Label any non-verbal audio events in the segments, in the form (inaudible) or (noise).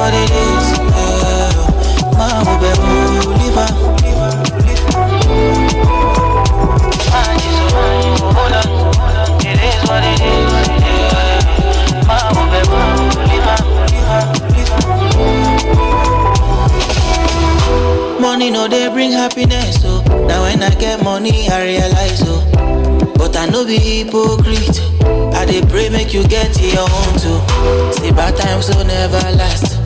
what it is. Yeah. Ma It is what it is. Money no they bring happiness, so oh. now when I get money I realize, Oh, But I no be hypocrite. I dey pray make you get your own too. See bad times will never last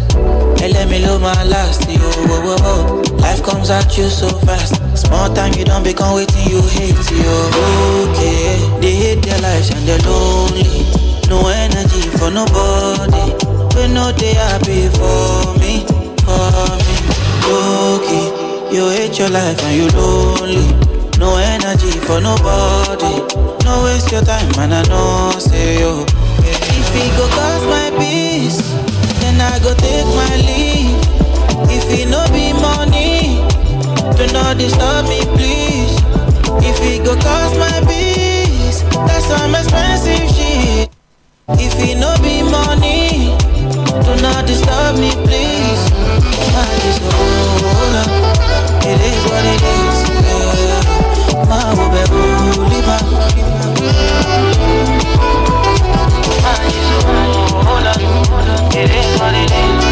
elemi ló máa last yo wo wo life comes at you so fast small time you don't become Waiting you hate yo. okay they hate their lives and they're lonely no energy for nobody wey no dey happy for me for me. okay you hate your life and you lonely no energy for nobody no waste your time and i know say yo. if e go cause my peace. I go take my leave. If it no be money, do not disturb me, please. If it go cost my peace, that's some expensive shit. If it no be money, do not disturb me, please. I just It is what it is. Yeah. My will be it is what it is.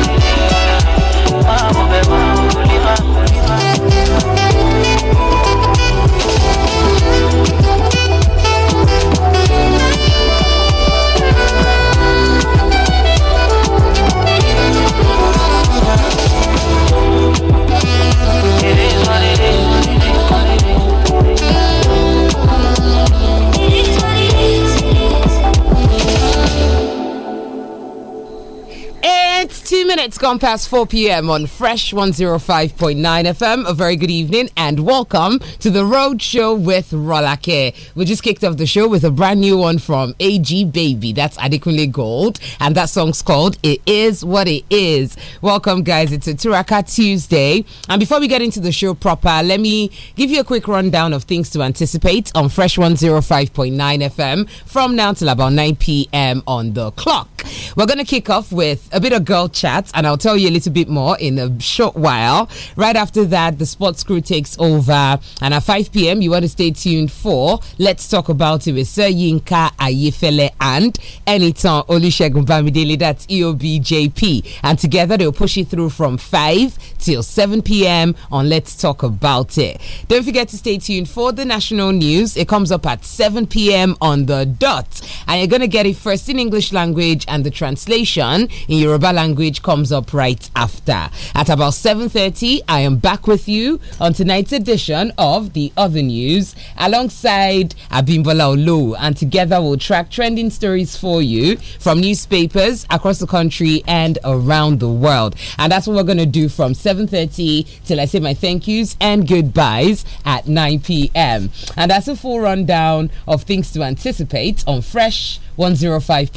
minutes gone past 4 p.m. on Fresh 105.9 FM. A very good evening and welcome to the Road Show with Rolake. We just kicked off the show with a brand new one from AG Baby. That's Adequately Gold. And that song's called It Is What It Is. Welcome, guys. It's a Turaka Tuesday. And before we get into the show proper, let me give you a quick rundown of things to anticipate on Fresh 105.9 FM from now till about 9 p.m. on the clock. We're going to kick off with a bit of girl chat that, and I'll tell you a little bit more in a short while. Right after that, the sports crew takes over, and at 5 p.m., you want to stay tuned for Let's Talk About It with Sir Yinka Ayefele and Enitan Olusegun Bamidele. That's EOBJP, and together they'll push you through from 5 till 7 p.m. on Let's Talk About It. Don't forget to stay tuned for the national news. It comes up at 7 p.m. on the dot, and you're gonna get it first in English language, and the translation in Yoruba language comes up right after. At about 7.30, I am back with you on tonight's edition of The Other News alongside Abimbola Olu. And together we'll track trending stories for you from newspapers across the country and around the world. And that's what we're going to do from 7.30 till I say my thank yous and goodbyes at 9 p.m. And that's a full rundown of things to anticipate on Fresh 105.9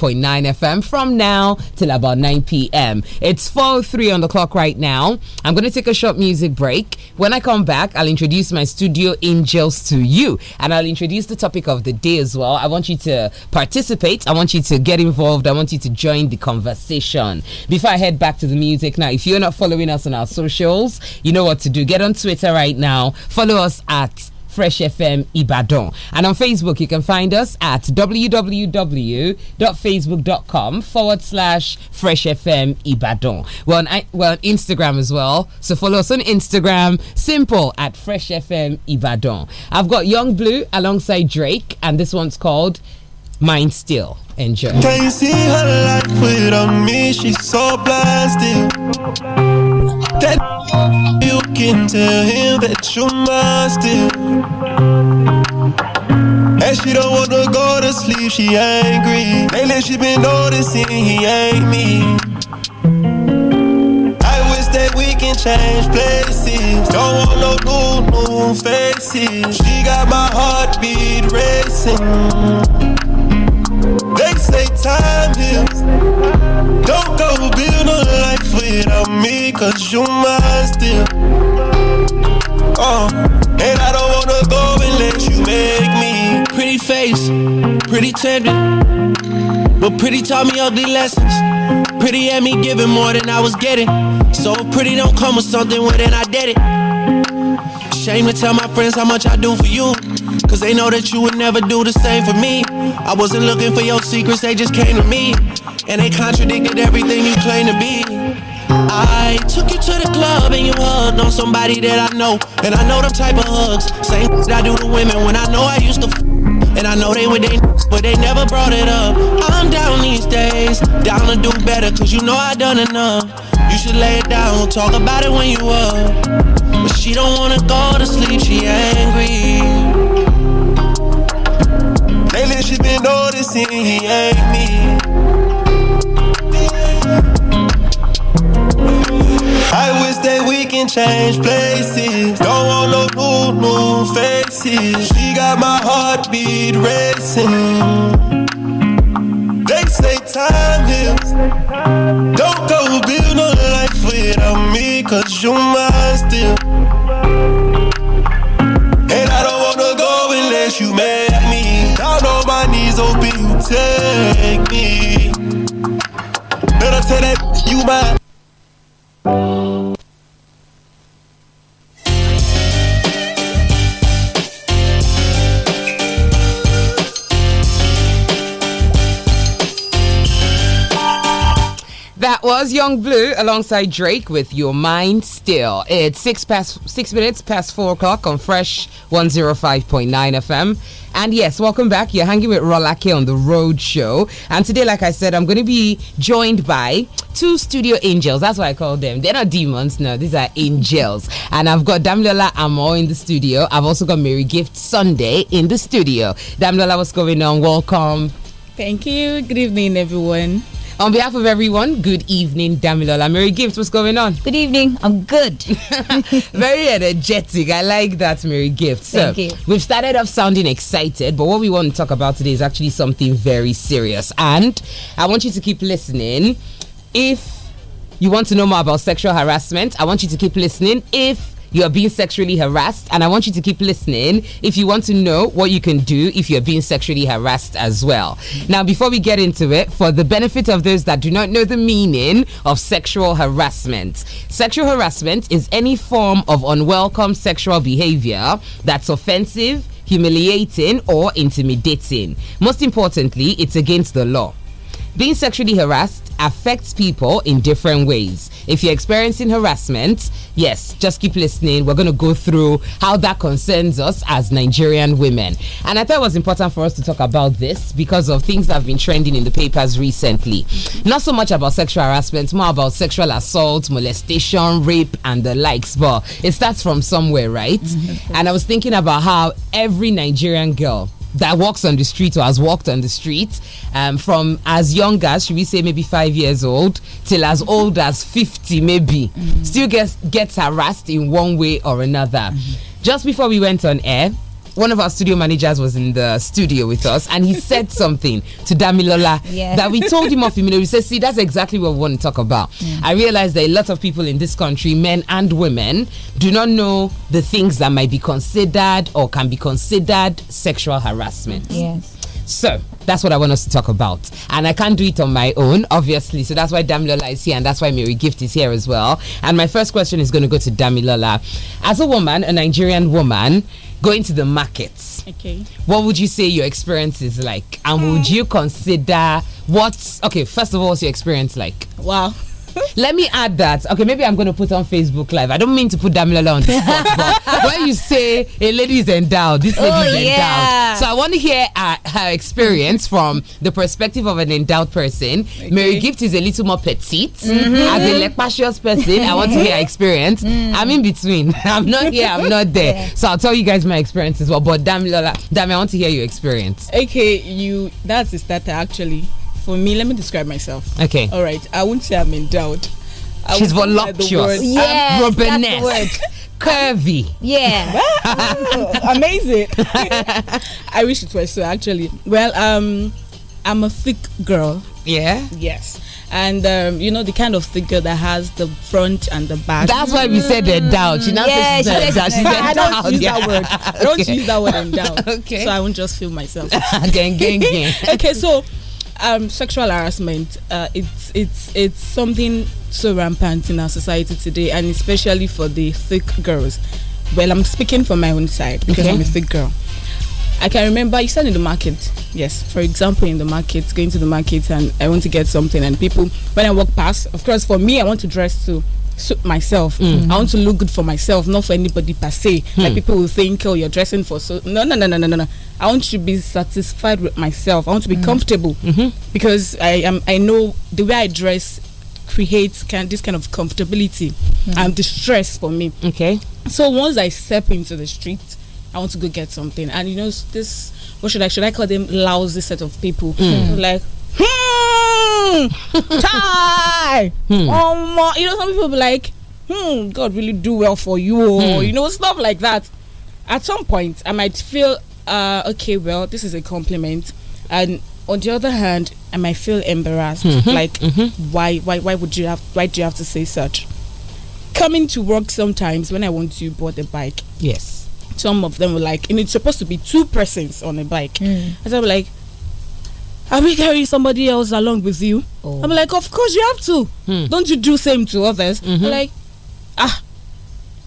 FM from now till about 9 p.m. It's 4.03 on the clock right now. I'm going to take a short music break. When I come back, I'll introduce my studio angels to you and I'll introduce the topic of the day as well. I want you to participate. I want you to get involved. I want you to join the conversation. Before I head back to the music now, if you're not following us on our socials, you know what to do. Get on Twitter right now. Follow us at Fresh FM Ibadan. And on Facebook, you can find us at www.facebook.com forward slash Fresh FM Ibadan. Well, on, well, on Instagram as well. So follow us on Instagram, simple at Fresh FM Ibadan. I've got Young Blue alongside Drake, and this one's called Mind Still. Enjoy. Can you see her life without me? She's so blasted. That you can tell him that you're mine still. And she don't wanna go to sleep, she angry. Lately she been noticing he ain't me. I wish that we can change places. Don't want no new, new faces. She got my heartbeat racing. They say time heals. Don't go build a life without me, cause you mine still. Uh, and I don't wanna go let you make me. Pretty face, pretty tempting. But pretty taught me ugly lessons. Pretty had me giving more than I was getting. So if pretty don't come with something, well then I did it. Shame to tell my friends how much I do for you. Cause they know that you would never do the same for me. I wasn't looking for your secrets, they just came to me. And they contradicted everything you claim to be. I took you to the club and you hugged on somebody that I know. And I know them type of hugs. Same that I do to women when I know I used to. F- and I know they were they, but they never brought it up. I'm down these days, down to do better, cause you know I done enough. You should lay it down, talk about it when you up. But she don't wanna go to sleep, she angry. Lately she been noticing he ain't me. I wish that we can change places. Don't want no new, new faces. She got my heartbeat racing. They say time heals. Don't go build no life without me, cause you mine still. And I don't wanna go unless you make me. Down on my knees, hoping you take me. Better say that you mine. was Young Blue alongside Drake with Your Mind Still. It's six past six minutes past four o'clock on Fresh 105.9 FM. And yes, welcome back. You're hanging with Rolake on the Road Show. And today, like I said, I'm going to be joined by two studio angels. That's what I call them. They're not demons, no, these are angels. And I've got Damlola Amo in the studio. I've also got Mary Gift Sunday in the studio. Damlola, what's going on? Welcome. Thank you. Good evening, everyone. On behalf of everyone, good evening, Damilola. Mary Gift, what's going on? Good evening. I'm good. (laughs) Very energetic. I like that, Mary Gift. So, Thank you. We've started off sounding excited, but what we want to talk about today is actually something very serious. And I want you to keep listening. If you want to know more about sexual harassment, I want you to keep listening. If you're being sexually harassed. And I want you to keep listening if you want to know what you can do if you're being sexually harassed as well. Now, before we get into it, for the benefit of those that do not know the meaning of sexual harassment, sexual harassment is any form of unwelcome sexual behavior that's offensive, humiliating, or intimidating. Most importantly, it's against the law. Being sexually harassed affects people in different ways. If you're experiencing harassment, yes, just keep listening. We're going to go through how that concerns us as Nigerian women. And I thought it was important for us to talk about this because of things that have been trending in the papers recently. Not so much about sexual harassment, more about sexual assault, molestation, rape, and the likes. But it starts from somewhere, right? Mm -hmm. And I was thinking about how every Nigerian girl that walks on the street or has walked on the street um, from as young as should we say maybe five years old till as old as 50 maybe mm -hmm. still gets gets harassed in one way or another mm -hmm. just before we went on air one of our studio managers was in the studio with us and he said (laughs) something to Damilola yeah. that we told him off. immediately. we said, see, that's exactly what we want to talk about. I realize that a lot of people in this country, men and women, do not know the things that might be considered or can be considered sexual harassment. Yes. So that's what I want us to talk about. And I can't do it on my own, obviously. So that's why Damilola is here and that's why Mary Gift is here as well. And my first question is going to go to Damilola. As a woman, a Nigerian woman, going to the market. Okay. What would you say your experience is like? And would hmm. you consider what? Okay, first of all, what's your experience like? Wow. (laughs) Let me add that. Okay, maybe I'm going to put on Facebook Live. I don't mean to put Damilola on the (laughs) spot, but when you say a lady is endowed, this lady oh, is endowed. So I want to hear uh, her experience from the perspective of an endowed person. Okay. Mary Gift is a little more petite. Mm -hmm. As a lepacious person, I want to hear her mm-hmm. experience. Mm. I'm in between. (laughs) I'm not here, I'm not there. Yeah. So I'll tell you guys my experience as well. But Damilola, Dami, I want to hear your experience. Okay, you that's the starter actually for me, let me describe myself. Okay. All right. I won't say I'm endowed. I She's voluptuous. Yeah. Robiness. (laughs) Curvy. Yeah. (laughs) Amazing. (laughs) I wish it was so actually. Well, um, I'm a thick girl. Yeah. Yes. And um, you know the kind of thick girl that has the front and the back. That's why we said mm-hmm. endowed. She now yeah, says she said endowed. I don't use yeah. that word. don't okay. use that word endowed. okay. So I won't just feel myself. gang, gang, gang. okay. So um, sexual harassment, uh, it's it's it's something so rampant in our society today, and especially for the thick girls. Well, I'm speaking from my own side because okay. I'm a thick girl. I can remember you said in the market, yes. For example, in the market, going to the market and I want to get something, and people when I walk past, of course, for me, I want to dress too suit myself. Mm. I want to look good for myself, not for anybody per se. Mm. Like hmm. people will think, oh, you're dressing for so. No, no, no, no, no, no, no. I want to be satisfied with myself. I want to be mm. comfortable -hmm. because I am. I know the way I dress creates kind this kind of comfortability hmm. and the stress for me. Okay. So once I step into the street, I want to go get something, and you know this what should I should I call them lousy set of people? Mm. Like hmm chai (laughs) Um, hmm. you know some people be like hmm God really do well for you mm. you know stuff like that. At some point I might feel uh, okay well this is a compliment and on the other hand I might feel embarrassed mm -hmm. like mm -hmm. why why why would you have why do you have to say such? Coming to work sometimes when I want to board the bike. Yes some of them were like, and it's supposed to be two persons on a bike. Mm. And so I'm like, are we carrying somebody else along with you? Oh. I'm like, of course you have to. Hmm. Don't you do same to others? Mm -hmm. like, ah,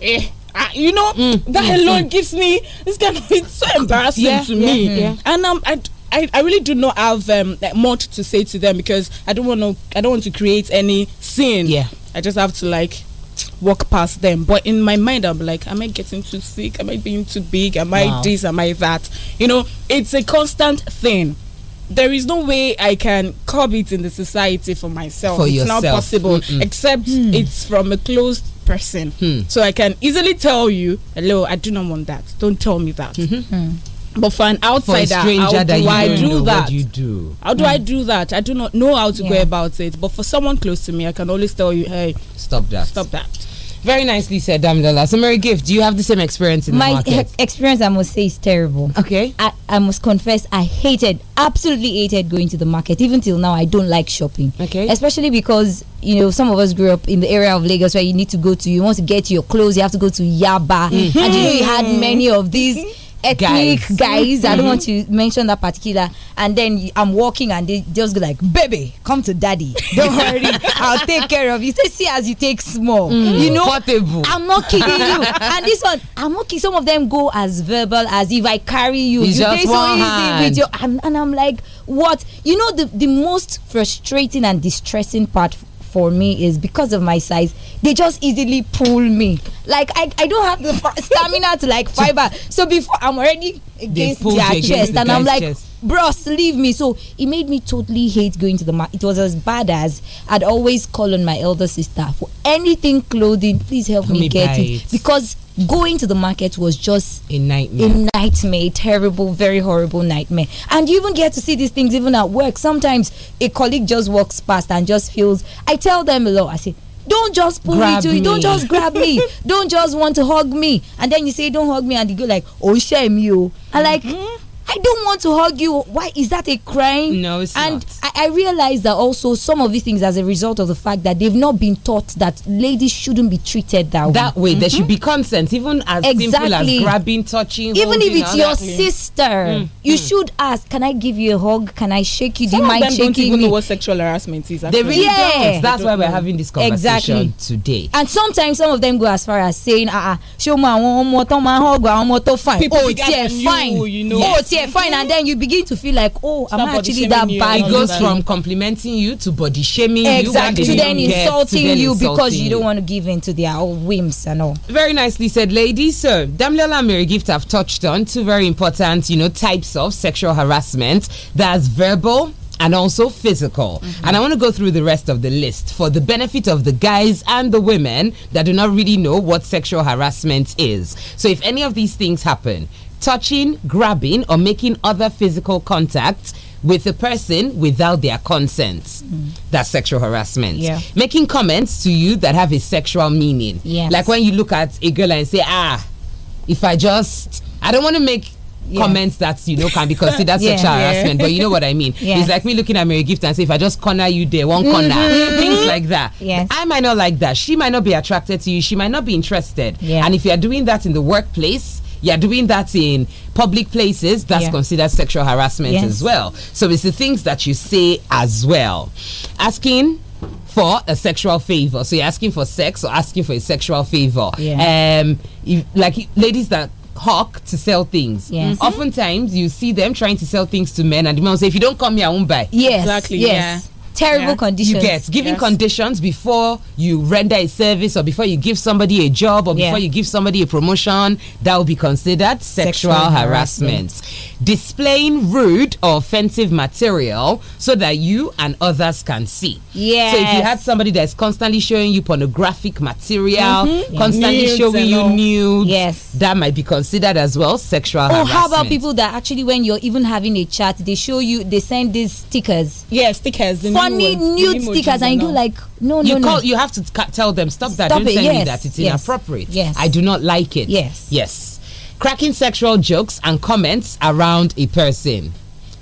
eh. Uh, you know mm, that mm, alone mm. gives me this kind of it's so embarrassing yeah, to me yeah, and um, I, I, I really do not have um, much to say to them because I don't want to I don't want to create any scene yeah I just have to like walk past them. But in my mind, I'm like, am I getting too sick? Am I being too big? Am wow. I this? Am I that? You know, it's a constant thing. There is no way I can curb it in the society for myself. For it's yourself. not possible, mm -mm. except mm. it's from a closed person. Hmm. So I can easily tell you, hello, I do not want that. Don't tell me that. Mm-hmm. -hmm. But for an outsider, for how do I do that? you do? How do mm. I hmm. do that? I do not know how to yeah. go about it. But for someone close to me, I can always tell you, hey, stop that. Stop that. Very nicely said, Damilola. So, Mary Gift, do you have the same experience in My the market? My experience, I must say, is terrible. Okay. I, I must confess, I hated, absolutely hated going to the market. Even till now, I don't like shopping. Okay. Especially because, you know, some of us grew up in the area of Lagos where you need to go to, you want to get your clothes, you have to go to Yaba. Mm -hmm. And you know, you had mm-hmm. many of these (laughs) ethnic guys, guys. Mm-hmm. I don't want mm-hmm. to mention that particular. And then I'm walking and they just go like, baby, come to daddy. Don't worry, I'll take care of you. Say, see as you take small. Mm. You know, Portable. I'm not kidding you. (laughs) and this one, I'm not kidding. Some of them go as verbal as if I carry you. It's you just so easy hand. Your, and I'm like, what? You know, the, the most frustrating and distressing part for me is because of my size they just easily pull me like i i don't have the stamina to like fiber so before i'm already against their against chest the and i'm like chest. bros leave me so it made me totally hate going to the market it was as bad as i'd always call on my elder sister for anything clothing please help, help me, me, get it. it. because going to the market was just a nightmare a nightmare a terrible very horrible nightmare and you even get to see these things even at work sometimes a colleague just walks past and just feels i tell them a lot i say don't just pull grab me to you. don't just grab me (laughs) don't just want to hug me and then you say don't hug me and you go like oh shame you i like mm -hmm. I don't want to hug you. Why is that a crime? No, it's and not. And I, I realize that also some of these things as a result of the fact that they've not been taught that ladies shouldn't be treated that, that way. Mm -hmm. There should be mhm. consent, even as exactly. simple as grabbing, touching. Even if it's your sister, mm. you mm. should ask, "Can I give you a hug? Can I shake you? Some Do you mind shaking don't even me? know what sexual harassment is. Actually. They really yeah. don't. That's don't why we're know. having this conversation exactly. today. And sometimes some of them go as far as saying, "Ah, show me one more time, hug, one more to fine. People oh, yeah. fine. You, Oh, okay fine and then you begin to feel like oh i am i actually that bad it goes from complimenting you to body shaming exactly. to then insulting you because you, don't want to give in to their whims and all very nicely said ladies so and Mary Gift have touched on two very important you know types of sexual harassment that's verbal and also physical. Mm -hmm. And I want to go through the rest of the list for the benefit of the guys and the women that do not really know what sexual harassment is. So if any of these things happen, touching, grabbing, or making other physical contact with a person without their consent. Mm. That's sexual harassment. Yeah. Making comments to you that have a sexual meaning. Yes. Like when you look at a girl and say, ah, if I just, I don't want to make comments that you know can be considered (laughs) yeah, sexual yeah. harassment, but you know what I mean. Yes. It's like me looking at Mary Gift and say, if I just corner you there, one mm -hmm. corner, mm-hmm. things like that. Yes. I might not like that. She might not be attracted to you. She might not be interested. Yeah. And if you are doing that in the workplace, you're doing that in public places, that's yeah. considered sexual harassment yes. as well. So it's the things that you say as well. Asking for a sexual favor. So you're asking for sex or asking for a sexual favor. Yeah. Um, if, like ladies that hawk to sell things. Yes. Mm -hmm. Oftentimes you see them trying to sell things to men and the men will say, if you don't come here, I won't buy. Yes. Exactly. Yes. Yeah terrible yeah. conditions. You get giving yes. conditions before you render a service or before you give somebody a job or yeah. before you give somebody a promotion that will be considered sexual, sexual harassment. harassment displaying rude or offensive material so that you and others can see. Yeah. So if you had somebody that's constantly showing you pornographic material, mm -hmm. constantly showing you nudes, yes. that might be considered as well sexual oh, harassment. how about people that actually when you're even having a chat, they show you, they send these stickers. Yeah, stickers. Funny nude stickers and you do like, no, you no, call, no. You have to tell them, stop that. Stop Don't it, send yes, me that. It's yes, inappropriate. Yes. I do not like it. Yes. Yes cracking sexual jokes and comments around a person.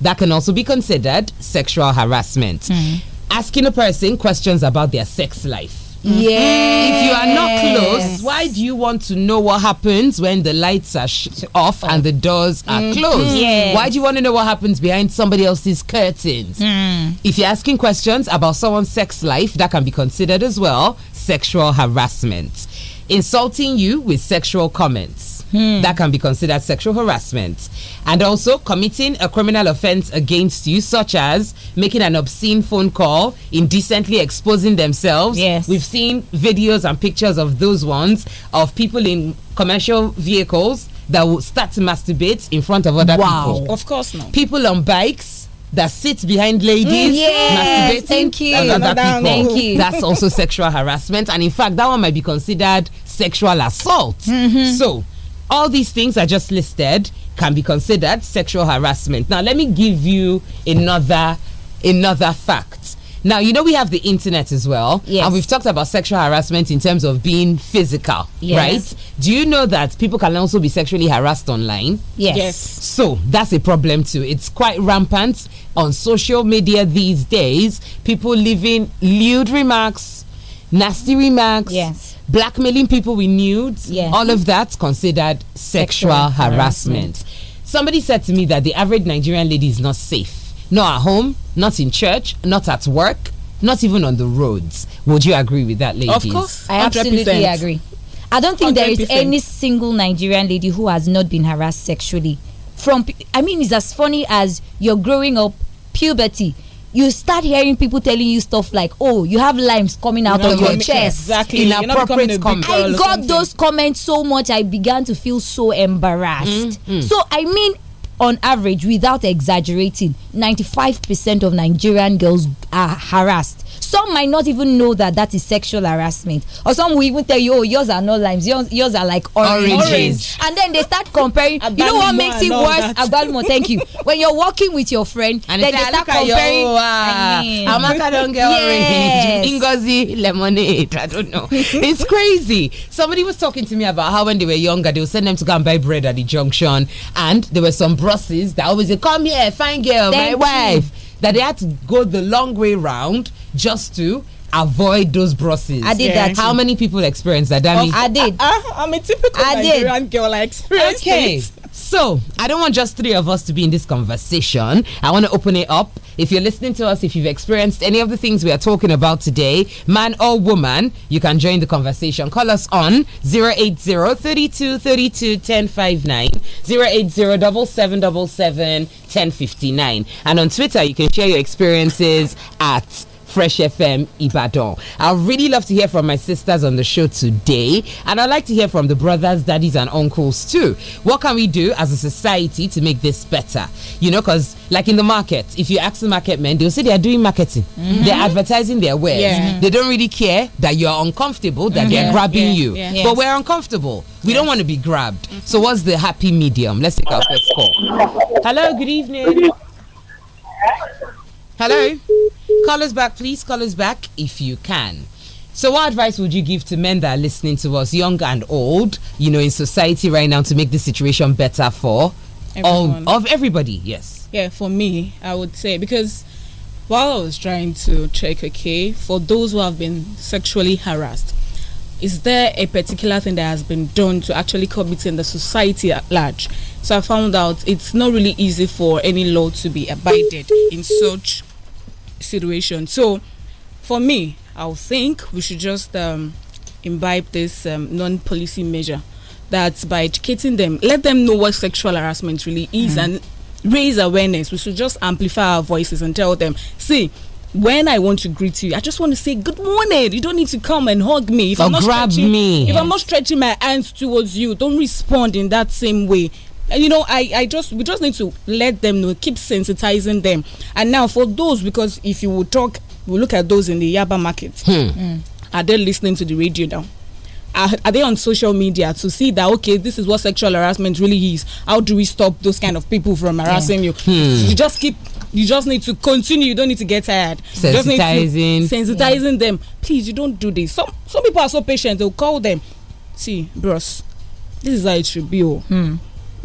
That can also be considered sexual harassment. Mm. Asking a person questions about their sex life. Yeah. Mm. If you are not close, why do you want to know what happens when the lights are off and the doors are mm. closed? Yes. Why do you want to know what happens behind somebody else's curtains? Mm. If you're asking questions about someone's sex life, that can be considered as well sexual harassment. Insulting you with sexual comments Hmm. That can be considered sexual harassment. And also committing a criminal offense against you, such as making an obscene phone call, indecently exposing themselves. Yes. We've seen videos and pictures of those ones of people in commercial vehicles that will start to masturbate in front of other wow. people. Of course not. People on bikes that sits behind ladies mm, yes, masturbating thank you. That's other people. Thank you. That's also sexual harassment. And in fact, that one might be considered sexual assault. Mm -hmm. So all these things I just listed can be considered sexual harassment. Now, let me give you another another fact. Now, you know we have the internet as well. Yes. And we've talked about sexual harassment in terms of being physical, yes. right? Do you know that people can also be sexually harassed online? Yes. yes. So, that's a problem too. It's quite rampant on social media these days. People leaving lewd remarks, nasty remarks. Yes blackmailing people with nudes, yes. all of that considered sexual, sexual harassment. harassment. Somebody said to me that the average Nigerian lady is not safe, not at home, not in church, not at work, not even on the roads. Would you agree with that, ladies? Of course, I absolutely agree. I don't think 100%. there is any single Nigerian lady who has not been harassed sexually. From, I mean, it's as funny as you're growing up, puberty you start hearing people telling you stuff like, "Oh, you have limes coming out you of your chest." Exactly. Inappropriate comments. I got those comments so much, I began to feel so embarrassed. Mm, mm. So I mean, on average, without exaggerating, ninety-five percent of Nigerian girls are harassed some might not even know that that is sexual harassment. Or some will even tell you, oh, yours are not limes, yours, yours are like oranges. orange. And then they start comparing. you know what makes it worse? Abalmo, thank you. (laughs) When you're walking with your friend, and then they, say, start comparing. Your, uh, I mean, Amaka don't get yes. orange. Ingozi lemonade. I don't know. (laughs) it's crazy. Somebody was talking to me about how when they were younger, they would send them to go and buy bread at the junction. And there were some brosses that always say, come here, fine girl, thank my wife. You. That they had to go the long way round just to avoid those brushes. I did yeah. that. How many people experienced that? Oh, I did. Uh, uh, I, am a typical I Nigerian did. girl. I experienced okay. it. So, I don't want just three of us to be in this conversation. I want to open it up. If you're listening to us, if you've experienced any of the things we are talking about today, man or woman, you can join the conversation. Call us on 080 1059, 080 777 1059. And on Twitter, you can share your experiences at Fresh FM Ibadan. I'd really love to hear from my sisters on the show today, and I'd like to hear from the brothers, daddies, and uncles too. What can we do as a society to make this better? You know, because like in the market, if you ask the market men, they'll say they are doing marketing, mm -hmm. they're advertising their wares. Yeah. They don't really care that you are uncomfortable, that mm -hmm. they're mm-hmm. grabbing yeah. you. Yeah. But we're uncomfortable. We don't want to be grabbed. Mm -hmm. So, what's the happy medium? Let's take our first call. Hello, good evening. Good evening. Hello? Call us back, please. Call us back if you can. So, what advice would you give to men that are listening to us, young and old, you know, in society right now to make the situation better for all of everybody? Yes. Yeah, for me, I would say because while I was trying to check, okay, for those who have been sexually harassed, is there a particular thing that has been done to actually curb it in the society at large? So I found out it's not really easy for any law to be abided in such situation. So, for me, I think we should just um, imbibe this um, non policy measure that by educating them, let them know what sexual harassment really is mm. and raise awareness. We should just amplify our voices and tell them, see, when I want to greet you, I just want to say good morning. You don't need to come and hug me. If or I'm not grab stretching, me. If I'm not stretching my hands towards you, don't respond in that same way you know i i just we just need to let them know keep sensitizing them and now for those because if you will talk we look at those in the yaba market hmm. mm. are they listening to the radio now are, are, they on social media to see that okay this is what sexual harassment really is how do we stop those kind of people from harassing yeah. you hmm. you just keep you just need to continue you don't need to get tired sensitizing sensitizing yeah. them please you don't do this some some people are so patient they'll call them see bros this is how it should be oh. Hmm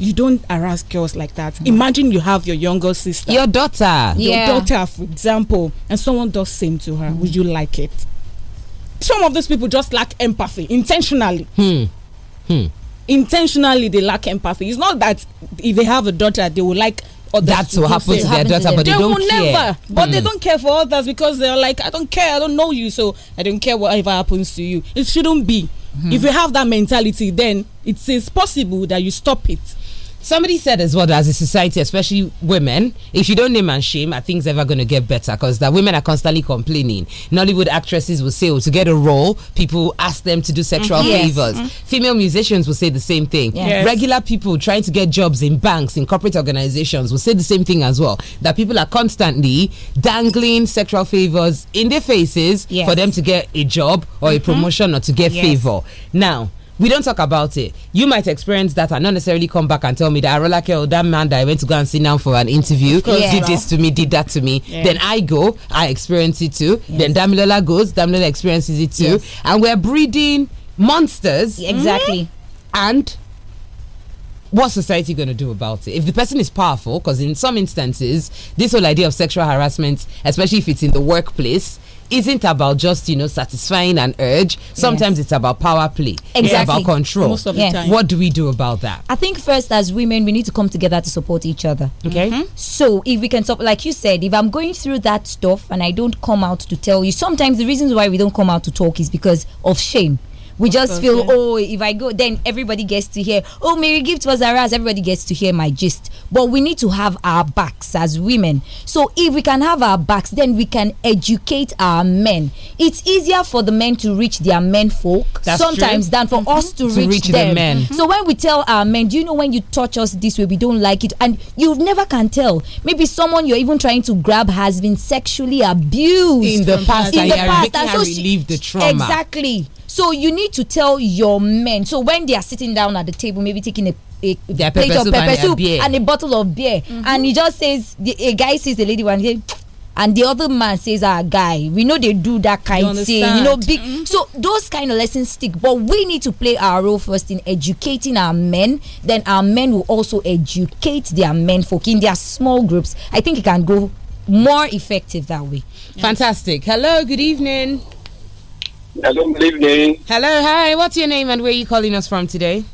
you don't harass girls like that. Imagine you have your younger sister, your daughter, your yeah. daughter, for example, and someone does same to her. Mm. Would you like it? Some of those people just lack empathy intentionally. Hmm. Hmm. Intentionally, they lack empathy. It's not that if they have a daughter, they will like That That's what happens to their daughter, to but they, they don't will care. Never, but mm. they hmm. don't care for others because they're like, I don't care, I don't know you, so I don't care whatever happens to you. It shouldn't be. Mm. If you have that mentality, then it is possible that you stop it. Somebody said as well that as a society, especially women, if you don't name and shame, are things ever going to get better? Because that women are constantly complaining. Nollywood actresses will say, oh, to get a role, people ask them to do sexual mm -hmm. favors. Mm -hmm. Female musicians will say the same thing. Yes. Yes. Regular people trying to get jobs in banks, in corporate organizations will say the same thing as well. That people are constantly dangling sexual favors in their faces for them to get a job or mm -hmm. a mm-hmm. promotion or to get favor. Now, we don't talk about it. You might experience that and not necessarily come back and tell me that Arolake or that man that I went to go and sit down for an interview yeah. did this to me, did that to me. Yeah. Then I go, I experience it too. Yes. Then Damilola goes, Damilola experiences it too. Yes. And we're breeding monsters. Exactly. Hmm? And what's society going to do about it? If the person is powerful, because in some instances, this whole idea of sexual harassment, especially if it's in the workplace, isn't about just you know satisfying an urge. Sometimes yes. it's about power play. Exactly. It's about control. Most of yes. the time. What do we do about that? I think first as women we need to come together to support each other. Okay. Mm -hmm. So if we can stop, like you said, if I'm going through that stuff and I don't come out to tell you, sometimes the reasons why we don't come out to talk is because of shame we just course, feel yeah. oh if i go then everybody gets to hear oh mary gift was harassed everybody gets to hear my gist but we need to have our backs as women so if we can have our backs then we can educate our men it's easier for the men to reach their men folk That's sometimes true. than for mm -hmm. us to, to reach, reach, them the men. Mm -hmm. so when we tell our men do you know when you touch us this way we don't like it and you never can tell maybe someone you're even trying to grab has been sexually abused in the past in the past and so relieve the trauma exactly so you need to tell your men. So when they are sitting down at the table, maybe taking a a plate of pepper soup, and, and, a bottle of beer, mm -hmm. and he just says, the, a guy sees the lady one day, and the other man says, "Our ah, guy, we know they do that kind of thing, you know." Big, mm -hmm. so those kind of lessons stick, but we need to play our role first in educating our men. Then our men will also educate their men folk in their small groups. I think it can go more effective that way. Fantastic. Hello. Good evening. Hello, good evening. Hello, hi. What's your name and where are you calling us from today?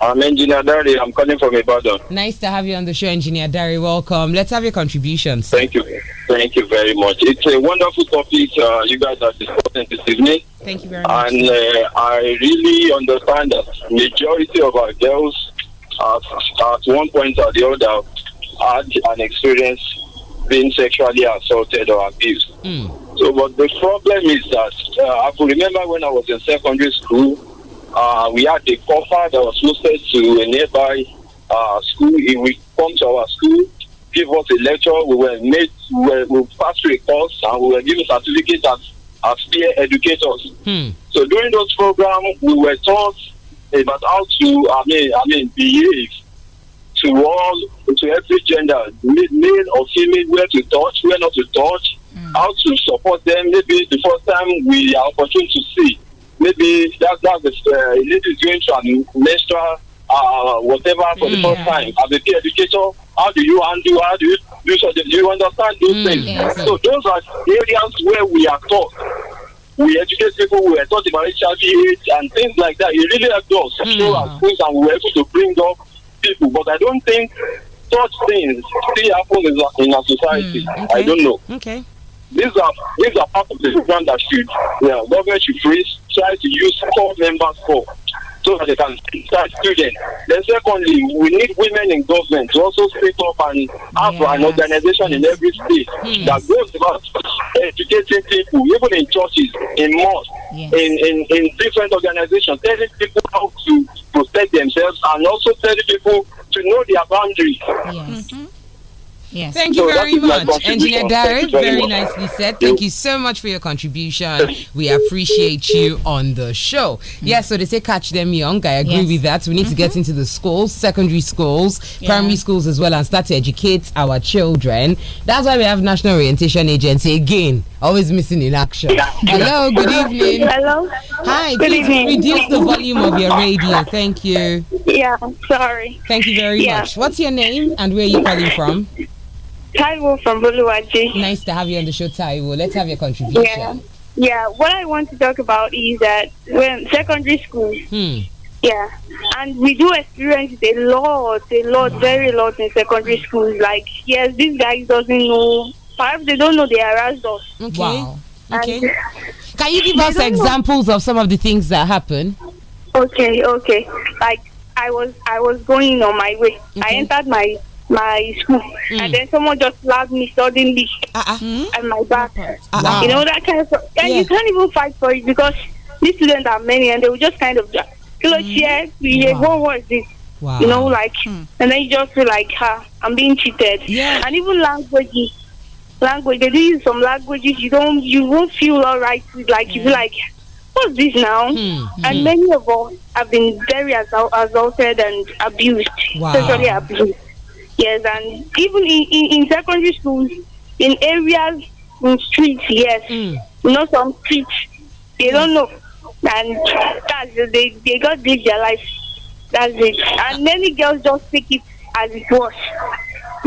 I'm Engineer Dari. I'm calling from Ibadan. Nice to have you on the show, Engineer Dari. Welcome. Let's have your contributions. Thank you. Thank you very much. It's a wonderful topic uh, you guys are discussing this evening. Thank you very much. And uh, I really understand that majority of our girls at, at one point or the other had an experience being sexually assaulted or abused. Mm. So, but the problem is that uh, I can remember when I was in secondary school, uh, we had a coffer that was hosted to a nearby uh, school. He would come to our school, give us a lecture. We were made, we, were, we passed a course, and we were given certificates as, as peer educators. Hmm. So during those programs, we were taught about how to, I mean, I mean, behave to all, to every gender, male or female, where to touch, where not to touch, mm. how to support them. Maybe the first time we are opportune to see, maybe that that's the uh, lady going to an menstrual, uh, whatever for mm, the hmm. first yeah. time. As a educator, how do you handle? How do you do? So do you understand those mm, things? Yeah, so. so those are areas where we are taught we educate people, we are taught about HIV, AIDS, and things like that. It really helped us. Mm. So, as things, and we were able to bring up people, but I don't think such things still happen in our society. Mm, okay. I don't know. Okay. These are these are part of the program that should yeah, government should freeze, try to use core members for so that they can teach our students. Then secondly, we need women in government to also step up and have yes. an organization in every state yes. that goes about educating people, even in churches, in mosques, yes. in, in, in different organizations, telling people how to protect themselves and also telling people to know their boundaries. Yes. Mm -hmm. Yes. Thank you so very much. Engineer Derek, very, very nicely said. Thank you. so much for your contribution. We appreciate you on the show. Mm. Yes, yeah, so they say catch them young. I agree yes. with that. We need mm -hmm. to get mm-hmm. into the schools, secondary schools, yeah. primary schools as well, and start to educate our children. That's why we have National Orientation Agency again. Always missing in action. Hello, good evening. Hello. Hi, good please evening. reduce the volume of your radio. Thank you. Yeah, sorry. Thank you very yeah. much. What's your name and where are you calling from? Taiwo from Buluwaji. Nice to have you on the show, Taiwo. Let's have your contribution. Yeah. Yeah, what I want to talk about is that when secondary school, hmm. yeah, and we do experience a lot, a lot, very lot in secondary schools. Like, yes, these guys doesn't know, perhaps they don't know they harassed us. Okay. Wow. Okay. And, (laughs) Can you give us examples know. of some of the things that happen? Okay, okay. Like I was, I was going on my way. Okay. I entered my my school, mm. and then someone just slapped me suddenly uh, -uh. my back. Uh You know that kind of, and yeah. you can't even fight for it because these students are many, and they will just kind of close yes, hmm. yeah, what was this? Wow. You know, like, mm. and then you just feel like, ha, ah, I'm being cheated. Yeah. And even languages, language, they do use some languages you don't, you won't feel all right with, like, yeah. you feel like, what's this now? Mm, and many of us have been very assaulted and abused, wow. sexually abused yes, and even in, in, in secondary schools, in areas, in streets, yes, mm. you know, some streets, they mm. don't know, and that's they they got live their life. That's it, and many girls just take it as it was.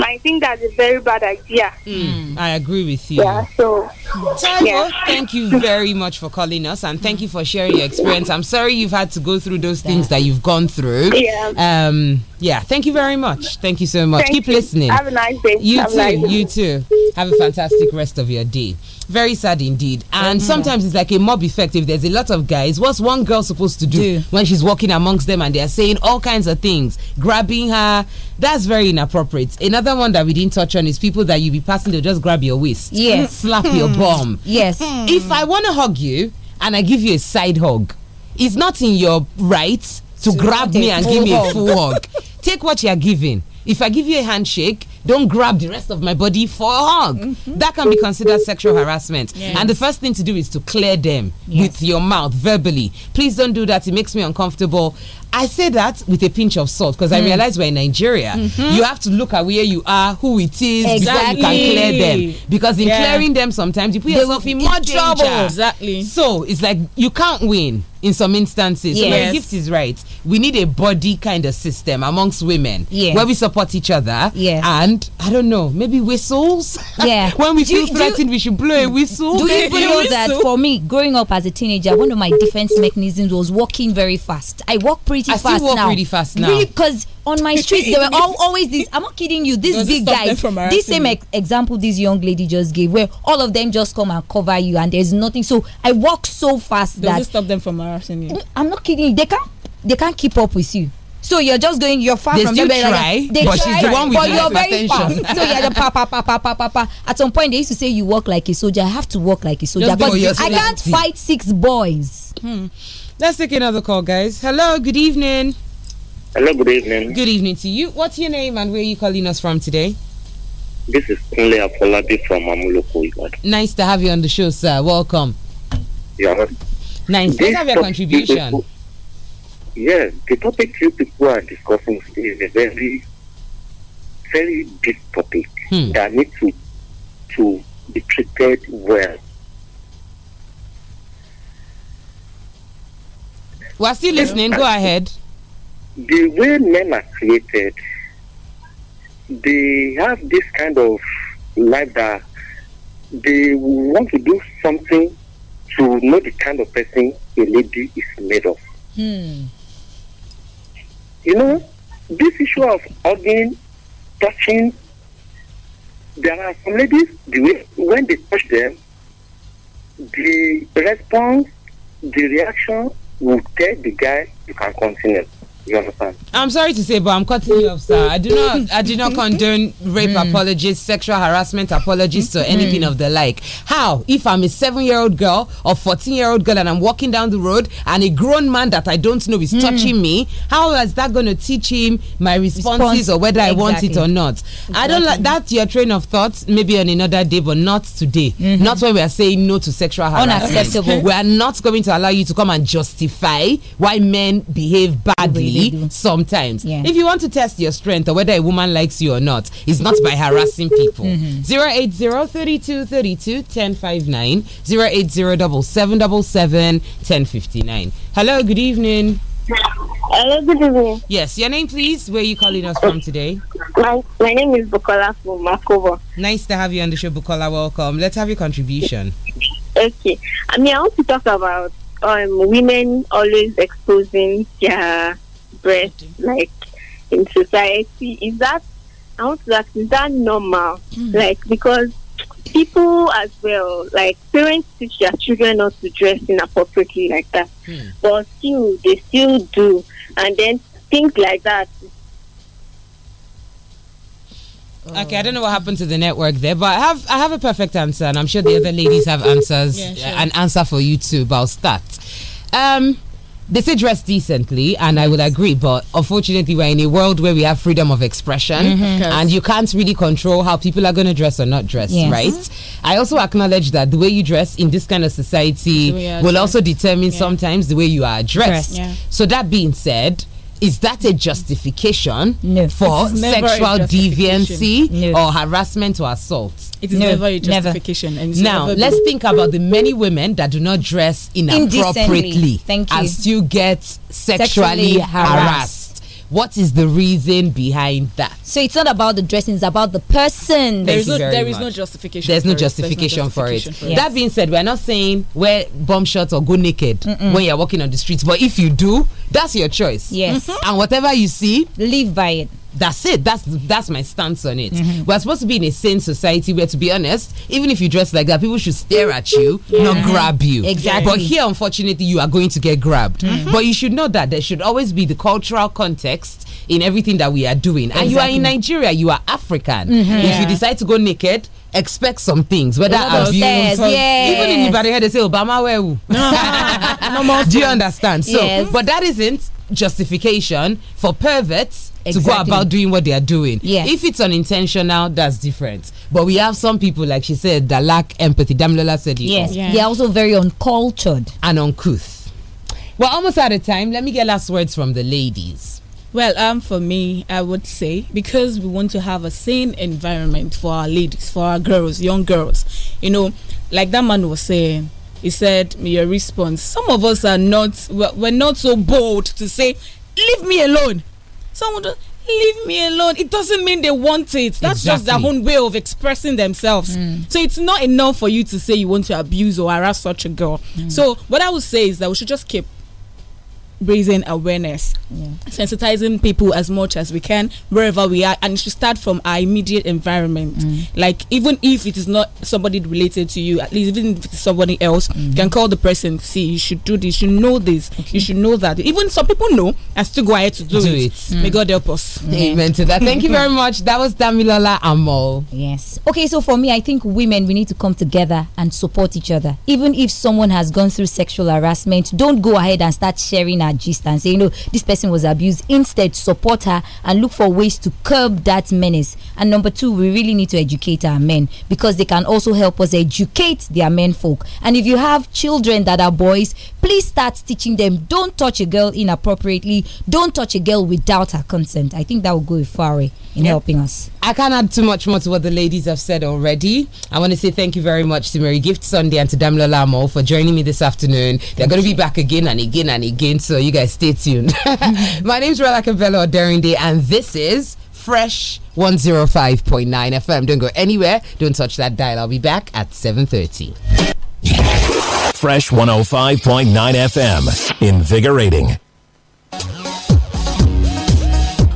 I think that's a very bad idea. Mm, I agree with you. Yeah, so. Taibo, yeah. thank you very much for calling us and thank you for sharing your experience. I'm sorry you've had to go through those things that you've gone through. Yeah. Um, yeah, thank you very much. Thank you so much. Thank Keep you. listening. Have a nice day. You Have too. Nice you too. Have a fantastic rest of your day. Very sad indeed. And sometimes it's like a mob effect. If there's a lot of guys, what's one girl supposed to do, do. when she's walking amongst them and they're saying all kinds of things, grabbing her? That's very inappropriate. Another one that we didn't touch on is people that you be passing, they'll just grab your waist, yes, (laughs) slap your hmm. bum, yes. if I want to hug you and I give you a side hug, it's not in your right to, to grab me and give me a full hug. Take what you're giving. If I give you a handshake, don't grab the rest of my body for a hug. Mm -hmm. That can be considered sexual harassment. Yes. And the first thing to do is to clear them yes. with your mouth verbally. Please don't do that. It makes me uncomfortable. I say that with a pinch of salt because mm. I realize we're in Nigeria. Mm -hmm. You have to look at where you are, who it is, exactly. you can clear them. Because in yeah. clearing them, sometimes you put yourself in more trouble. Exactly. So it's like you can't win in some instances. Yes. So gift is right. We need a body kind of system amongst women yes. where we support each other. Yes. And I don't know, maybe whistles. (laughs) Yeah. when we do feel you, threatened, we should blow a whistle. Do you (laughs) know that for me, growing up as a teenager, one of my defense mechanisms was walking very fast. I walk pretty pretty I fast now. really fast now. Really, because on my street there were (laughs) all, always these. I'm not kidding you. These big guys. This same ex example this young lady just gave, where all of them just come and cover you, and there's nothing. So I walk so fast Does that stop them from harassing you. Mm, I'm not kidding. They can't. They can't keep up with you. So you're just going, you're far they from them. Try, like, they but try, she's the one with but you're very fast. so you're pa pa pa pa pa pa pa. At some point, they used to say you walk like a soldier. I have to walk like a soldier because I can't fight six boys. Hmm. Let's take another call, guys. Hello, good evening. Hello, good evening. Good evening to you. What's your name and where are you calling us from today? This is Kunle Afolabi from Amuloko, Nice to have you on the show, sir. Welcome. Yeah. Nice. to Let's have your contribution. yes, the topic you people are discussing is a very, very big topic hmm. that needs to, to be treated well. We're still listening. Go ahead. The way men are created, they have this kind of life that they want to do something to know the kind of person a lady is made of. Hmm. You know, this issue of hugging, touching, there are some ladies, the way, when they touch them, the response, the reaction will get the guy you can continue. You understand? I'm sorry to say, but I'm cutting you off, sir. I do not, I do not condone rape mm. apologies, sexual harassment apologies, or anything mm. of the like. How, if I'm a seven-year-old girl or fourteen-year-old girl and I'm walking down the road and a grown man that I don't know is mm. touching me, how is that going to teach him my responses Response, or whether exactly. I want it or not? Exactly. I don't like that. Your train of thought, maybe on another day, but not today. -hmm. Not when we are saying no to sexual harassment. Unacceptable. we are not going to allow you to come and justify why men behave badly sometimes. Yeah. If you want to test your strength or whether a woman likes you or not, it's not by harassing people. Mm -hmm. 80 1059 Hello, good evening. Hello, good evening. Yes, your name, please. Where are you calling us from today? My, my name is Bukola from Makova. Nice to have you on the show, Bukola. Welcome. Let's have your contribution. Okay. I mean, I want to talk about um, women always exposing their expressed like in society is that i want to ask is that normal mm. like because people as well like parents teach their children not to dress inappropriately like that mm. but still they still do and then things like that Okay, I don't know what happened to the network there, but I have I have a perfect answer, and I'm sure the other ladies have answers, yeah, sure. an answer for you too. But I'll start. Um, they say dress decently, and yes. I would agree. But unfortunately, we're in a world where we have freedom of expression, mm -hmm. and you can't really control how people are going to dress or not dress, yes. right? I also acknowledge that the way you dress in this kind of society will also determine yeah. sometimes the way you are dressed. Yeah. So that being said, is that a justification no. for sexual deviancy no. or harassment or assault? It is no, never a justification. Never. now, let's think about the many women that do not dress inappropriately Thank you. and still get sexually, sexually harassed. What is the reason behind that? So it's not about the dressing; it's about the person. There is no, no justification. There's no justification, There's no justification for it. For yes. That being said, we're not saying wear bum shorts or go naked mm -mm. when you're walking on the streets. But if you do, that's your choice. Yes. Mm -hmm. And whatever you see, live by it that's it. That's that's my stance on it. Mm -hmm. We're supposed to be in a sane society where, to be honest, even if you dress like that, people should stare at you, yeah. not grab you. Exactly. But here, unfortunately, you are going to get grabbed. Mm -hmm. But you should know that there should always be the cultural context in everything that we are doing. Exactly. And you are in Nigeria, you are African. Mm -hmm. If yeah. you decide to go naked, expect some things, whether abuse, yes. even in Ibadan, they say Obama where (laughs) no more. (laughs) Do you understand? So, yes. but that isn't justification for perverts exactly. to go about doing what they are doing. Yes. If it's unintentional, that's different. But we have some people, like she said, that lack empathy. Damilola said it. Yes. Yeah. They're also very uncultured and uncouth. We're almost out of time. Let me get last words from the ladies. Well, um, for me, I would say because we want to have a sane environment for our ladies, for our girls, young girls. You know, like that man was saying, he said, "Your response. Some of us are not. We're, we're not so bold to say, leave me alone." someone just leave me alone. It doesn't mean they want it. That's exactly. just their own way of expressing themselves. Mm. So it's not enough for you to say you want to abuse or harass such a girl. Mm. So what I would say is that we should just keep raising awareness, yeah. sensitizing people as much as we can wherever we are, and it should start from our immediate environment. Mm. Like even if it is not somebody related to you, at least even if it's somebody else, mm. you can call the person. See, you should do this. You know this. Okay. You should know that. Even some people know and still go ahead to do, do it. it. Mm. May God help us. Amen to that. Thank you very (laughs) much. That was Damilola Amol. Yes. Okay. So for me, I think women we need to come together and support each other. Even if someone has gone through sexual harassment, don't go ahead and start sharing her gist and say, you know, this person was abused. Instead, support her and look for ways to curb that menace. And number two, we really need to educate our men because they can also help us educate their men folk. And if you have children that are boys, please start teaching them don't touch a girl inappropriately, don't touch a girl without her consent. I think that will go a far way in yep. helping us. I can't add too much more to what the ladies have said already. I want to say thank you very much to Mary Gift Sunday and to Damla Lamo for joining me this afternoon. They're going to be back again and again and again. So so you guys stay tuned. (laughs) My name is Rela Daring Day, and this is Fresh 105.9 FM. Don't go anywhere. Don't touch that dial. I'll be back at 7.30. Fresh 105.9 FM. Invigorating.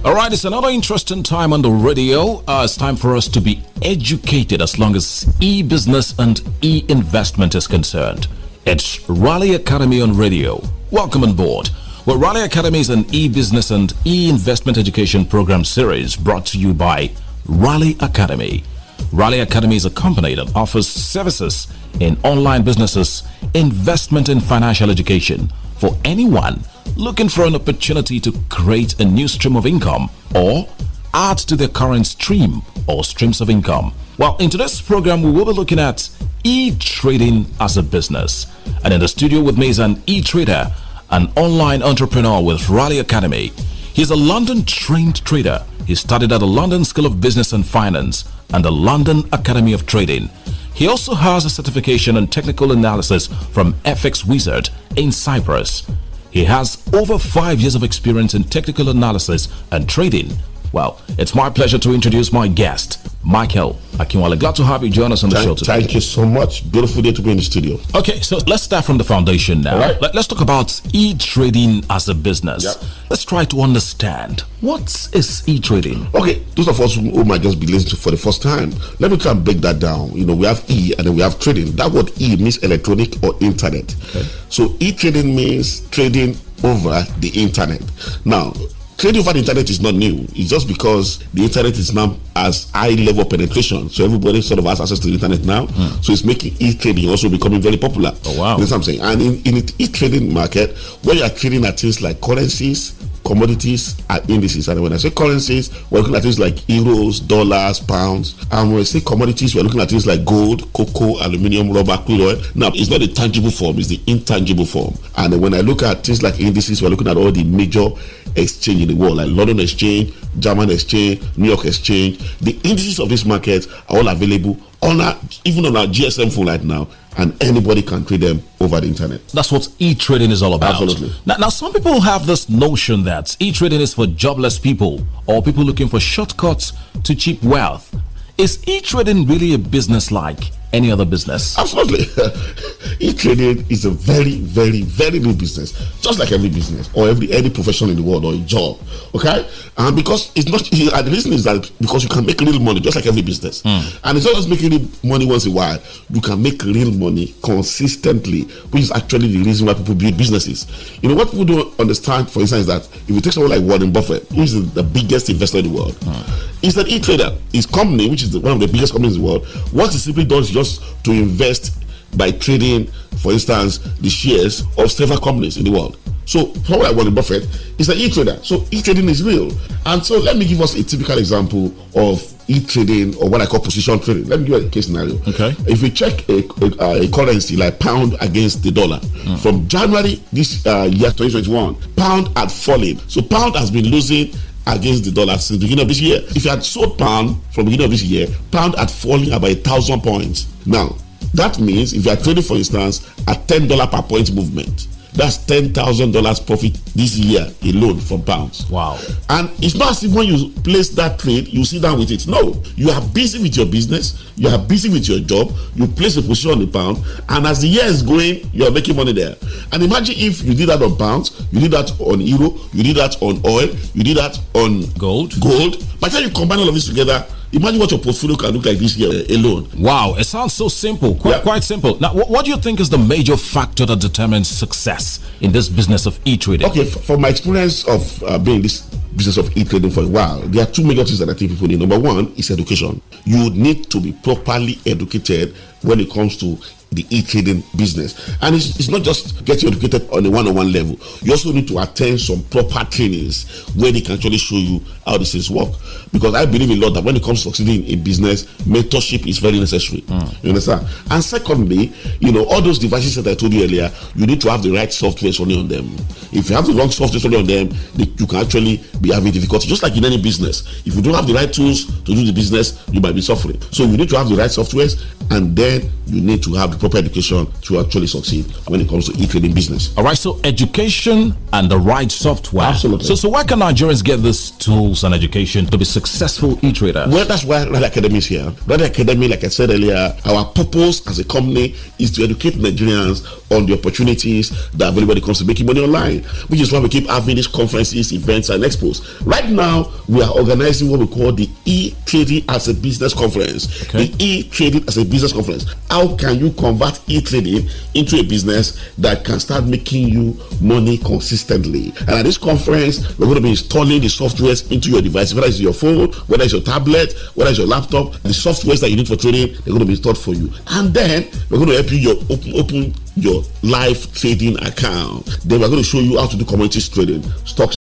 All right, it's another interesting time on the radio. Uh, it's time for us to be educated as long as e business and e investment is concerned. It's Raleigh Academy on radio. Welcome on board. Well, Raleigh Academy is an e-business and e-investment education program series brought to you by Raleigh Academy. Raleigh Academy is a company that offers services in online businesses, investment and financial education for anyone looking for an opportunity to create a new stream of income or add to their current stream or streams of income. Well, in today's program, we will be looking at e trading as a business. And in the studio with me is an e trader, an online entrepreneur with Raleigh Academy. He's a London trained trader. He studied at the London School of Business and Finance and the London Academy of Trading. He also has a certification in technical analysis from FX Wizard in Cyprus. He has over five years of experience in technical analysis and trading well, it's my pleasure to introduce my guest, Michael Akinwale. Glad to have you join us on the thank, show today. Thank you so much. Beautiful day to be in the studio. Okay, so let's start from the foundation now. Let, us talk about e trading as a business. Yep. Let's try to understand what is e trading. Okay, those of us who might just be listening for the first time, let me try and break that down. You know, we have e and then we have trading. That word e means electronic or internet. Okay. So e trading means trading over the internet. Now, Trading over the internet is not new. It's just because the internet is now as high level penetration, so everybody sort of has access to the internet now. Mm. So it's making e-trading also becoming very popular. Oh wow! That's what I'm saying. And in, in e-trading market, where you are trading at things like currencies, commodities and indices. And when I say currencies, we're looking at things like euros, dollars, pounds. And when I say commodities, we're looking at things like gold, cocoa, aluminium, rubber, crude oil. Now, it's not the tangible form, it's the intangible form. And when I look at things like indices, we're looking at all the major exchange in the world, like London Exchange, German Exchange, New York Exchange. The indices of these markets are all available on our, even on our GSM phone right now, and anybody can trade them over the internet. That's what e-trading is all about. Absolutely. Now, now some people have this notion that e-trading is for jobless people or people looking for shortcuts to cheap wealth. Is e-trading really a business like? any other business. Absolutely. (laughs) e trading is a very, very, very big business, just like every business or every any profession in the world or a job. Okay, and because it's not, (laughs) and the reason is that because you can make real money just like every business, mm. and it's not just making money once in a while. You can make real money consistently, which is actually the reason why people build businesses. You know what people don't understand, for instance, is that if you take someone like Warren Buffett, who is the biggest investor in the world, mm. is that e trader, his company, which is one of the biggest companies in the world, what he simply does just to invest by trading, for instance, the shares of several companies in the world. So, how I Warren Buffett is an e-trader. So, e-trading is real. And so, let me give us a typical example of e-trading or what I call position trading. Let me give you a case scenario. Okay. If we check a, a, a currency like pound against the dollar, mm. from January this uh, year 2021, pound had fallen. So, pound has been losing against the dollar since the beginning of this year. If you had sold pound from the beginning of this year, pound had fallen about a thousand points. Now, that means if you are trading, for instance, a $10 per point movement, that's ten thousand dollars profit this year alone from pounds. Wow! And it's not as if when you place that trade, you sit down with it. No, you are busy with your business. You are busy with your job. You place a position on the pound, and as the year is going, you are making money there. And imagine if you did that on pounds, you did that on euro, you did that on oil, you did that on gold. Gold. By the time you combine all of this together, Imagine what your portfolio can look like this year alone. Wow, it sounds so simple, quite, yeah. quite simple. Now, what, what, do you think is the major factor that determines success in this business of e trading? Okay, from my experience of uh, being this business of e trading for a while, there are two major things that I think people need. Number one is education. You need to be properly educated when it comes to the e-trading business. And it's, it's not just getting educated on a one-on-one level. You also need to attend some proper trainings where they can actually show you how these things work. Because I believe a lot that when it comes to succeeding in business, mentorship is very necessary. Mm. You understand? And secondly, you know, all those devices that I told you earlier, you need to have the right software only on them. If you have the wrong software only on them, they, you can actually be having difficulty. Just like in any business, if you don't have the right tools to do the business, you might be suffering. So you need to have the right softwares, and then you need to have proper education to actually succeed when it comes to e-trading business. All right, so education and the right software. Absolutely. So, so why can Nigerians get these tools and education to be successful e-traders? Well, that's why Red Academy is here. Red Academy, like I said earlier, our purpose as a company is to educate Nigerians on the opportunities that are available when it comes to making money online, which is why we keep having these conferences, events, and expos. Right now, we are organizing what we call the e-trading as a business conference. Okay. The e-trading as a business conference. How can you come convert e trading into a business that can start making you money consistently. And at this conference, we're going to be installing the softwares into your device, whether it's your phone, whether it's your tablet, whether it's your laptop, the softwares that you need for trading, they're going to be installed for you. And then we're going to help you your open, open your live trading account. Then we're going to show you how to do commodities trading, stocks.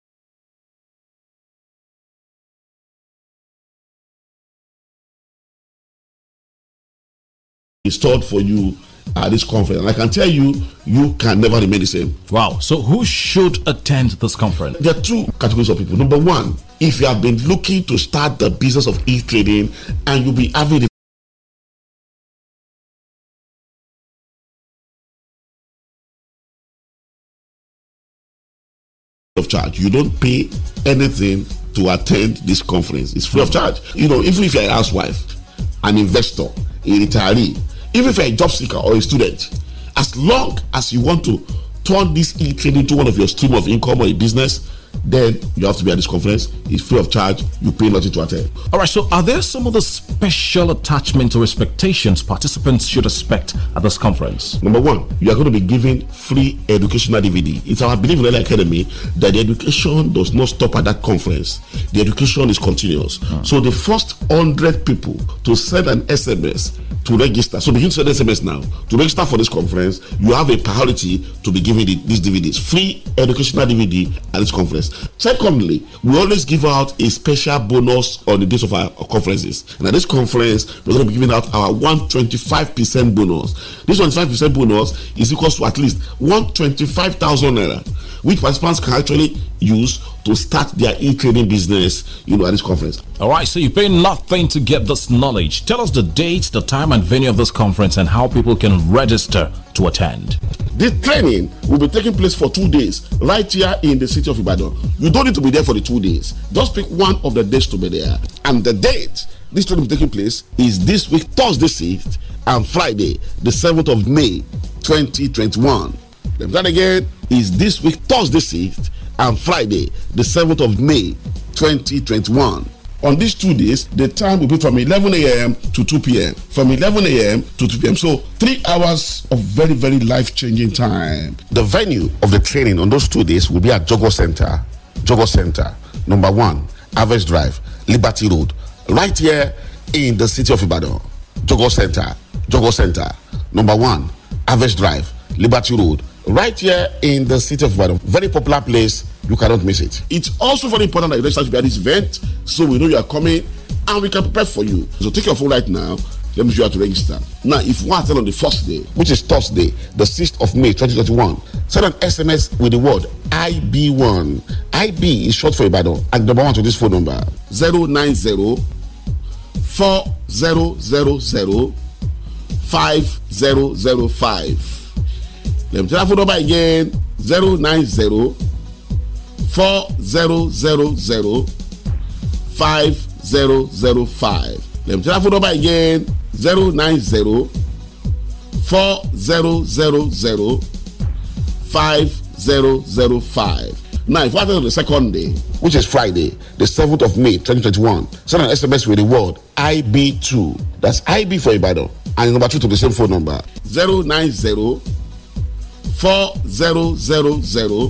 Installed for you at this conference. And I can tell you, you can never remain the same. Wow. So, who should attend this conference? There are two categories of people. Number one, if you have been looking to start the business of e trading and you'll be having the of charge. You don't pay anything to attend this conference. It's free of charge. You know, even if you're a housewife, an investor, a retiree, even if you're a job seeker or a student, as long as you want to turn this e-trade into one of your stream of income or a business, then you have to be at this conference. It's free of charge. You pay nothing to attend. All right. So, are there some of the special attachments or expectations participants should expect at this conference? Number one, you are going to be given free educational DVD. It's our belief in the Academy that the education does not stop at that conference. The education is continuous. Hmm. So, the first hundred people to send an SMS to register. So, begin to send SMS now to register for this conference. You have a priority to be given the, these DVDs, free educational DVD at this conference conference. Secondly, we always give out a special bonus on the days of our conferences. And at this conference, we're going to be giving out our 125% bonus. This 125% bonus is equal to at least 125,000 naira, which participants can actually use to start their e-trading business, you know, at this conference. All right, so you pay nothing to get this knowledge. Tell us the date, the time, and venue of this conference, and how people can register to attend. This training will be taking place for two days, right here in the city of Ibadan. You don't need to be there for the two days. Just pick one of the days to be there, and the date this training will be taking place is this week, Thursday 6th, and Friday, the 7th of May, 2021. Then that again is this week, Thursday 6th and Friday, the 7th of May 2021. On these two days, the time will be from 11 a.m. to 2 p.m. From 11 a.m. to 2 p.m. So, three hours of very, very life changing time. The venue of the training on those two days will be at Jogo Center. Jogo Center, number one, Average Drive, Liberty Road, right here in the city of Ibadan. Jogo Center, Jogo Center, number one, Average Drive, Liberty Road, right here in the city of Ibadan. Very popular place. You cannot miss it. It's also very important that you register to be at this event so we know you are coming and we can prepare for you. So take your phone right now. Let me show you how to register. Now, if you want to on the first day, which is Thursday, the 6th of May 2021, send an SMS with the word IB1. IB is short for Ibadan. And number one to this phone number 090 4000 5005. lẹ́yìn tí wọ́n á fún nọ́mbà yẹn zero nine zero four zero zero zero five zero zero five lẹ́yìn tí wọ́n á fún nọ́mbà yẹn zero nine zero four zero zero zero five zero zero five. Now, if after the second day, which is Friday, the 7th of May 2021, send an SMS with the word IB2. That's IB for Ibadan. And number two to the same phone number 090 four zero zero zero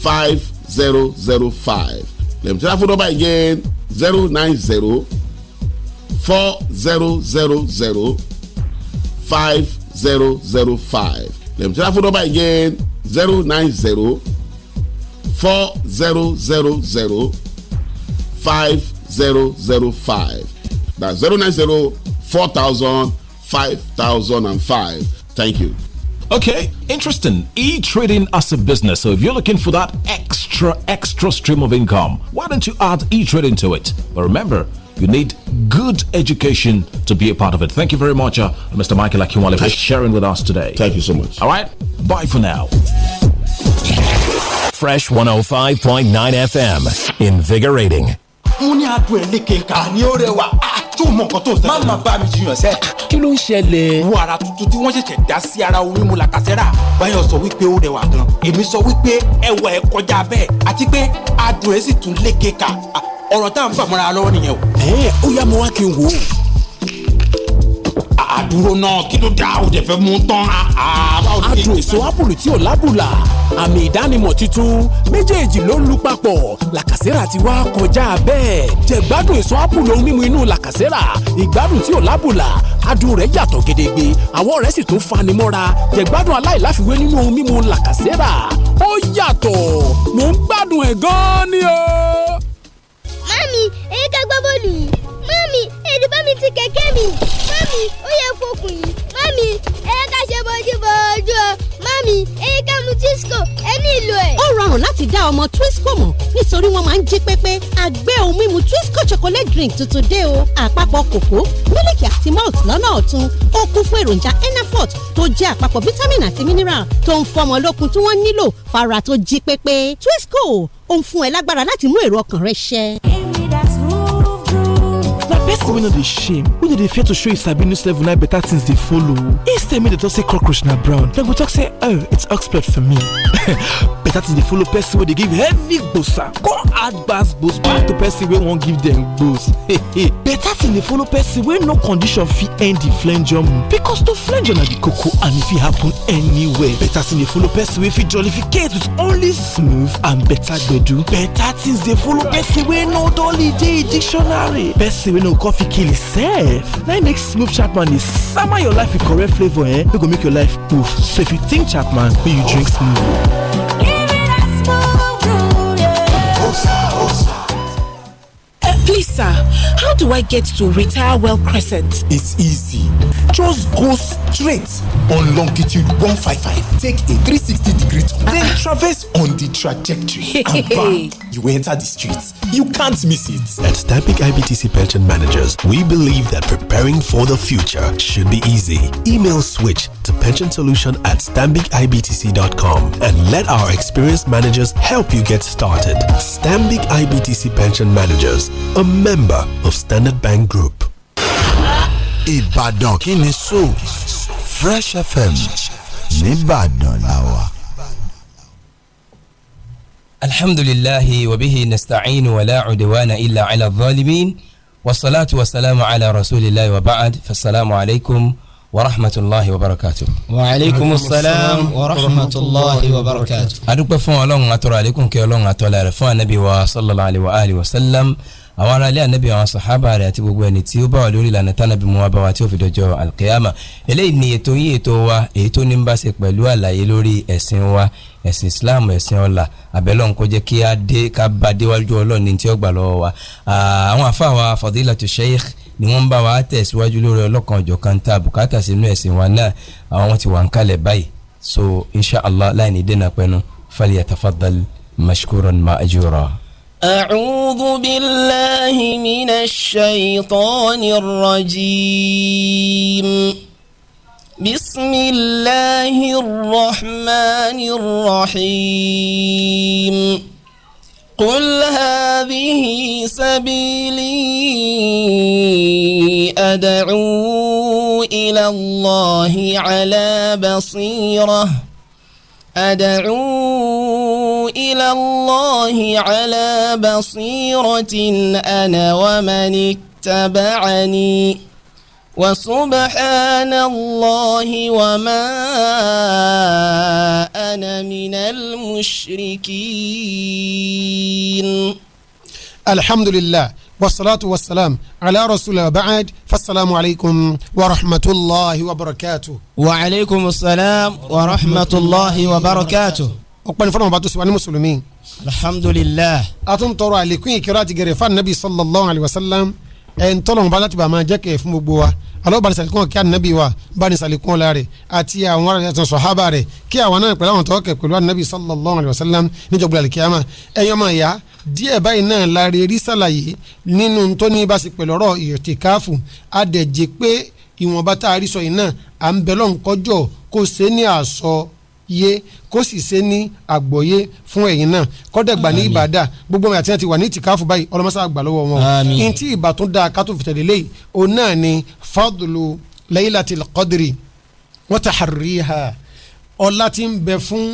five zero zero five let me tell that phone number again zero nine zero four zero zero zero five zero zero five let me tell that phone number again zero nine zero four zero zero zero five zero zero five that's zero nine zero four thousand five thousand and five thank you. Okay, interesting. E trading as a business. So if you're looking for that extra, extra stream of income, why don't you add e trading to it? But remember, you need good education to be a part of it. Thank you very much, uh, Mr. Michael Akinwale, for sharing with us today. Thank you so much. All right, bye for now. Fresh 105.9 FM, invigorating. mo ní adùn ẹ̀ lékè nǹkan. àní ó rẹwà tó mọ nǹkan tó ṣẹlẹ̀. má má bá mi jiyàn sẹ́. kí ló ń ṣẹlẹ̀. wo ara tuntun tí wọ́n ṣẹ̀ṣẹ̀ dá sí ara omi mu làkàṣẹ́rà báyọ̀ sọ wípé ó rẹwà gan. èmi sọ wípé ẹwà ẹ̀ kọjá bẹ́ẹ̀ àti pé adùn ẹ̀ sì tún lékè ká ọ̀rọ̀ tá à ń fàmọ́ra lọ́wọ́ nìyẹn o. ẹ ó yá mo wá kí n wò ó àdúró náà kí ló dá o jẹ̀fẹ́ mú tán. adùn èso ápùlù tí ò lábùlà àmì ìdánimọ̀ tuntun méjèèjì ló ń lu papọ̀ làkàsẹ́rà ti wá kọjá bẹ́ẹ̀ jẹ̀gbádùn èso ápùlù ohun mímu inú làkàsẹ́rà ìgbádùn tí ò lábùlà adùn rẹ̀ yàtọ̀ gedegbe àwọ̀ rẹ̀ sì tún fani jẹ̀gbádùn aláìláfiwé nínú ohun mímu làkàsẹ́rà ó yàtọ̀ mò ń gbádùn ẹ̀ gan-an ni o. mami èyí ká gbá bọ́ọ̀lù yìí mami èdè bá mi ti kẹ̀kẹ́ mi mami ó yẹ fokùn yìí mami ẹ ká ṣe bójúbójú o mami èyí ká mu Twisco ẹ nílò ẹ. ó rọrùn láti dá ọmọ Twisco mọ̀ nítorí wọ́n máa ń jí pépé àgbẹ̀ ohun mímu Twisco chocolate drink tuntun dé o àpapọ̀ kòkó mílìkì àti malt lọ́nà ọ̀tún ó kún fún èròjà enafort tó jẹ́ àpapọ̀ vitamin àti mineral tó ń fọmọ lókun tí wọ́n nílò fara tó jí pépé Twisco ó ń fún ẹ lágbára láti mú èrò ọkàn rẹ ṣẹ na person wey no dey shame wey no dey fear to show e sabi news level na better things dey follow instead make dem talk say cockroach na brown dem go talk say oh it's expert for me (laughs) better things dey follow person wey dey give heavy gbosa ah. come add gbas gbos back to person wey wan give dem gbos (laughs) better things dey follow person wey no condition fit end the flenjum because to flenjum na the koko and e fit happen anywhere better things dey follow person wey fit jollificate with only smooth and better gbedu better things dey follow person wey no dolly dey dictionary person wey no coffee kill itself Now make smooth chapman is summer your life with correct flavour eh It go make your life poof so if you think chapman make you drink smooth. Please, sir, how do I get to Retire Well Crescent? It's easy. Just go straight on longitude 155. Take a 360 degree turn, uh, then traverse on the trajectory. (laughs) and bam, you enter the streets. You can't miss it. At Stabic IBTC Pension Managers, we believe that preparing for the future should be easy. Email switch to pension solution at stambicibtc.com and let our experienced managers help you get started. Stambic IBTC Pension Managers a member of Standard Bank Group. Ìbàdàn kí ni so Fresh FM nìbàdàn làwà. alhamdulilahi wabihi nasta'in wala cudwana illa cala zalimin wasalaatu wasalaamu cala rasulillahi wa bacad fasalaamu calaykum wa rahmatulahi wa barakatu. wa aleykum salaam wa rahmatulahi wa barakatu. adúpẹ́ fún ọlọ́run àtọ́rọ̀ àlékún kí ọlọ́run àtọ́lá rẹ̀ fún anabi wa sallallahu alayhi wa àwọn ará ilé ànábì àwọn sàhábà rẹ̀ àti gbogbo ẹni tí ó bá wà lórí ìlànà tánàbí mu wa bá wa tí ó fi dọjọ́ alkiyama eléyìí ni ètò yìí ètò wa èyí tó ní ń bá ṣe pẹ̀lú àlàyé lórí ẹ̀sìn wa ẹ̀sìn islam ẹ̀sìn ọ̀la àbẹ̀lọ́n kó jẹ́ kí a dé ká bá déwájú ọlọ́ọ̀ni tí ó gbà lọ́wọ́ wa àwọn àfa wa fadilatu sheikh ni wọ́n ń bá wa tẹ̀síwájú lórí ọlọ́kan ọ̀jọ̀kan tá a sínú ẹ̀sìn أعوذ بالله من الشيطان الرجيم بسم الله الرحمن الرحيم قل هذه سبيلي أدعو إلى الله على بصيره أدعو إلى الله على بصيرة أنا ومن اتبعني وسبحان الله وما أنا من المشركين الحمد لله wasalaatu wasalaam ala rasulillah baad fasalaamu alaykum wa rahmatulahi wa barakatu. wa aleykum salaam wa rahmatulahi wa barakatu. ọ̀pọ̀ ní fọlọ́mù bá tó sọ wa ní mùsùlùmí. alhamdulilah. a tún tọrọ àlékún ìkírà àti gẹrẹ fún anabi sallallahu alayhi wa sallam ẹn tọ́lọ́mù bá láti bá máa jẹ́ kẹ̀ fún gbogbo wa alọ́bàdì sàlẹ̀ kún kí ànábì wa báni sàlẹ̀ kún ọ̀la rẹ̀ àti àwọn ará ẹ̀sán sọ̀hábà rẹ̀ kí àwọn náà pẹ̀lú àwọn tọ́kẹ̀ pẹ̀lú ànábì sallallahu alayhi wa sallam níjọba alikiyama ẹ̀yọ́ máa yá díẹ̀ báyìí náà la rí rí sàlàyé nínú tó ní bá sì pẹ̀lú ọ̀rọ̀ ìtìkáfù adẹ̀jẹ̀ pé ìwọ̀nba tá a rí sọ yìí náà à ń bẹ lọ́nkọ́jọ́ kó ṣe ní yé kó sì ṣe ní àgbọ́yé fún ẹ̀yin náà kọ́dẹ̀gbà ní ìbàdà gbogbo ọmọ àti ẹ̀ ti wà ní ìtìkáfù báyìí ọlọ́mọṣẹ́ àgbà lọ́wọ́ wọn. n tí ìbà dáa ká tó fi tẹ̀lé léyìí òun náà ni fadlu laylatil qadri wa tahriha ọlá ti ń bẹ fún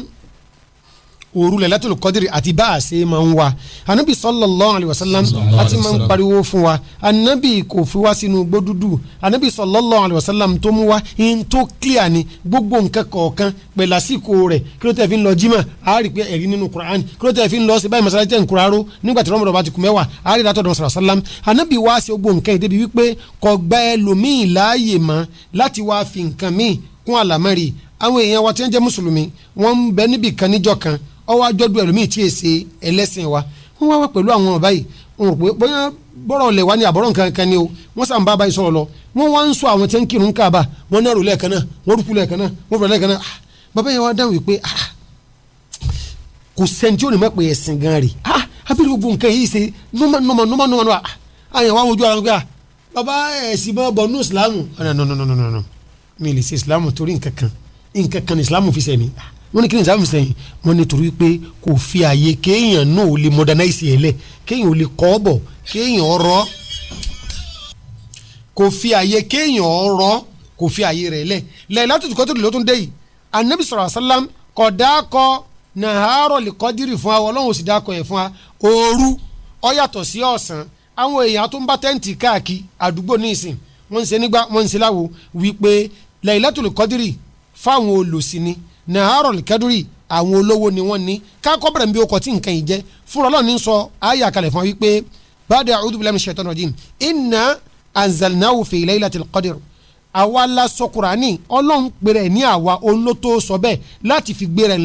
òru Lailatul Qadri àti bá a ṣe máa ń wa anabi sallallahu alayhi wa sallam àti máa ń pariwo fún wa anabi kò fi wá sínú igbó anabi sallallahu alayhi wa sallam tó mú wa in tó clear ni gbogbo nǹkan kọ̀ọ̀kan pẹ̀lú àsìkò rẹ̀ kí ló tẹ̀ fi ń lọ jimá a rí pé ẹ̀rí nínú Qur'an kí ló tẹ̀ fi ń lọ sí báyìí masalasi tẹ̀ ń kura ró nígbà tí rọmọdọ̀ bá ti kù mẹ́wàá a rí látọ̀dọ̀ sallallahu alayhi anabi wá sí gbogbo nǹkan ìdẹ́bi wípé àwọn èèyàn wa tí wọ́n jẹ́ mùsùlùmí wọ́n ń bẹ níbì kan níjọ́ kan ọwọ́ àjọdún ẹlòmíì tí èsè ẹlẹ́sìn wa wọ́n wá wá pẹ̀lú àwọn ọ̀rọ̀ báyìí wọn rò pé bóyá bọ́rọ̀ ọ̀lẹ̀ wa ni àbọ̀rọ̀ nǹkan ni o wọ́n sàn bá báyìí sọ̀rọ̀ lọ wọ́n wá ń sọ àwọn tí ń kírun káàbà wọ́n náà rò lẹ́ẹ̀kan náà wọ́n rúkú lẹ́ẹ̀kan náà wọ́n rò lẹ́ẹ̀kan náà ah, bàbá yẹn wá dáhùn wípé ah, kò sẹ́ni tí ò ní mọ̀ pé ẹ̀sìn gan rè ah, abiri gbogbo nǹkan yìí ṣe numanumanu àyàn wà wojú ara wọn pé bàbá ẹ̀sìn bọ́ bọ̀ nù ìsìlámù ọ̀nà nù nù fi sẹ́mi wọ́n ní kí ni sáfì sẹ́yìn wọ́n ní torí pé kò fi àyè kéèyàn náà ò lè modernize ẹ̀ lẹ̀ kéèyàn ò lè kọ́ bọ̀ kéèyàn ọ̀rọ̀ kò fi àyè kéèyàn ọ̀rọ̀ kò fi àyè rẹ̀ lẹ̀ lẹ́yìn láti tukọ́ tó lè lọ́tún dé yìí anabi sọ̀rọ̀ àsálàm kódà kọ nàárọ̀ lè kọ́dírì fún wa ọlọ́run sì dákọ̀ ẹ̀ fún wa òru ó yàtọ̀ sí ọ̀sán àwọn èèyàn tó ń bá tẹ́ǹtì káàkiri àdúgbò níìsín wọ́n ń ṣe nígbà wọ́n ń ṣe láwo wípé lẹ́yìn láti kọ́dírì fáwọn olùsìn ni naharol kaduri àwọn olówó ni wọ́n ní kákọ́ bẹ̀rẹ̀ bí okọ̀ tí nǹkan yìí jẹ́ fúnra ọlọ́run ní sọ ayé àkàlẹ̀ fún wa wípé báde a'udhu billahi minash shaitani rajim inna anzalnahu fi laylatil qadr àwa la sọ Kùránì ọlọ́run pèrè ní àwa olótó sọ bẹ́ẹ̀ láti fi gbé rẹ̀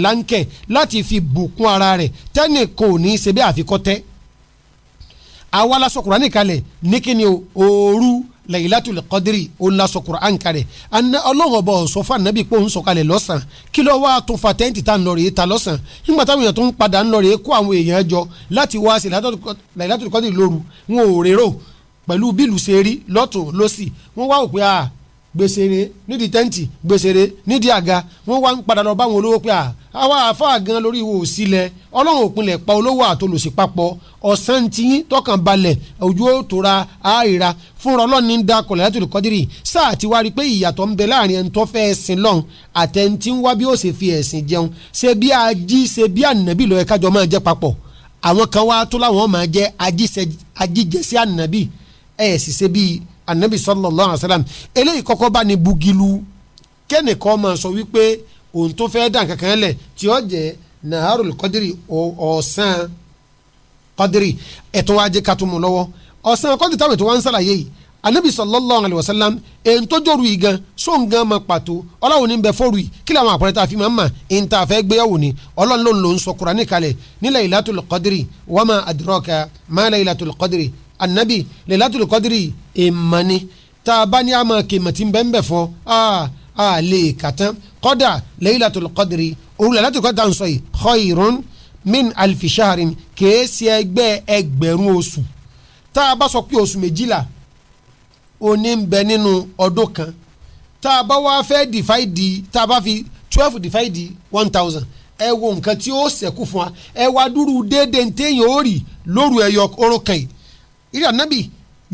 láti fi bùkún ara rẹ̀ tẹ́nì kò ní í ṣe bẹ́ẹ̀ àfikọ́ àwa la sọ Kùránì kalẹ̀ ní kíni o Laylatul Qadri ó ń lasọ Qur'an kalẹ̀ ọlọ́wọ́ bọ̀ sọ fún anabi pé òun sọ̀kalẹ̀ lọ́sàn kí ló wá tó fa tẹ́ǹtì tá ń lọ rèé ta lọ́sàn nígbà táwọn èèyàn tó ń padà ń lọ rèé kó àwọn èèyàn jọ láti wá sí Laylatul Qadri lóru wọn ò rérò pẹ̀lú bílù ṣe rí lọ́tún lọ́sì wọ́n wá òpin gbèsèrè nídìí tẹ́ǹtì gbèsèrè nídìí àga wọ́n wá ń padà lọ báwọn olówó pé àwa àfa gan lórí ìwò òsílẹ̀ ọlọ́run òpinlẹ̀ pa olówó àtolòsí papọ̀ ọ̀sán tiyín tọkàn balẹ̀ ojú ó tora àìra fúnra ọlọ́run ní da kọ̀lẹ́ láti olùkọ́dírì sáà ti wá rí i pé ìyàtọ̀ ń bẹ láàrin ẹni tó fẹ́ ẹ̀sìn lọ́n àtẹ̀ntì ń wá bí ó ṣe fi ẹ̀sìn jẹun ṣe bí ají ṣe bí ànàbí lọ́ọ́ ẹ̀ka máa jẹ́ papọ̀ àwọn kan wá tó láwọn máa jẹ́ ajíjẹsí ànàbí ẹ̀ ṣe bíi anabi sallallahu alayhi wa sallam eléyìí kọ́kọ́ bá ní bugilu kẹ́nìkan máa sọ wípé òun tó fẹ́ dàn kankan lẹ̀ tí ó jẹ́ naharul kọ́dírì ọ̀sán kọ́dírì ẹ̀tún wájú katumu lọ́wọ́ ọ̀sán kọ́dírì táwọn ètò wa ń sàlàyé yìí anabi sallallahu alayhi wa sallam èyí tó jòrò yìí gan sóun gan máa pàtó ọlọ́run ní bẹ fọ́ọ̀rù yìí kí làwọn àpẹẹrẹ fi máa ń mà ń ta fẹ́ gbéyàwó ni ọlọ́run ló ń sọ Kùránì kalẹ̀ ní Laylatul Qadri wa ma adraka ma Laylatul Qadri anabi lẹ́látùlù kọ́dírì èèmọ̀ ni tá a bá ní àmọ́ kèmọ̀ tí ń bẹ́ ń bẹ̀ fọ́ a lè kà tán kọ́dà lẹ́látùlù kọ́dírì òru lẹ́látùlù kọ́dà ń sọ yìí khairun min alfisharin kèé sí ẹgbẹ́ ẹgbẹ̀rún oṣù tá a bá sọ pé oṣù méjìlá òní ń bẹ nínú kan tá a bá wá fẹ́ dìfáìdì fi twelve dìfáìdì one thousand ẹ wo nǹkan tí ó fún wa ẹ dúró déédéé téèyàn ó rì lóru ẹ̀yọ orúkẹ́ yìí ìrì ànábì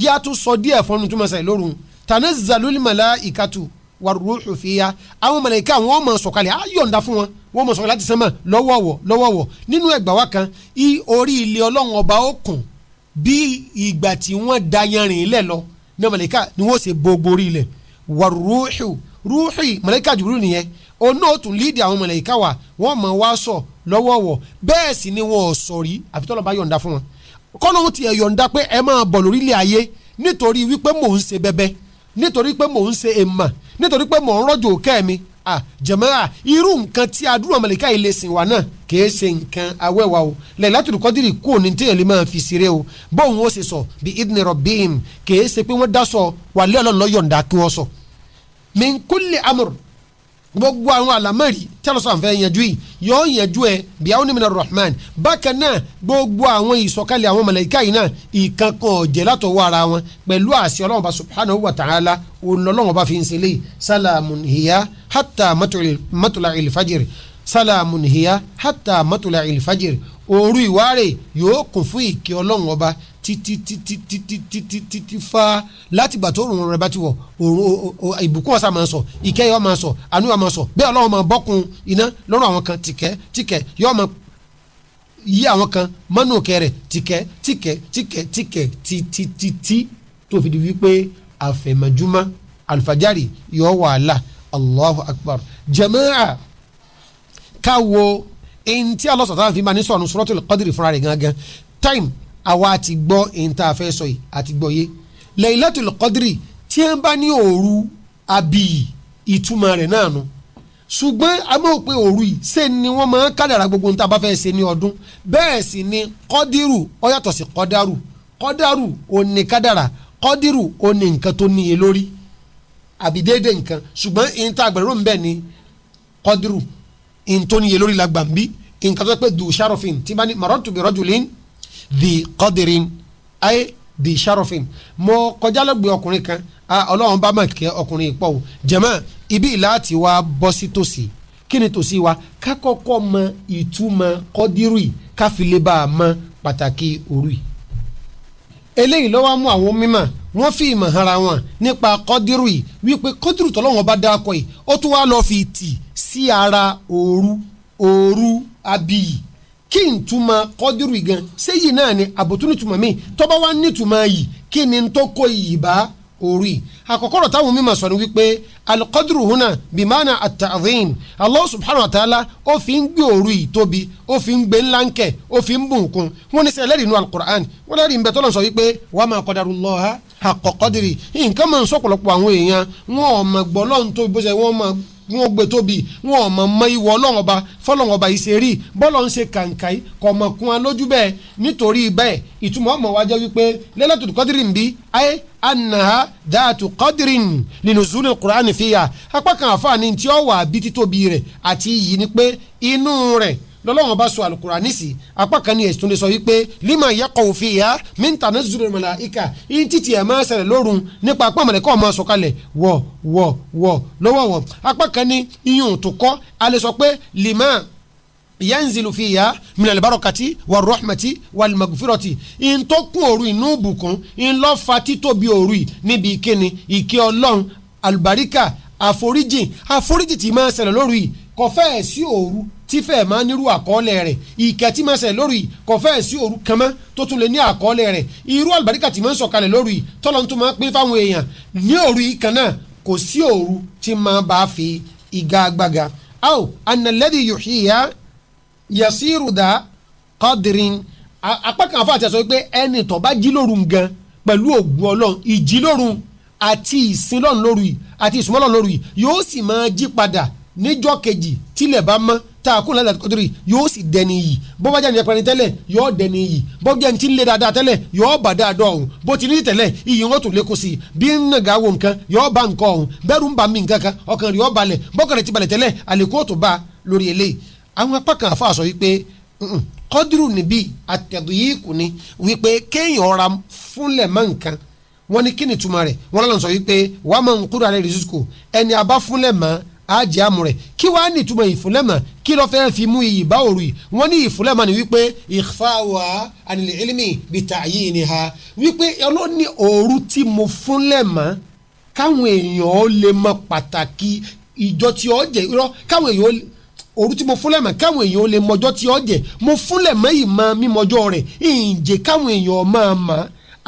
jẹ́ àtúnṣọ díẹ̀ fọ́nù tó máa ṣàì lórun tanazzalul malaikatu waruhu fiya àwọn màláíkà wọn máa sọ̀kalẹ̀ á yọ̀ǹda fún wọn wọn máa sọ̀kalẹ̀ láti sánmà lọ́wọ́wọ́ lọ́wọ́wọ́ nínú ẹgbà wa kan i orí ilé ọlọ́run ọba ó kùn bí ìgbà tí wọ́n da yanrìn ilẹ̀ lọ ní màláíkà ni wọ́n ṣe gbogbo orí ilẹ̀ waruhu ruhi màláíkà jùlọ nìyẹn ọ̀nà òtún lídì àwọn màláíkà wa wọ́n máa wá sọ lọ́wọ́wọ́ bẹ́ẹ̀ sì ni wọn ò sọ̀rí àfitọ́lọ́ bá yọ̀ǹda fún wọn kọ́lọ́hún ti ẹ̀yọ̀ǹda pé ẹ máa bọ̀ lórílẹ̀ ayé nítorí wípé mò ń ṣe bẹbẹ nítorí pé mò ń ṣe èèmà nítorí pé mò ń rọ́jò kẹ́mi jẹ̀mọ́ra irú nǹkan tí àdúrà mọ̀lẹ́kà ilé sìn wá náà kìí ṣe nǹkan awẹ́wà o Lailatul Qadr kú òní tí èlé máa fi ṣeré o bóun ó ṣe sọ bí idni rabbihim kìí ṣe pé wọ́n dá sọ wàlẹ́ ọlọ́run lọ́yọ̀ǹda kí wọ́n sọ. min kulli amr gbogbo àwọn alamari, tí a lọ sàn fẹ́ yanjú yìí yóò yanjú ẹ bí àwọn onímọ̀ rahman bákan náà gbogbo àwọn ìsọ̀kalẹ̀ àwọn màláíkà yìí náà ìkankan ọ̀jẹ̀ látọwọ́ ara wọn pẹ̀lú àṣẹ ọlọ́run subhanahu wa ta'ala ọlọ́run bá fi ń sele salamun hiya hatta matula ilfajiri salamun hiya hatta matula ilfajiri òru ìwárè yóò kún fún ìkẹ́ ọlọ́run ọba títí títí títí títí títí fa látìgbà tó rùn rẹ bá ti wọ̀ ìbùkún ọ̀sà máa ń sọ ìkẹ́ yóò máa sọ àánú yóò máa sọ bẹ́ẹ̀ ọlọ́run máa bọ́kun iná lọ́rùn àwọn kan tìkẹ́ tìkẹ́ yóò máa yí àwọn kan mọ́nú kẹrẹ tìkẹ́ tìkẹ́ tìkẹ́ tìkẹ́ títí títí tó fi di wípé àfẹ̀mọ́júmọ́ alfajari yóò wà á là Allahu akbar jama'a ká ẹni tí alọ́sọ̀ tá a fi máa ní sọ̀rọ̀ suratul qadri fúnra rẹ̀ gangan time àwa ti gbọ́ ẹni tá a fẹ́ sọ yìí àti gbọ́ yé laylatul qadri tí ẹ bá ní òru abiyì ìtumọ̀ rẹ̀ náà nu ṣùgbọ́n a máa pe òru yìí ṣe ni wọ́n máa ń kádàrà gbogbo ní tá a bá fẹ́ ṣe ní ọdún bẹ́ẹ̀ sì ni kọ́dírù ó yàtọ̀ sí kọ́dárù kọ́dárù ò ní kádàrà kọ́dírù ò ní nǹkan tó níye lórí àbí déédéé nǹkan ṣùgbọ́n ìyẹn tá a gbẹ̀rù ń bẹ̀ ni kọ́dírù ìyẹn tó níye lórí la gbà ń bí nǹkan tó pé du sharofin tí bá ní marọ́tù bí rọ́jùlín di kọ́dìrín ayé di sharofin mo kọjá lọ́gbẹ̀ ọkùnrin kan ọlọ́run bá mà kẹ́ ọkùnrin pọ̀ o jẹ̀mọ́ ibi láti wá bọ́ sí tòsí kí ni tòsí wa ká kọ́kọ́ mọ ìtumọ̀ kọ́dírù yìí ká fi lè bá a mọ pàtàkì òru yìí eléyìí lọ́wọ́ mú àwọn mímọ̀ wọ́n fi ìmọ̀ hara wọn nípa kọ́dírù yìí wípé kọ́dírù tọ́lọ́wọ́n bá dáko yìí ó tún wá lọ́ọ́ fi tì sí ara òru òru àbíyì kí n túmọ̀ kọ́dúrú gan sẹ́yìn náà ni àbòtúnú túmọ̀ mi tọ́ba wa nítumọ̀ yìí kí ni tó kó iyì bá orí àkọ́kọ́ táwọn mímọ̀ sọ ni wípé alikọ́dúrú hùnà bimana atahim allah subhanahu wa ta'ala ó fi ń gbé òru yìí tóbi ó fi ń gbé ńlá ń kẹ̀ ó fi ń bùn kún wọn ní sẹ́lẹ̀ rìnnú alukur'an wọn lẹ́rìí ń bẹ tọ́lọ̀ sọ wípé wàá máa kọ́darú lọ́ha àkọ́kọ́dìrì nǹkan mọ̀ ń àwọn èèyàn wọn ò mọ̀ gbọ́ lọ́n bó ṣe wọ́n mọ̀ wọn ò gbé tóbi wọn ò mọ̀ mọ́ ìwọ ọlọ́run ọba fọlọ́run ọba ìṣerí bọ́lọ̀ ń ṣe kàǹkàì kọ̀ mọ̀ kún nítorí ìtumọ̀ ọmọ wa jẹ́ wípé lẹ́lẹ́tù kọ́dírì bí ayé anaha dáàtú kọ́dírì nínú kuraani fìyà apá kan tí ó lọ́lọ́wọ́n bá sọ alukurani sí apá kan ní ẹ̀sùn lè sọ wípé lima yakọ̀ òfin ìyá minta náà zuru mọ̀lá ika yín títí ẹ̀ máa ṣẹlẹ̀ lórun nípa apá mọ̀lẹ́kọ́ ọmọ sọ̀kalẹ̀ wọ̀ wọ̀ wọ̀ lọ́wọ́wọ́ apá kan ní iyùn tó kọ́ alẹ́ sọ pé lima yanzilu fiya minal barakati wa rahmati wal magfirati in tó kún òru inú bùkún in lọ fa títóbi òru níbi ìkíni ìkí ọlọ́run àlùbáríkà àforíjì àforíjì tí máa ń ṣẹlẹ̀ lóru yìí kò sí òru tí fẹ́ẹ̀ máa nírú àkọọ́lẹ̀ rẹ̀ ìkẹ́tìmọ̀sẹ̀ lórí kò fẹ́ẹ̀ sí òru kan mọ́ tó tún lè ní àkọọ́lẹ̀ rẹ̀ irú àlùbáríkà tí máa ń sọ̀kalẹ̀ lórí tọ́lọ́ tó máa ń pín fáwọn èèyàn ní òru yìí kan náà kò sí òru tí máa bá a fi ìgagbága. aw analẹ́dì yòhíyá yasiruda kọ́dìrín apá kan afọ àti ẹ̀sọ́ pé ẹni tó bá jí lóru gan pẹ̀lú ògùn ọlọ́run ìjí lóru àti ìsinlọ́run lóru àti ìsúnmọ́lọ́run lóru yóò sì máa jí padà níjọ́ kejì tílẹ̀ bá mọ́ taakun lálẹ́ àtúkọ́tìrì yóò sì dẹni yìí bó bá jẹ́ ní ẹ̀pẹ̀rin tẹ́lẹ̀ yóò dẹni yìí bó jẹ́ ní ti ń lé dáadáa tẹ́lẹ̀ yóò bà dáadọ́ ọ̀hún bó ti ní tẹ́lẹ̀ iyì wọn tún lékun sí i bí ń nàgà wo nǹkan yóò bá nǹkan ọ̀hún bẹ́ẹ̀rù ń bà mí nǹkan kan ọkàn rẹ̀ yóò balẹ̀ bọ́kàrẹ̀ ti balẹ̀ tẹ́lẹ̀ àlékún tó bá lórí eléyìí àwọn apá kan àfa sọ wípé kọ́dúrù níbí àtẹ̀dùyíkù ni wípé kéèyàn ọ̀ra fúnlẹ̀ mọ́ nǹkan wọ́n ní kí ni túmọ̀ rẹ̀ wọ́n lọ́nà sọ wípé wàá mọ̀ nkúrò alẹ́ rìsíkò ẹni abá fúnlẹ̀ mọ́ àjẹ́ àmú rẹ̀ kí wàá nìtumọ̀ ìfúnlẹ̀mọ̀ kí ló fẹ́ẹ́ fi mú iyì bá òru yìí wọ́n ní ìfúnlẹ̀mọ̀ ni wípé ìfáwà ànilẹ̀ ẹlẹ́mì bìtà yìí ni ha wípé ọlọ́ni òru tí mo fúnlẹ̀mọ̀ káwọn èèyàn ó lè mọ pàtàkì ìjọ tí ó jẹ irọ́ káwọn èèyàn ó òru tí mo fúnlẹ̀ mọ́ káwọn èèyàn ó lè mọjọ́ tí ó jẹ mo fúnlẹ̀ mọ́ ìmọ̀ mímọjọ́ rẹ̀ ìǹjẹ́ káwọn èèyàn máa mọ̀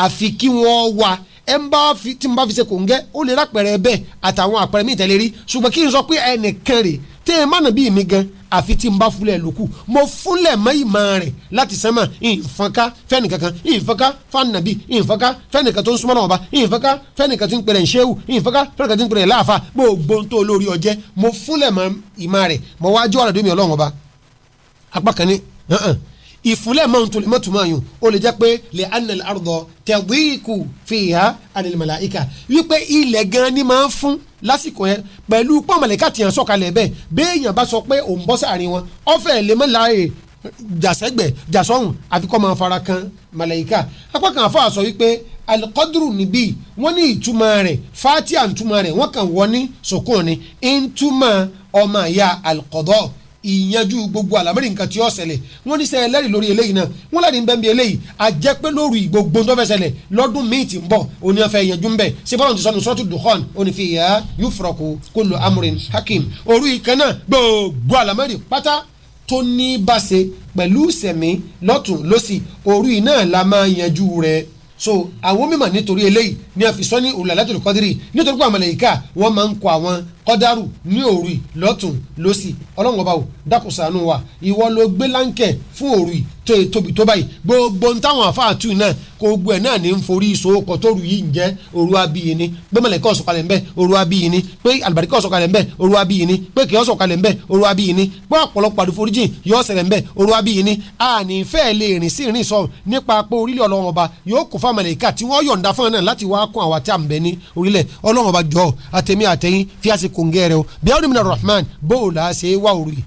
àfi kí wọ́n wá ẹ ń bá fi tí n bá fi ṣe kò ń gẹ́ ó lè rápẹ̀rẹ̀ bẹ́ẹ̀ àtàwọn àpẹẹrẹ míì tẹ̀lé rí ṣùgbọ́n kí n sọ pé ẹnìkan rè tẹ́ ẹ mánà bíi mi gan àfi tí n bá fúnlẹ̀ lókù mo fúnlẹ̀ mọ́ ìmọ̀ rẹ̀ láti sẹ́mà ìfọ̀nká fẹ́nìkankan ìfọ̀nká fànàbí ìfọ̀nká fẹ́nìkan tó ń súnmọ́ náà ọba ìfọ̀nká fẹ́nìkan tí ń pèrè ṣéwù ìfọ̀nká fẹ́nìkan tí ń pèrè láàfa gbogbo tó olórí ọjẹ́ mo fúnlẹ̀ mọ́ ìmọ̀ rẹ̀ mo wá ọ̀rọ̀ dómi ọlọ́run ọba apá kan ní ìfúnlẹ̀ mọ́ ntòlè mọ́ tùmọ̀ yùn ó lè jẹ́ pé lè anil ardọ tẹ̀díkù fìhà anil màláìka wípé ilẹ̀ gan ni máa ń fún lásìkò yẹn pẹ̀lú pọ́nmọ̀lẹ́ká tiẹ̀ sọ̀kalẹ̀ bẹ́ẹ̀ béèyàn bá sọ pé òun bọ́ sáàrin wọn ọ̀fẹ́ lè mọ́ láàyè jàsẹ́gbẹ̀ jàsọ́hùn àfi kọ́ máa fara kan màláìka apá kan àfọ́ àsọ wípé alikọ́dúrù níbí wọ́n ní ìtumọ̀ rẹ̀ fatia ìtumọ̀ rẹ̀ wọ́n kàn wọ́n ní sòkòrò ní ìtumọ̀ ọmọ ìyá alikọ́dọ́ọ̀ ìyanjú gbogbo àlámẹ́rì nǹkan tí ó ṣẹlẹ̀ wọ́n ní sẹ́ ẹlẹ́rìí lórí eléyìí náà wọ́n láti ń bẹ́ẹ̀ bí eléyìí àjẹ́ pé lórí gbogbo tó fẹ́ ṣẹlẹ̀ lọ́dún míì ti ń bọ̀ òní ọ̀fẹ́ ìyanjú ń bẹ̀ ṣé bọ́lá ti sọnù sọ́tù dùkọ́n onífìyà yufraku kullu amrin hakim òru ìkan náà gbogbo àlámẹ́rì pátá tó ní báṣe pẹ̀lú ìsẹ̀mí lọ́tún lọ́sì òru náà la máa yanjú rẹ̀ so àwọn mímọ̀ nítorí eléyìí ní àfisọ́ ní òlàlátòlù kọ́dírì nítorí pé àmàlẹ́yìká wọ́n máa ń kọ àwọn kọ́dárù ní òru lọ́tùn lọ́sì ọlọ́run ọba ò dákùsànù wa ìwọ ló gbé láǹkẹ̀ fún òru tó tóbi tó báyìí gbogbo ń táwọn àfáàtù náà kó gbogbo ẹ̀ náà ní ń forí ìṣòwòpọ̀ tó rù yìí ń jẹ́ òru abiyì ni pé mọ̀lẹ́kẹ́ ọ̀sọ̀kalẹ̀ ń bẹ òru abiyì ni pé àlùbáríkà ọ̀sọ̀kalẹ̀ ń bẹ òru abiyì ni pé kìí ọ̀sọ̀kalẹ̀ ń bẹ òru abiyì ni pé ọ̀pọ̀lọpọ̀ àdúforíjìn yóò ṣẹlẹ̀ ń bẹ òru abiyì ni àní fẹ́ lè rìn sí ìrìn sọ nípa pé orílẹ̀ ọlọ́run yóò kó fáwọn mọ̀lẹ́kà tí wọ́n yọ̀ǹda fún náà a ń bẹ ní orílẹ̀ rahman bó o là á ṣe é wá òru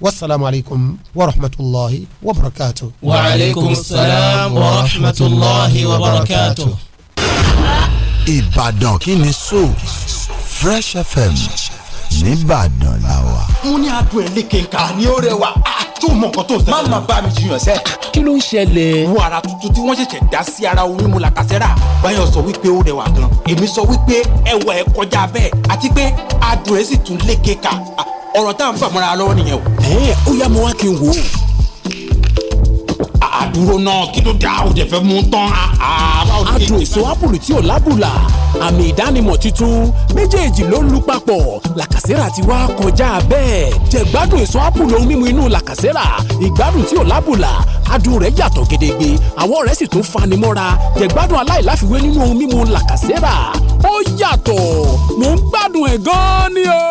wassalamu alaikum. ورحمة الله وبركاته وعليكم السلام ورحمة الله وبركاته Ìbàdàn kí ni sọ Fresh FM nìbàdàn làwà. mo ní adùn ẹ̀ lékenkà ni ó rẹwà ṣó mọ nǹkan tó ń ṣẹlẹ̀. má má bá mi jiyàn sẹ́. kí ló ń ṣẹlẹ̀. wo ara tuntun tí wọ́n ṣẹ̀ṣẹ̀ dá sí ara ohun mímu làkàṣẹ́rà báyọ̀ sọ wípé ó rẹwà gan. èmi sọ wípé ẹwà ẹ kọjá bẹ́ẹ̀ àti pé adùn ẹ̀ sì tún lékeka ọ̀rọ̀ tá à ń fàmọ́ra lọ́wọ́ nìyẹn o. ẹ ó yá mo wá kí n wò ó àdúró náà kí ló dá o jẹ fẹ́ mú tán. adùn èso apple tí ò lábùlà àmì ìdánimọ̀ tuntun méjèèjì ló ń lu papọ̀ làkàsẹ́rà ti wá kọjá bẹ́ẹ̀ jẹ̀gbádùn èso apple ohun mímu inú làkàsẹ́rà ìgbádùn tí ò lábùlà adùn rẹ̀ yàtọ̀ gedegbe àwọ̀ rẹ̀ sì tún fani mọ́ra jẹ̀gbádùn aláìláfiwé nínú ohun mímu làkàsẹ́rà ó yàtọ̀ mò ń gbádùn ẹ̀ gan-an ni o.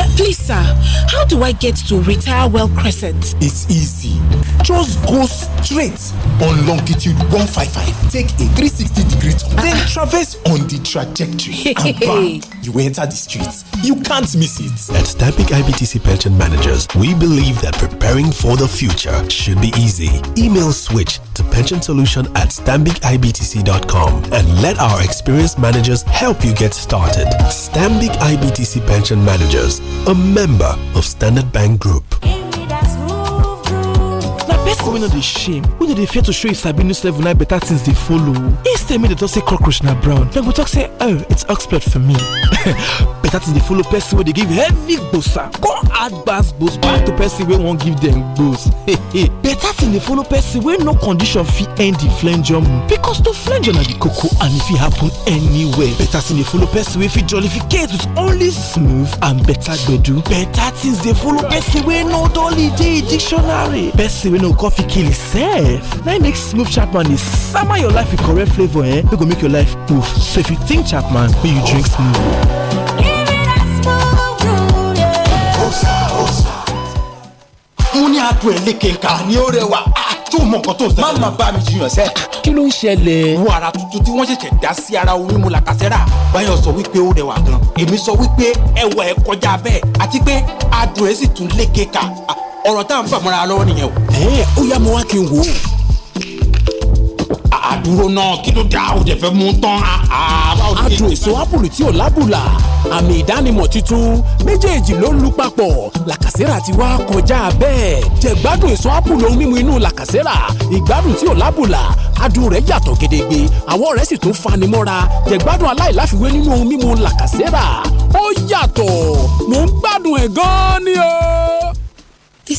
Uh, please, sir, how do I get to Retire Well Crescent? It's easy. Just go straight on longitude 155. Take a 360 degree turn, uh -uh. then uh-huh. traverse on the trajectory. and bam, (laughs) you enter the streets. You can't miss it. At Stabic IBTC Pension Managers, we believe that preparing for the future should be easy. Email switch to pension solution at stambicibtc.com and let our experienced managers help you get started. Stambic IBTC Pension Managers, a member of Standard Bank Group. wey no dey shame wey no dey fear to show you sabi news level na better things dey follow Instead tell me dey talk say cockroach na brown dem go talk say oh it's expert for me (laughs) better things dey follow person wey dey give heavy gbosa ah. come add bass boost back to person wey wan give dem boost. (laughs) better thing dey follow person wey no condition fit end the flenjum because to flenjum na the koko and e fit happen anywhere better thing dey follow person wey fit jollificate with only smooth and better gbedu better things dey follow person wey no dolly dey dictionary person wey no coffee fit kill itself na im make smooth chapman dey sama your life with correct flavour eh wey go make your life poof so if you think chapman make you drink smooth. mo ní lékenkà ní ó rẹwà ah, ṣó mọ nǹkan tó ń ṣẹlẹ̀. má má bá mi jiyàn sẹ́. Ah, kí ló ń ṣẹlẹ̀. wo ara tuntun tí wọ́n ṣẹ̀ṣẹ̀ dá sí ara ohun mímu làkàṣẹ́rà báyọ̀ sọ wípé ó rẹwà gan. èmi sọ wípé ẹwà ẹ kọjá bẹ́ẹ̀ àti pé adùn ẹ̀ sì tún lékeka ah, ọ̀rọ̀ tá à ń fàmọ́ra lọ́wọ́ nìyẹn o. ẹ ó yá mo wá kí n wò ó àdúró náà kí ló dá o jẹ fẹ́ mú tán. adùn ah, ah, èso ápùlù tí ò lábùlà àmì ìdánimọ̀ tuntun méjèèjì ló ń lu papọ̀ làkàsẹ́rà ti wá kọjá bẹ́ẹ̀ jẹ̀gbádùn èso ápùlù ohun mímu inú làkàsẹ́rà ìgbádùn tí ò lábùlà adùn rẹ̀ yàtọ̀ gedegbe àwọ̀ rẹ̀ sì tún fani mọ́ra jẹ̀gbádùn aláìláfiwé nínú ohun mímu làkàsẹ́rà ó yàtọ̀ mò ń gbádùn ẹ̀ gan-an.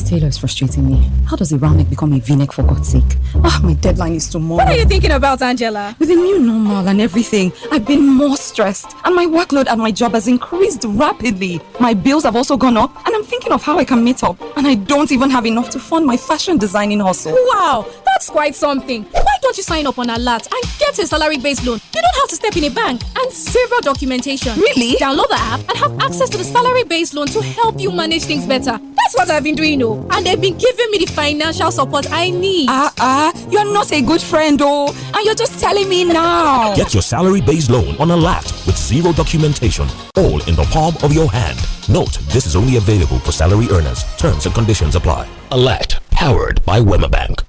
Taylor is frustrating me. How does a round neck become a v-neck for God's sake? Ah, oh, my deadline is tomorrow. What are you thinking about, Angela? With the new normal and everything, I've been more stressed. And my workload at my job has increased rapidly. My bills have also gone up. And I'm thinking of how I can meet up. And I don't even have enough to fund my fashion designing hustle. Wow, that's quite something. Why don't you sign up on Alert and get a salary-based loan? You don't have to step in a bank and zero documentation. Really? Download the app and have access to the salary-based loan to help you manage things better. That's what I've been doing, oh, and they've been giving me the financial support I need. Ah uh, ah, uh, you're not a good friend, oh, and you're just telling me now. (laughs) Get your salary-based loan on Alert with zero documentation, all in the palm of your hand. Note: This is only available for salary earners. Terms and conditions apply. Alert, powered by Wemabank.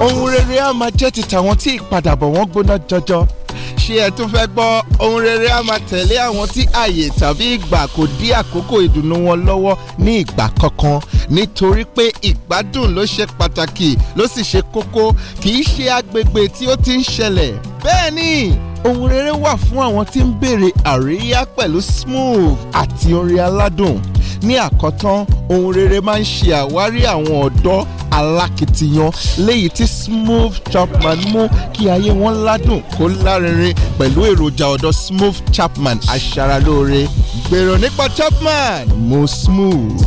ohun rere á máa jẹ́ ti tàwọn tí ìpadàbọ̀ wọn gbóná jọjọ ṣé ẹ tún fẹ́ gbọ́ ohun rere á máa tẹ̀lé àwọn tí àyè tàbí ìgbà kò dí àkókò ìdùnnú wọn lọ́wọ́ ní ìgbà kankan nítorí pé ìgbádùn ló ṣe pàtàkì ló sì ṣe kókó kì í ṣe agbègbè tí ó ti ń ṣẹlẹ̀ bẹ́ẹ̀ ni ohun rere wà fún àwọn tí ń béèrè àríyá pẹ̀lú smooth àti orin aládùn ní àkọ́tán ohun rere máa ń ṣe àwárí àwọn ọ̀dọ́ alákìtiyan léyìí tí smooth chapman mú kí ayé wọn ládùn kó lárinrin pẹ̀lú èròjà ọ̀dọ̀ smooth chapman aṣaralóore gbèrò nípa chapman mo smooth.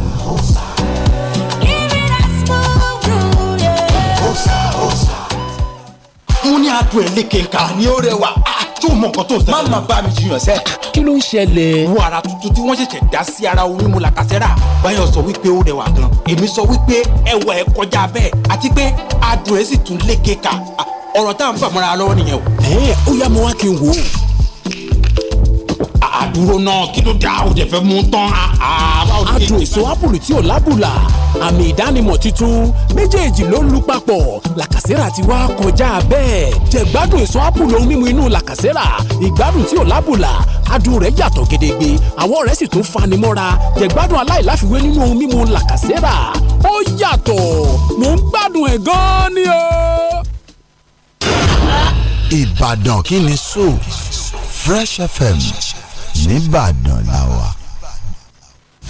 mo ní adùn ẹ̀ lékè nǹkan. àní ó rẹwà ah, tó mọ nǹkan tó ń ṣẹlẹ̀. bá mi jiyàn sẹ́. kí ló ń ṣẹlẹ̀. wo ara tuntun tí wọ́n ṣẹ̀ṣẹ̀ dá sí ara orin mu làkàṣẹ́rà. báyọ̀ sọ wípé ó rẹwà gan. èmi sọ wípé ẹwà ẹ̀ kọjá bẹ́ẹ̀ àti pé adùn ẹ̀ sì tún lékè ká. Ah, ọ̀rọ̀ tá à ń fàmọ́ra lọ́wọ́ nìyẹn o. ẹ ó yá mo wá kí n wò ó àdúró náà kí ló dá o jẹ fẹ́ mú tán. adùn ah, èso apple tí ò lábùlà àmì ìdánimọ̀ tuntun méjèèjì ló lu papọ̀ làkàsẹ́rà ti wá kọjá bẹ́ẹ̀ jẹ̀gbádùn èso ápù lóhun mímu inú làkàsẹ́rà ìgbádùn tí ò lábùlà adùn rẹ̀ yàtọ̀ gedegbe àwọ̀ rẹ̀ sì tún fanimọ́ra jẹ̀gbádùn aláìláfiwé nínú ohun mímu làkàsẹ́rà ó yàtọ̀ mò ń gbádùn ẹ̀ gan-an ni o. Ìbàdàn kí ni so Fresh FM nìbàdàn làwà.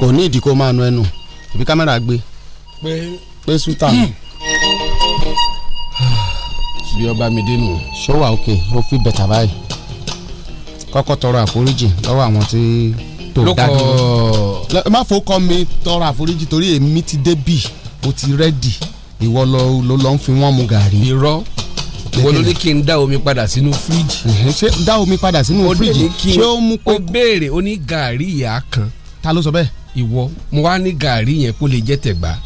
kò ní ìdí kó máa nu ẹnu ibi kámẹ́rà gbé pé sútà. Hmm bí ọba mi dénú. ṣọwà òkè ó fi bẹ̀tà báyìí kọ́kọ́ tọrọ àforíjì lọ́wọ́ àwọn tí tó dájú. lóko má fò kọ́ mi tọrọ àforíjì torí èmi ti débì ó ti rẹ́dì ìwọ ló lọ́ ń fi wọ́n mu gàrí. irọ́ wọ́n ló ní kí n dá omi padà sínú fíríjì. ṣé dá omi padà sínú fíríjì ṣé ó mú kó. o béèrè o ní gàrí ìyá kan. ta ló sọ bẹ́ẹ̀. ìwọ mo wá ní gàrí yẹn kó lè jẹ́ tẹ̀gbá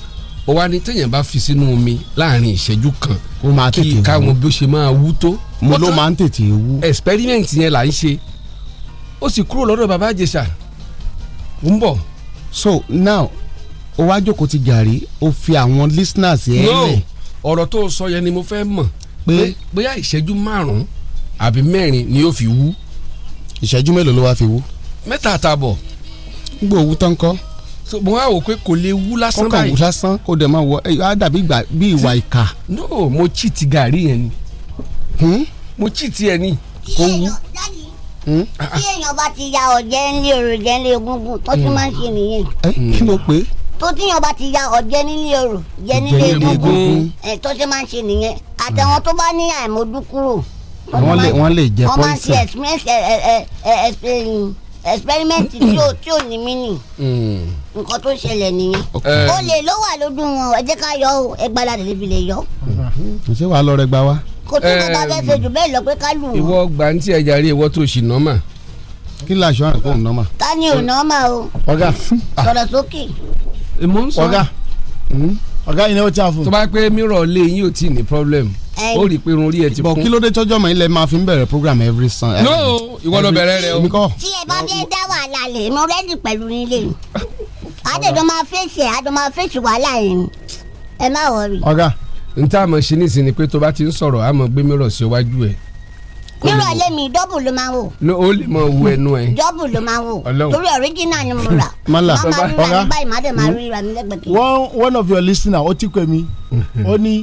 ó wá ní téèyàn bá fi sínú omi láàrin ìṣẹ́jú kan ó máa tètè wú kí káwọn bí ó ṣe máa wú tó. mo ló máa ń tètè wú. experiment yẹn là ń ṣe ó sì kúrò lọ́dọ̀ bàbá àjẹsà ń bọ̀. so now ó wá jókòó ti gàrí ó fi àwọn listeners yẹn lẹ̀. no ọ̀rọ̀ tó sọ yẹn ni mo fẹ́ mọ̀ pé bóyá ìṣẹ́jú márùn-ún àbí mẹ́rin ni yóò fi wú. ìṣẹ́jú mélòó ló wá fi wú. mẹ́ta àtàbọ̀. gbogbo tán kọ́ so mo wá wò pé kò lè wú lásán báyìí kọ́kàn wú lásán kó dẹ̀ máa wọ ẹ á dàbí ìgbà bí ìwà ìka. no mo chi ti gàrí yẹn ni hmm? mo chi ti yẹn ni kò wú. Hmm? tí èèyàn bá ti ya ọ̀jẹ̀ ńlẹ̀ òròjẹ́ ńlẹ̀ egungun tó ti máa ń ṣe nìyẹn. kí ló pé. tó tíyàn bá ti ya ọ̀jẹ̀ nílé òrò jẹ́ nílé egungun tó ti máa ń ṣe nìyẹn àtẹ̀wọn tó bá ní àìmójúkúrò. wọ́n lè wọ́n lè jẹ́ pọ́ńsì. wọ́n máa ń ṣe nǹkan tó ṣẹlẹ̀ nìyẹn olè ló wà lójú wọn ẹ ká yọ ọ ẹgbàá la lè lè yọ. ṣé wàá lọ gba wa. kò tó kó bá fẹ́ fẹ́ jù bẹ́ẹ̀ lọ pé ká lù wọ́n. ìwọ gbàǹtì ẹ̀jà rí ìwọ tó ṣì nọ́mà kí la ṣọ́ àrùn kò ń nọ́mà. ta ni ò nọ́mà o. ọ̀gá sọ̀rọ̀ sókè. èmo ń sọ. ọ̀gá hmm? ọ̀gá yìí ni ó ti àfò. tó bá pé mirror lé yín ò tí ní problem ó rí i pé irun orí ẹ ti kún. bọ̀ kí ló dé tọ́jọ́ mọ̀ ilẹ̀ máa fi ń bẹ̀rẹ̀ program every sun. no ìwọ ló bẹ̀rẹ̀ rẹ o. tí ẹ bá fẹ́ dá wàhálà lè mo rẹ́dì pẹ̀lú nílé. (laughs) àjọjọ fèsì àjọ fèsì wàhálà yẹn ẹ má wọrí. ọ̀gá n tá a mọ̀ ṣe nísìn ni pé tó bá ti ń sọ̀rọ̀ a mọ̀ gbé mìíràn sí iwájú ẹ̀. mìíràn mi dọ́bù ló máa wò. ní o lè mọ owó ẹnu ẹ. dọ́bù ló máa wò torí original ni mo rà. (laughs) mọ́là ọ̀gá ọ̀gá hmm? one of your listeners ó ti pè mí (laughs) ó ní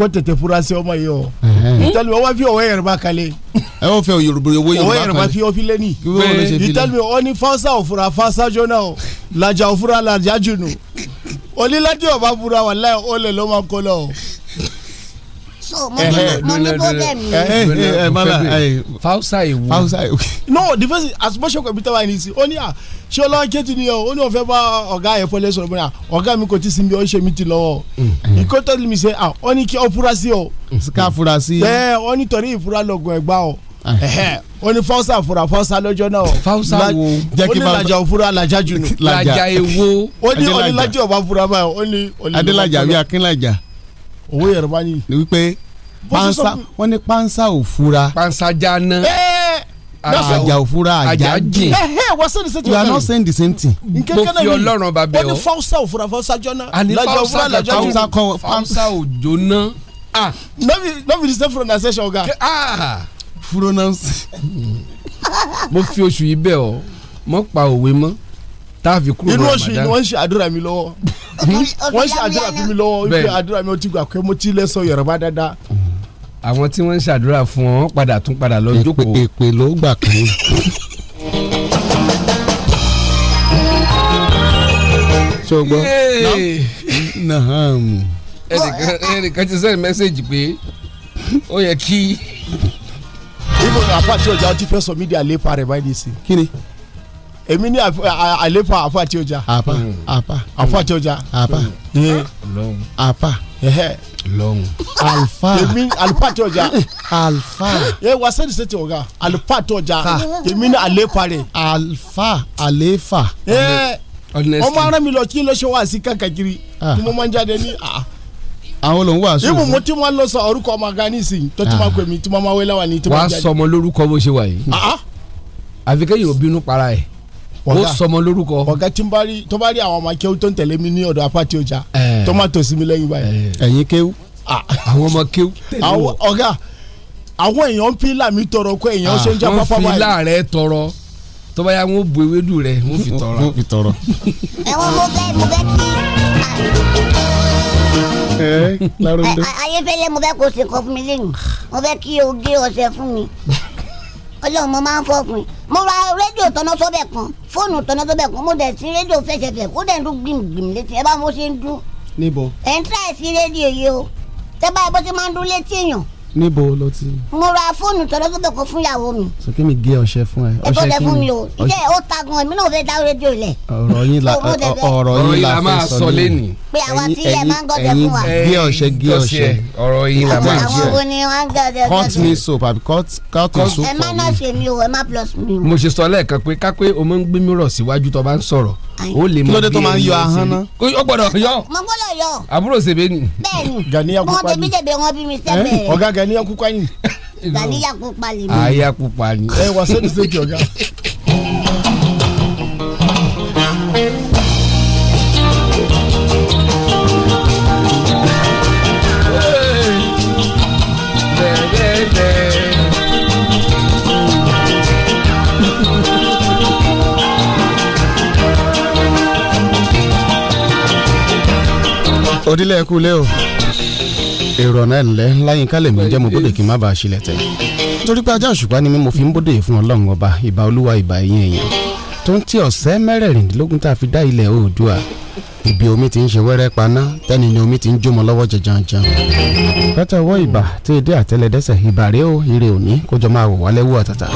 kó tètè fura sí ọmọ yìí o ìtàlùmí ọwọ́ fi ọwọ́ yẹrẹ bá kalẹ̀. ẹ y'o fẹ́ yorùbá owó yorùbá kalẹ̀ ọwọ́ yẹrẹ bá fi ọfi lẹ́ni ìtàlùmí ọ ni fasa òfura fasa jona o lajà òfura lajà junu onílàjì ọba fura wàlẹ́ ọlẹ́ ló máa kọ́ lọ o so mo eh, ní eh, mo ní problem eh, yìí. fausa ewu. fausa ewu. (laughs) no the first as much as we bí tẹ́wá ẹni sí ó ní à ah, ṣé ọlọ́wọ́ kéétì ni ọ ó ní òfẹ́ bá ọ̀gá ẹ̀ pọ́lẹ́ sọ̀rọ̀ bóyá ah, ọ̀gá mi kò tí sinmi ó ṣe mí ti lọ́wọ́ ìkó tẹ́lẹ̀ mi ṣe à ó ní kí ọ fura sí ọ. ká fura sí. bẹ́ẹ̀ ó ní torí ìfura lọ́gùn ẹ̀gbá ọ ah. ó ní fausa fura fausa lọ́jọ́ náà. fausa wo ó ní lajà òfura lajà jù nù. lajà ewo. (laughs) ó ní ó ní lajà ọba báyìí ó ní. adélajà wí akínlajà òwe yẹrẹ bá yìí. ni wípé pansa wọ́n ní pansa ò fura. pansa jana. àjà ò fura jìn. you are not saying the same thing. nkẹ́kẹ́ náà ni ọlọ́run bá bẹ̀ ọ́. wọ́n ní fausa ò fura fausa jọ́nà. àní fausa kàkà fausa ò jóná. ah no be no be the same pronunciation oga. ah pronounce. mo fi oṣù yìí bẹ̀ ọ́ mọ́ pa òwe mọ́ tá a fi kúrò nínú oṣù yìí wọ́n ṣe àdúrà mi lọ́wọ́ wọ́n ṣe àdúrà fún mi lọ́wọ́ ibi àdúrà mi ó ti gbà pé mo ti lẹ́sọ̀ yorùbá dáadáa. àwọn tí wọ́n ń ṣàdúrà fún ọ padà tún padà lọ jókòó. èpè ló gbà kan. sọgbọ́n nahamu. ẹnìkan ti sẹ́ni mẹ́sẹ̀gì pé ó yẹ kí. ibo àpá àti ọjà ọtí fẹsọ̀ mídíà lépa rẹ̀ báyìí nìsín. kí ni èmi ní àlefa àfa tí o ja. àpá hmm. àpá àfa tí o ja. àpá hmm. lọ́hùn. àpá lọ́hùn. alfa èmi alifa tí o ja. alfa. ẹ wá sẹ́ni sẹ́ni tí o ga alifa tí o ja èmi ní àlefa rẹ̀. alfa àlefa. ọmọ ara mi lọ kí ló ṣe wá sí kankagiri tí mo máa ń jáde ní ah, ah. àwọn lòun wà sóòfò. ibùn mo ti máa lọ sọ orúkọ ọmọ aga nísìnyí tó ti máa pè mí tí mo máa wé láwa ní. wàá sọmọ lórúkọ bó ṣe wà yìí. Ah, àfikẹ́ yóò bínú para ẹ̀. ó sọmọ lórúkọ. ọ̀gá tí tó bá rí àwọn ọmọ tó ń tẹ̀lé mi ní ọ̀dọ̀ apáti ọjà tó máa tòsí mi lẹ́yìn báyìí. ẹ̀yin àwọn ọmọ tẹ̀lé wọn. ọ̀gá àwọn èèyàn ń mi tọrọ kó èèyàn ṣe ń pápá báyìí. fi láàrẹ̀ tọrọ tó bá yá wọn bu ewédú fi tọrọ. ọlọ́run mo máa ń fọ́ fún yín mo ra rédíò tọ́nà sọ́bẹ̀ kan fóònù tọ́nà sọ́bẹ̀ kan mo dẹ̀ sí rédíò fẹsẹ̀fẹ̀ ó dẹ̀ ń dún gbìmgbìm létí ẹ bá mo ṣe ń dún. níbo. ẹ̀ ń tíráì sí rédíò yìí o tẹ́ báyìí bó ṣe máa ń dún létí èèyàn níbo ló ti. mo ra fóònù tọ́lọ́fótò kan fún ìyàwó mi. sọ kí mi gé ọṣẹ fún ẹ. ẹ bọ́dẹ̀ fún mi o iṣẹ́ ó ta gan mi náà fẹ́ dá rédíò lẹ̀. ọ̀rọ̀ yín la ọ̀rọ̀ yín la fẹ́ sọ lẹ́nu. pé àwa tí ilẹ̀ máa ń gọ́dẹ̀ fún wa. ẹyin gé ọṣẹ gé ọṣẹ ọ̀rọ̀ yín la máa ń jẹ. àwọn wo ni wọ́n ń gọ́dẹ̀ gọ́dẹ̀. cut me soap àbí cut cut me soap. ẹ má náà ṣe mi o ẹ má plus mi o. mo ṣe sọ lẹ́ẹ̀kan pé ká o máa ń gbé mìíràn síwájú tó bá ń sọ̀rọ̀ ó lè mọ bí èyí máa ń yọ ahọ́n náà. ó gbọ́dọ̀ yọ. mo gbọ́dọ̀ yọ. àbúrò sèbè ni. bẹ́ẹ̀ni ganiya kúpa ni mo tẹbi tẹbi wọn bí mi sẹbẹ. ọ̀gá ganiya kúpa ni. ganiya kúpa ni. àyà kúpa ni. ẹ wà sẹ́ni sẹ́kì ọ̀gá. (laughs) odílé ẹkú lé o èrò ọ̀nà ẹ̀ńlẹ́ láyínká lèmi jẹ́ mo bóde kí n má bàa ṣílẹ̀ tẹ̀ nítorí pé ajá òṣùpá ni mo fi ń bóde fún ọlọ́run ọba ìbà olúwa ìbà ẹ̀yìn èèyàn tó ń tí ọ̀sẹ́ mẹ́rẹ̀ẹ̀rìndínlógún tá a fi dá ilẹ̀ oòdùà ibi omi ti ń ṣe wẹ́rẹ́ paná tẹ́ni ni omi ti ń jómọ lọ́wọ́ jẹjanjan pẹ́tẹ́ ọwọ́ ìbà tí èdè àtẹlẹdẹsẹ̀ ìbàrẹ́ o ire òní kójọ máa wọ̀ wálẹ́wọ́ àtàtà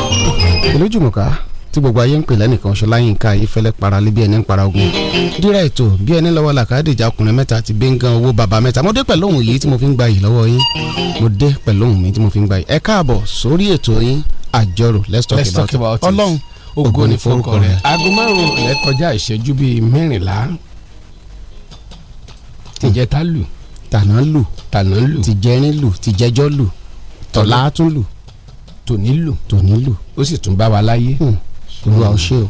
ìlú jùmọ̀ká tí gbogbo ayé ń pè lẹ́nìkan Ṣọláyínká Ayéfẹ́lẹ́ para lé bí ẹni ń para ogun dírà ètò bí ẹni lọ́wọ́ làkàdéjà ọkùnrin mẹ́ta ti bẹ́ńgàn owó bàbá mẹ́ta mo dé pẹ̀lú òun yìí tí mo fi ń gba yìí lọ́wọ́ yín mo dé pẹ̀lú òun mi tí mo fi ń gba yìí ẹ káàbọ̀ sórí ètò yín àjọrò let's talk about, it ọlọ́run ògo ni forúkọ rẹ̀. aago márùn-ún rẹ̀ kọjá ìṣẹ́jú bíi mẹ́rìnlá tìjẹta lù tànà lù tànà lù tìjẹrin lù tìjẹjọ lù tọ̀lá tún lù tòní lù tòní lù ó sì tún bá wa láyé. Hmm olúwa ó ṣe o.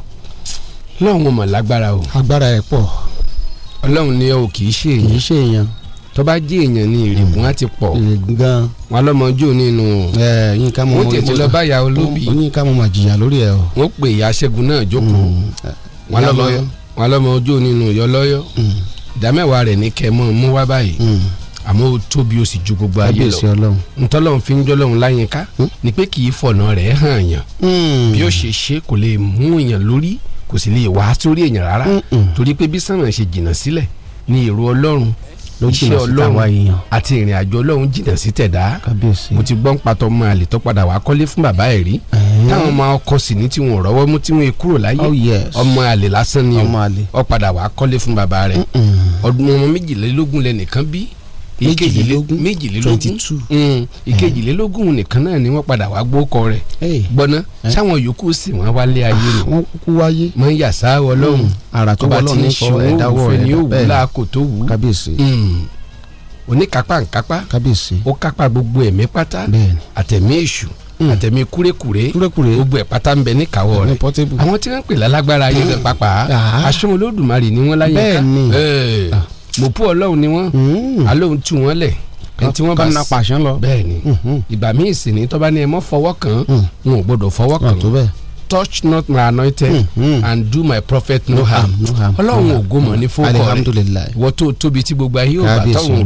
ọlọ́run mọ̀ lágbára o. agbára ẹ̀ pọ̀. ọlọ́run ni o kì í ṣe èèyàn. kì í ṣe èèyàn. tó bá jí èèyàn ni ìrìngún á ti pọ̀. ìrìngún gan. wọn lọmọjú nínú. ẹ yín ká mọ. wọn tètè lọ bá ìyá olóbì. yín ká mọ mà jìyà lórí ẹ o. wọn pè ìyá ṣẹ́gun náà jókòó. Mm. wọn lọmọjú àmọ́ ó tóbi ó sì ju gbogbo ayé lọ ntọ́lọ́hún fi ń jọ́lọ́hún láyínká hmm? ni pé kì í fọ̀nà rẹ̀ hàn yàn hmm. bí ó ṣe ṣe kò lè mú èèyàn lórí kò sì lè wá sórí èèyàn rárá torí pé bí sànà ṣe jìnnà sílẹ̀ ni èrò ọlọ́run iṣẹ́ ọlọ́run àti ìrìn àjò ọlọ́run jìnnà sí tẹ̀dá mo ti gbọ́n patọ́ mọ àlè tó padà wá kọ́lé fún bàbá ẹ̀ rí táwọn ọmọ ọkọ sì ní tí wọn ò rọ́wọ́ mú tí kúrò láyé oh, ọmọ àlè lásán ni ó padà wá kọ́lé fún bàbá rẹ̀ ọmọ méjìlélógún lẹ́nìkan bí méjìlélógún méjìlélógún twenty two hmm. ìkejìlélógún nìkan náà ni wọ́n padà wá gbókọ rẹ̀ gbọ́ná sáwọn yòókù sì wọ́n wálé ayé nù wọ́n kú wáyé mọ yàsá ọlọ́run ara hmm. tó bá ti ń fọ ẹ̀dá wọ rẹ̀ ní òwú láàkó tó wù ú kábíyèsí hmm. oníkápá nkápá kábíyèsí ó kápá gbogbo ẹ̀mí pátá àtẹ̀mí èṣù àtẹ̀mí kúrékùré kúrékùré gbogbo ẹ̀ pátá ń bẹ ní kàwọ́ rẹ̀ àwọn tí wọ́n ń pè lálágbára ayé rẹ̀ pàápàá ah. aṣọ olódùmarè ni wọ́n láyé ká mọ̀pù ọlọ́run ni wọ́n hmm. alóhun tú wọn lẹ̀ ẹni tí wọ́n bá na lọ bẹ́ẹ̀ hmm. ìgbà míì sì ni tọ́ba ni ẹ mọ́ fọwọ́ kàn hmm. wọn ò gbọ́dọ̀ fọwọ́ kàn touch not my anointed mm-hmm. and do my prophet no harm ọlọ́run ògo mọ̀ ní fọ́kọ rẹ̀ ìwọ tó tóbi tí gbogbo ayé ò bá tọ̀hún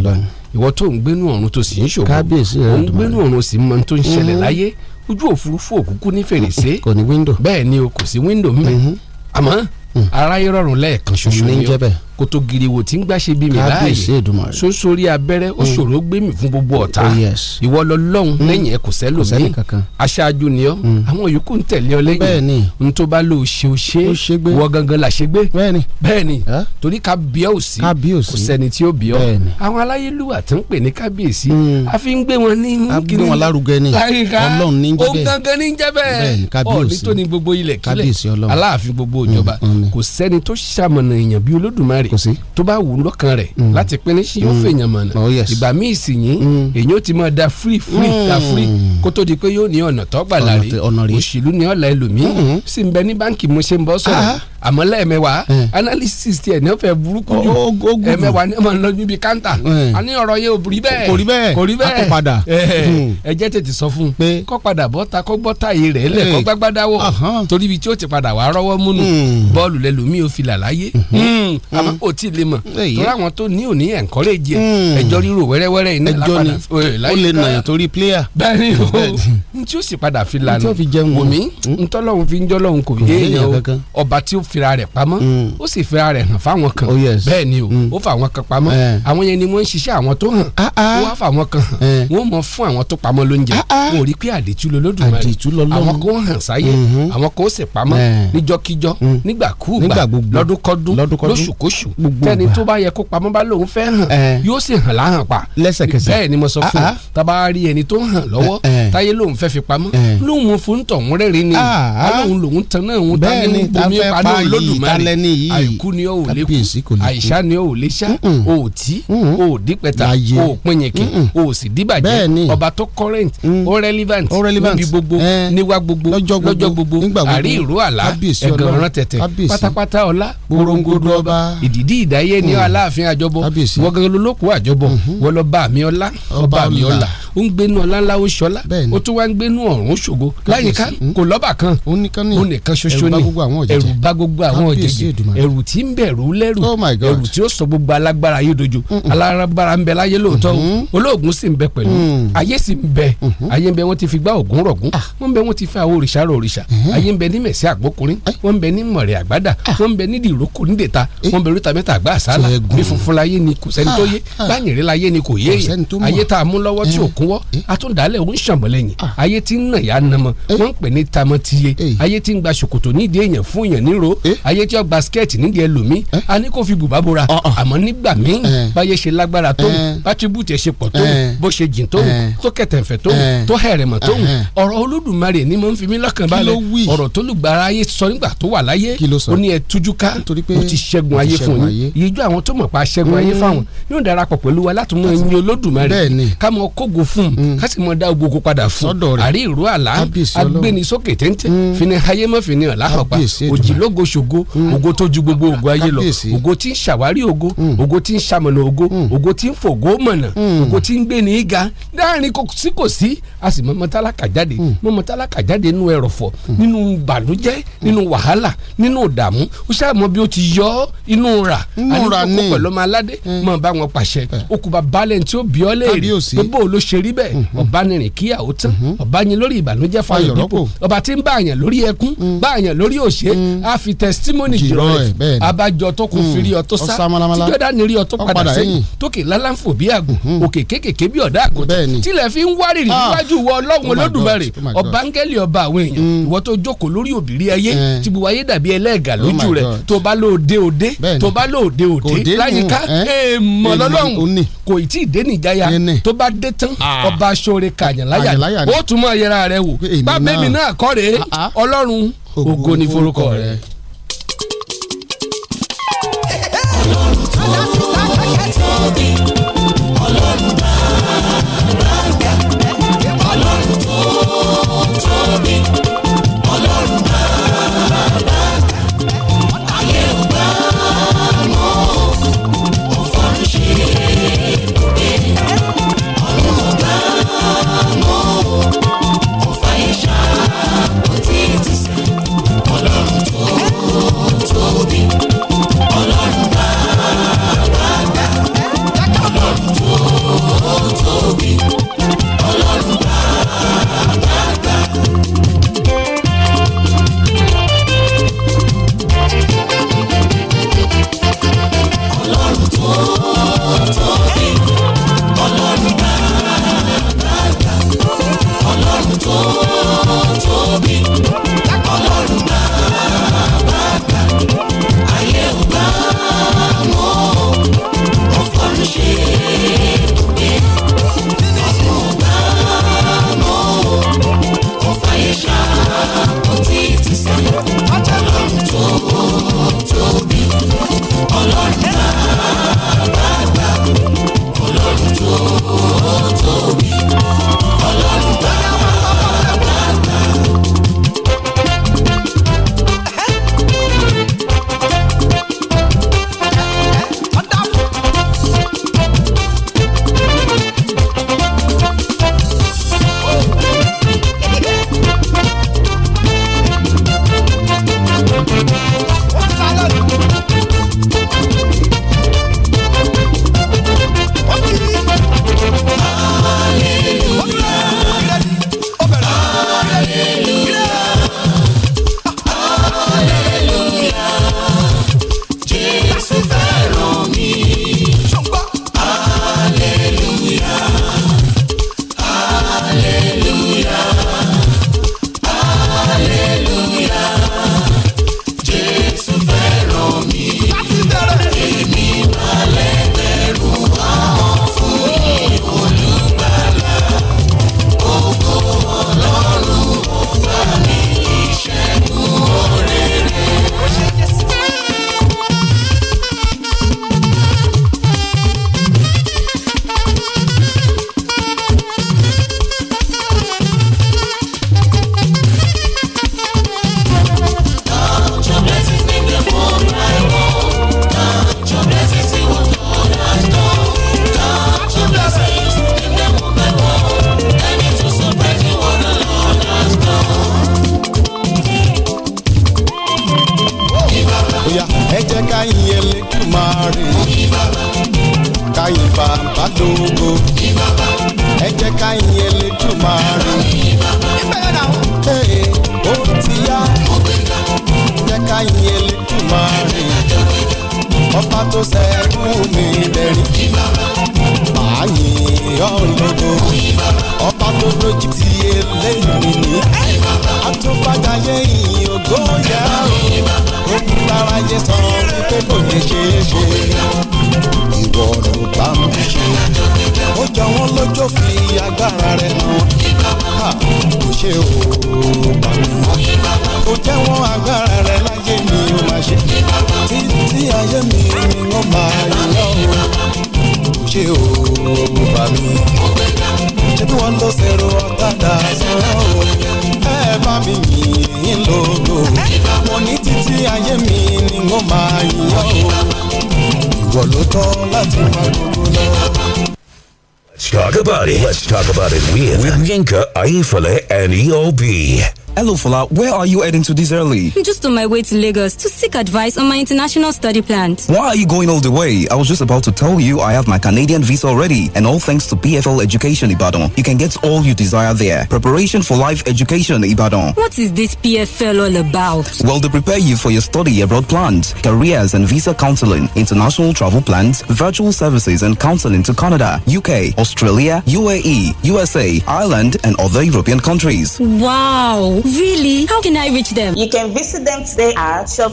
ìwọ tó ń gbénú ọ̀run tó sì ń ṣòwò òun gbénú ọ̀run sì mọ tó ń ṣẹlẹ̀ láyé ojú òfurufú òkùnkùn ní fèrèsé bẹ́ẹ̀ ni o kò sí wíńdò mi àmọ́ aráyé rọrùn lẹ́ẹ̀kan ṣoṣo ni o kó tó giriwo tí ń gbàṣe bí mi láàyè sósórí abẹ́rẹ́ ó ṣòro mm. gbé mi fún gbogbo ọ̀tá oh, ìwọ lọ́lọ́run mm. lẹ́yìn ẹ kò sẹ́lò mí aṣáájú ni ọ́ mm. àwọn yòókù ń tẹ̀lé ọ lẹ́yìn n tó bá lò ó ṣe ó ṣe wọ gangan là ṣe gbé bẹ́ẹ̀ni torí kábíyèsí kò sẹ́ni tí ó bí ọ àwọn aláyélúwà tó ń pè ní kábíyèsí a fi ń gbé wọn ní kíni ọlọ́run ní ó gangan ní jẹ́ ọ̀ nítorí gbogbo ilẹ̀ kílẹ̀ aláàfin gbogbo ìjọba kò sẹ́ni tó ṣamọ̀nà èèyàn bí olódùmarè rè tó bá wù lọ́kàn rẹ̀ mm. láti pín ní sí yóò mm. fèèyàn mọ̀nà oh, ìgbà míì sì yín mm. èyí ó ti máa da free free da free kó tó di pé yóò ní ọ̀nà tọ́gbà láre òṣèlú ní ọ̀la ẹlòmíì mm-hmm. sì ń bẹ ní báǹkì mo ṣe ń bọ́ sọ̀rọ̀ ah àmọ́ am analysis tiẹ̀ ní o fẹ́ burúkú jù ní ọmọ lọ́jú bíi kanta a ní ọ̀rọ̀ yẹ òbí bẹ́ẹ̀ kò rí bẹ́ẹ̀ kò rí bẹ́ẹ̀ akó padà hmm. tètè sọ fún un pé kọ́ padà kọ́ yìí rẹ̀ lẹ̀ kọ́ wọ̀ torí ibi tí ó ti padà wà rọ́wọ́ múnú hmm. bọ́ọ̀lù lẹ́lu mi ò fi là láyé hmm. àmọ́ kò tí ì lè mọ̀ torí àwọn tó ní òní encourage ẹjọ́ ríro wẹ́rẹ́wẹ́rẹ́ iná lápadà ó lè nàyàn torí player bẹ́ẹ̀ni o n tí ó sì padà fi lànà to ni oni encourage player pada ó fira rẹ̀ pamọ́ mm. ó sì fira rẹ̀ hàn fáwọn kan oh, bẹ́ẹ̀ ni o mm. ó fà wọn kan pamọ́ eh. àwọn yẹn ni wọ́n ń ṣiṣẹ́ àwọn tó hàn ah, ah. wọ́n á fà wọn kan hàn eh. wọ́n mọ fún àwọn tó pamọ́ lóúnjẹ ah, wọn ò rí pé àdìtú lolódùmarè àwọn kò hàn sáyé mm-hmm. àwọn kò sì pamọ́ eh. níjọ́kíjọ́ mm. nígbàkúùgbà lọ́dúnkọ́dún lóṣùkóṣù tẹ́ni tó bá yẹ kó pamọ́ bá lòun fẹ́ hàn yóò sì hàn láhàn pa lẹ́sẹ̀kẹsẹ̀ bẹ́ẹ̀ ni mo sọ fún taba rí ẹni tó hàn lọ́wọ́ olódùmarè àìkú ni ó ò kú àìsá ni ó ò sá o ò tí o ò dípẹ́ta o ò pinyìnkì o ò sì díbàjẹ́ ọba tó current o mm. relevant níbi gbogbo níwá gbogbo lọ́jọ́ gbogbo àrí ìró àlá ẹ̀gàn ọ̀ràn tẹ̀tẹ̀ pátápátá ọlá gbòrongodo ọba ìdìdí ìdáyé ni mm. aláàfin àjọbọ wọ́n gẹ́gẹ́ lólókùú àjọbọ mm-hmm. wọ́n lọ bá àmì ọlá ọba àmì ọlá ó ń gbénu ọlá ńlá ó ṣọlá ó tún wá ń gbénu ọ̀run ṣògo láyìíká kò lọ́bà kan ó nìkan ṣoṣo ni ẹ̀rù bá gbogbo àwọn òjèjì ẹ̀rù tí ń bẹ̀rù lẹ́rù oh ẹ̀rù tí ó sọ gbogbo alágbára yé dojo alágbára ń bẹ láyé lóòótọ́ mm-hmm. olóògùn sì ń bẹ pẹ̀lú mm-hmm. ayé sì ń bẹ mm-hmm. ayé ń bẹ wọ́n ti fi gbá ògùn rọ̀gùn ah. wọ́n ń bẹ wọ́n ti fi òrìṣà rọ̀ òrìṣà ayé ń bẹ ní mẹ̀sí àgbókùnrin wọ́n ń lọ́wọ́ àtúndálẹ̀ òun ṣàmọ́lẹ́yìn ah. ayé tí ń nà ya nàmọ́ eh. wọ́n ń pè ní tamọ́tìyé eh. ayé tí ń gba ṣòkòtò nídìí èèyàn fún èèyàn níro eh. ayé tí ó gba skẹ́ẹ̀tì nídìí ẹlòmí a ní kó fi bùbá bora ah, ah. àmọ́ nígbà míì báyé ṣe lágbára tó bátìbùtì ṣe pọ̀ tó bó ṣe jìn tó tó kẹtẹ̀fẹ̀ tó tó hẹ̀rẹ̀mọ̀ tó ọ̀rọ̀ olódùmarè ni mo ń fi mí lọ́kàn balẹ̀ ọ̀rọ̀ tó lùgbàrà ayé ìjọ pa fún un mm. ká sì mọ dá gbogbo padà fún un àrí ìró àlá agbénisókè téńté mm. fini ayé mọ́ fini ọ̀la ọ̀pá òjìlógo ṣògo mm. ògo tó ju gbogbo ògo ayé lọ ògo tí ń ṣàwárí ògo ògo tí ń ṣamọ̀nà ògo ògo tí ń fògo mọ̀nà ògo tí ń gbé ní ga láàrin sí kò sí a sì mọ̀mọ́ tálákà jáde mọ̀mọ́ tálákà jáde nínú ẹrọ̀fọ̀ nínú bàlújẹ́ nínú wàhálà nínú ìdààmú ó ṣàmọ́ bí ó ti yọ inú rà àníkókò pẹ̀lú ọmọ aládé mọ̀ bá wọn pàṣẹ okùnbà balẹ̀ tí ó bí ọ léèrè pé bó o ló pase ṣe rí bẹ́ẹ̀ mhm. ọ̀bánirin kíyàwó tán mhm. ọ̀bánirin lórí ìbànújẹ́ fayọ̀ dípò ọba tí ń bá àyàn lórí ẹkún mhm. bá àyàn lórí òṣè a fi testimony jìrọ ẹ̀ abájọ tó kún fi rí ọ sá tíjọ́ dá ní rí ọ padà sẹ́yìn tókè lálàǹfò bí àgùn òkè kékèké bí ọ̀dà àgùn tilẹ̀ fi ń wárìrì ah. níwájú wọ ọlọ́run oh olódùmarè oh ọ̀bángẹ́lì ọba àwọn èèyàn mm. ìwọ tó jókòó lórí Ah. ọba sóore kàyàn láyà ó tún mọ ayẹra rẹ wò bá bẹ́mi náà kọ́ rèé ah, ah, ọlọ́run ògo ni forúkọ rẹ. ọlọ́run tó tóbi. and EOB. Hello, Fola. Where are you heading to this early? I'm just on my way to Lagos to advice on my international study plans. Why are you going all the way? I was just about to tell you I have my Canadian visa already, and all thanks to PFL Education Ibadan. You can get all you desire there. Preparation for life education Ibadan. What is this PFL all about? Well, they prepare you for your study abroad plans, careers and visa counseling, international travel plans, virtual services and counseling to Canada, UK, Australia, UAE, USA, Ireland, and other European countries. Wow, really? How can I reach them? You can visit them today at Shop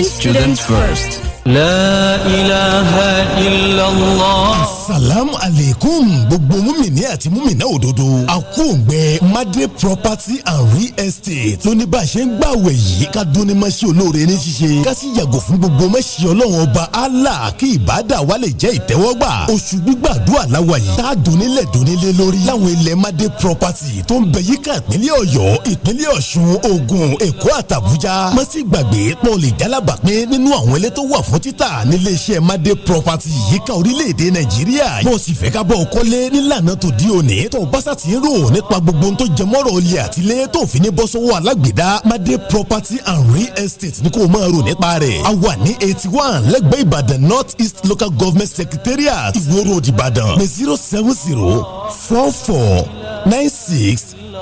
students first. La ilaha illallah. Salamu alaikum gbogbo múmìnì àti múmìnà òdodo. Àkóògbé Madre Property and Real Estate tó ní bá a ṣe ń gbàwẹ̀ yìí ká dúnni máa ṣe olóore ní ṣíṣe. Ká yàgò fún gbogbo mẹ́sì ọlọ́run ọba Allah kí ìbádà wa lè jẹ́ ìtẹ́wọ́gbà. Oṣù gbígbàdúrà láwa yìí. Tá a dùnnílẹ̀ dùnnílé lórí. Láwọn ilẹ̀ Madre Property tó ń bẹ yíká ìpínlẹ̀ Ọ̀yọ́, ìpínlẹ̀ Ọ̀ṣun, Ògùn, Èkó àtàbújá. Má sì gbàgbé pọ́ọ̀lì jálábà pé nínú àwọn ilé tó wà fún títà nílé iṣẹ́ Made property yíká orílẹ̀-èdè Nàìjíríà bó o sì fẹ́ ká bọ̀ kọ́lé nílànà tó di òní tó báṣà ti ń rò nípa gbogbo ohun tó jẹ mọ́rọ̀ olè àtilẹ̀ tó fi ní bọ́ sọ́wọ́ alágbèédá Made property and real estate ní kó o máa rò nípa rẹ̀ a wà ní eighty one lẹ́gbẹ̀ẹ́ Ìbàdàn North East Local Government Secretariat Ìwó Road Ìbàdàn ní zero seven zero four four nine six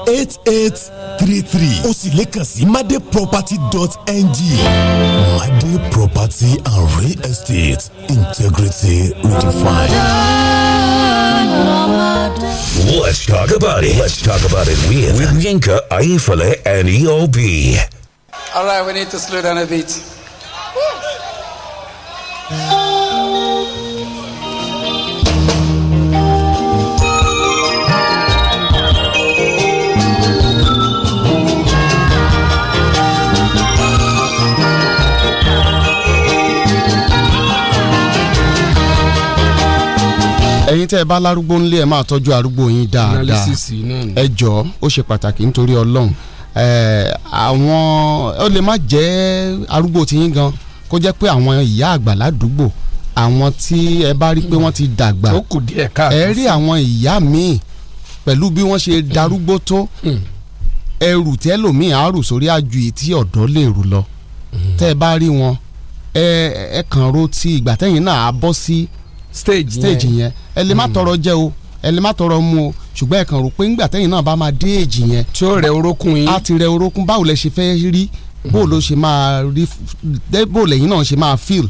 eight eight three three ó sì lè kàn sí madeproperty.ng made property and real estate integrity redefined. Let's talk about it. Let's talk about it with, with Yinka, Aifale, and EOB. All right, we need to slow down a bit. ẹ̀yin tẹ́ ẹ bá lárúgbó ńlé ẹ máa tọ́jú arúgbó yín dáadáa ẹ jọ̀ọ́ ó ṣe pàtàkì nítorí Ọlọ́run àwọn ó lè má jẹ́ arúgbó tiyín gan kó jẹ́ pé àwọn ìyá àgbà ládùúgbò àwọn tí ẹ bá rí pé wọ́n ti dàgbà ẹ rí àwọn ìyá míì pẹ̀lú bí wọ́n ṣe mm. darúgbó tó mm. ẹrù tẹ́lòmíì àárò sórí àjù yìí tí ọ̀dọ́ lè rù lọ mm. tẹ́ ẹ bá rí wọn ẹ ẹ kàn ro ti ìgbà tẹ́yìn náà á bọ́ sí stage yẹn ẹ lè má hmm. tọrọ jẹ o ẹ lè má tọrọ mu o ṣùgbọ́n ẹ kàn rò pé ńgbà tẹ́yìn náà bá máa dé èjì yẹn. tí ó rẹ orókùn yín. a ti rẹ orókùn báwo lẹ ṣe fẹ́ rí hmm. bó ló ṣe máa rí bó lẹ́yìn náà ṣe máa feel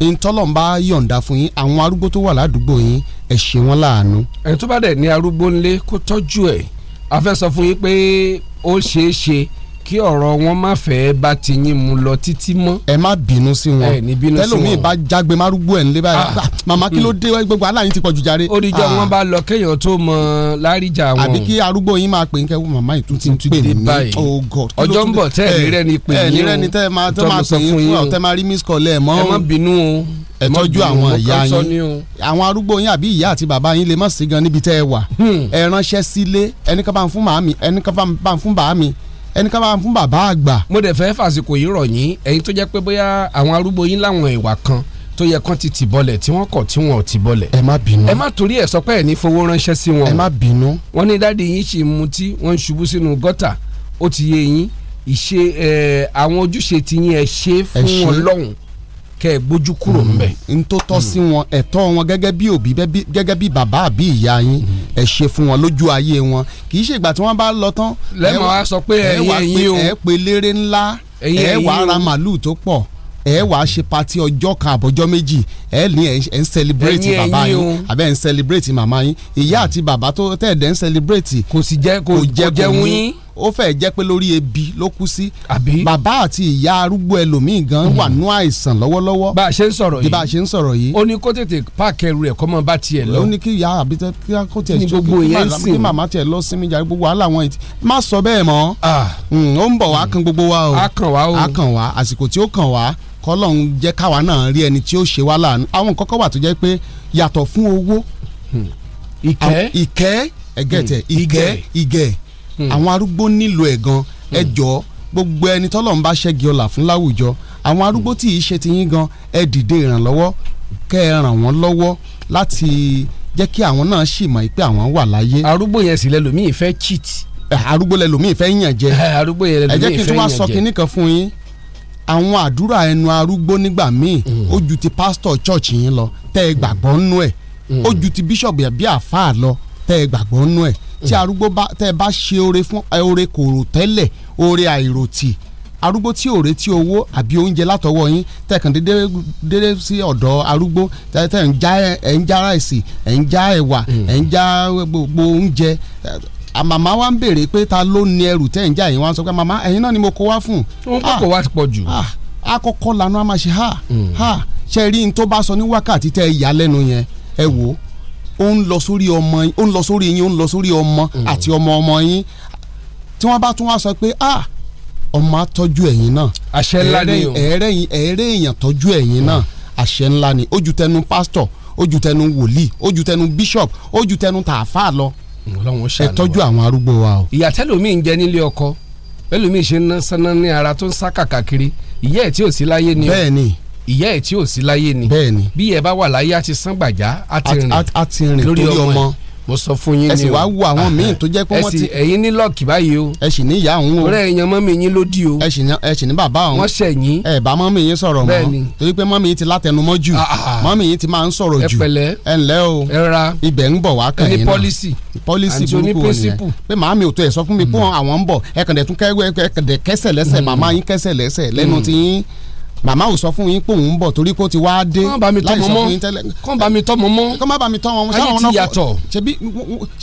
ntọ́lọ́mbá yọ̀ǹda fún yín àwọn arúgbó tó wà ládùúgbò yín ẹ ṣe wọ́n láàánú. ẹni tó arúgbó ńlé kó tọ́jú ẹ̀ a fún yín pé ó ṣeé ṣe kí ọ̀rọ̀ wọn má fẹ́ bá ti yín mu lọ títí mọ́. ẹ má bínú sí wọn tẹlómiì bá jágbe márúgbó ẹ̀ ń lé báyìí ah. Ah, màmá kí ló dé hmm. gbogbo aláyín ti pọ̀ jù járe. ó ah. wọn bá lọ kéèyàn tó mọ láríjà wọn. àbí kí arúgbó yín máa pè ń kẹ́wọ́ màmá yìí tún ti pè ní oh god. ọjọ́ ń bọ̀ tẹ́ ẹ̀rí eh, rẹ ni pè eh, yín o tẹ́ máa rí miss call ẹ̀ mọ́. ẹ má bínú o ẹ tọ́jú àwọn ìyá yín àwọn arúgbó yín àbí ìyá àti bàbá yín lè mọ̀ sí gan níbi tẹ́ ẹ wà hmm. ẹ ránṣẹ́ sílé ẹnìkan bá ń fún màámi ẹnìkan ẹni ká bá ń fún bàbá àgbà. mo dẹ̀ fẹ́ fàsìkò yìí rọ̀ yín ẹ̀yin tó jẹ́ pé bóyá àwọn arúgbó yín láwọn ìwà kan tó yẹ kán ti tì bọlẹ̀ tí wọ́n kọ̀ tí wọ́n ò tì bọlẹ̀. ẹ má bínú. ẹ má torí ẹ sọ pé ẹ fowó ránṣẹ́ sí wọn. ẹ má bínú. wọ́n ní dáàdi yín ṣì ń mutí wọ́n ń ṣubú sínú gọ́tà ó ti yé yín ìṣe àwọn ojúṣe ti yín ẹ ṣe fún Ọlọ́run kẹ́ ẹ gbójú kúrò ńbẹ̀. Hmm. n tó tọ́ sí hmm. wọn ẹ̀tọ́ wọn gẹ́gẹ́ bí òbí gẹ́gẹ́ bí bàbá àbí ìyá yín hmm. ẹ ṣe fún wọn lójú ayé wọn kì í ṣe ìgbà tí wọ́n bá lọ tán. lẹ́mọ̀ á sọ pé ẹ̀yin ẹ̀yin o ẹ pe léré ńlá ẹ wàá ra màlúù tó pọ̀ ẹ wà á ṣe pati ọjọ́ kan àbọ̀jọ́ méjì ẹ ní ẹ ń celebrate bàbá yín àbẹ́ ń celebrate màmá yín ìyá àti bàbá tó tẹ̀dẹ̀ ń celebrate. kò sì jẹ́ kò jẹ́ wọ́n yín ó fẹ́ jẹ́ pé lórí ebi ló kú sí. àbí bàbá àti ìyá arúgbó ẹlòmíì gan wà hmm. nú àìsàn lọ́wọ́lọ́wọ́. bá a ṣe ń sọ̀rọ̀ yìí bá a ṣe ń sọ̀rọ̀ yìí. ó ní kó tètè páàkì ẹrù ẹ̀ kọ́ mọ́ bá tiẹ̀ lọ. ó ní kí ìyá àbí kí kó tiẹ̀ ṣe gbogbo yẹn sìn kí màmá tiẹ̀ lọ sinmi jàre gbogbo wàhálà wọn yìí má sọ bẹ́ẹ̀ mọ́. Hmm, ó ń bọ̀ wá hmm. kan gbogbo wa o. a kàn wá o. a kàn wá àsìkò tí ó kàn wá kọ́lọ́hún jẹ́ káwa náà rí ẹni tí ó ṣe wá láàánú ìkẹ́ ìkẹ́ ìkẹ́ ìgẹ́ Hmm. àwọn arúgbó nílò ẹ̀ gan ẹ hmm. jọ̀ọ́ gbogbo ẹni tọ́lọ̀ ń bá ṣẹ́gi ọlà fún láwùjọ àwọn arúgbó hmm. tí ì ṣe ti yín gan ẹ dìde ìrànlọ́wọ́ kẹ́ ẹ ràn wọ́n lọ́wọ́ láti jẹ́ kí àwọn náà sì mọ̀ pé àwọn wà láyé. arúgbó yẹn sì lẹlòmíì fẹ́ cheat. Eh, arúgbó lẹlòmíì fẹ́ yàn jẹ. Eh, arúgbó yẹn lẹlòmíì fẹ́ yàn jẹ. ẹ jẹ́ kí n tún wá sọ kinní kan fún yín àwọn àdúrà ẹnu arúgbó nígbà míì ó ju ti pásítọ̀ chọ́ọ̀chì yín lọ tẹ́ ẹ gbàgbọ́ nú ẹ̀ ó ju ti bíṣọ̀bù ẹ̀ bí àfáà lọ tẹ́ ẹ gbàgbọ́ nú ẹ̀ tí arúgbó bá tẹ́ ẹ bá ṣe oore fún oore kòrò tẹ́lẹ̀ oore àìròtì arúgbó tí ò retí owó àbí oúnjẹ látọwọ́ yín tẹkàn dédé sí ọ̀dọ̀ arúgbó tẹ ń já ẹ ń já ráìsì ẹ ń já ẹ̀wà mm. ẹ ń já gbogbo oúnjẹ màmá wa ń béèrè pé ta ló ní ẹrù tẹ ń já yín wá sọ pé màmá ẹ̀yin náà ni mo kó wá fún. ó ń kókò wá pọ̀ jù. Ah. àkọ́kọ́ lanu a máa ṣe ha mm. ha ṣe rí n tó bá sọ ní wákàtí tẹ ẹ yà lẹ́nu yẹn ẹ wò ó ó ń lọ sórí ọmọ yín ó ń lọ sórí yín ó ń lọ sórí ọmọ mm. àti ọmọ ọmọ yín tí wọ́n bá tún wá sọ pé ah ọmọ atọ́jú ẹ̀yin náà àṣẹ ńlá ni o ẹ̀ẹ́rẹ́ ẹ̀ẹ́rẹ́ èèyàn tọ́jú ẹ̀yin náà àṣẹ ńlá ni ojú tẹnu pásítọ̀ ojú tẹnu wòlíì ojú tẹnu bishop ojú tẹnu tààfà lọ ẹ tọ́jú àwọn arúgbó wa o. ìyàtẹ́lómi ń jẹ nílé ọkọ ẹlòmíì ṣe ń sanná ní ara tó ń sá kàkà ìyá ẹ̀ tí ò sí láyé ni o ìyá ẹ̀ tí ò sí láyé ni bẹ́ẹ̀ni bí ẹ bá wà láyé àti sán gbàjá àti rìn àti rìn lórí ọmọ mo sọ fún yín ni o ẹ sì wá wo àwọn míì tó jẹ́ pé wọ́n ti ẹ̀yin ní lọ́ọ̀kì báyìí o ẹ sì ní ìyá òun o ọ̀rẹ́ ẹ̀yàn mọ́mí yín ló dí o ẹ sì ní bàbá òun wọ́n ṣẹ̀yìn ẹ bá mọ́mí yín sọ̀rọ̀ mọ́ torí pé mọ́mí yín ti látẹnumọ́ jù mọ́mí yín ti máa ń sọ̀rọ̀ jù ẹ ǹlẹ́ o ibẹ̀ ń bọ̀ wá kàn yín náà pọ́lísì pọ́lísì burúkú nìyẹn pé màámi ò tó ẹ̀ sọ fún mi pé mm. àwọn ń bọ̀ ẹ kàn dẹ̀ tún kẹ́sẹ̀ màmá mm. yín kẹ́sẹ̀ lẹ́sẹ̀ lẹ́nu mm. ti yín màmá ò sọ fún yín pé òun ń bọ̀ torí kó ti wá dé láì sọ fún yín tẹ́lẹ̀. kọ́n bá mi tọ́ mọ́ mọ́ kọ́n bá mi tọ́ mọ́ mọ́ ayé ti yàtọ̀ ṣebí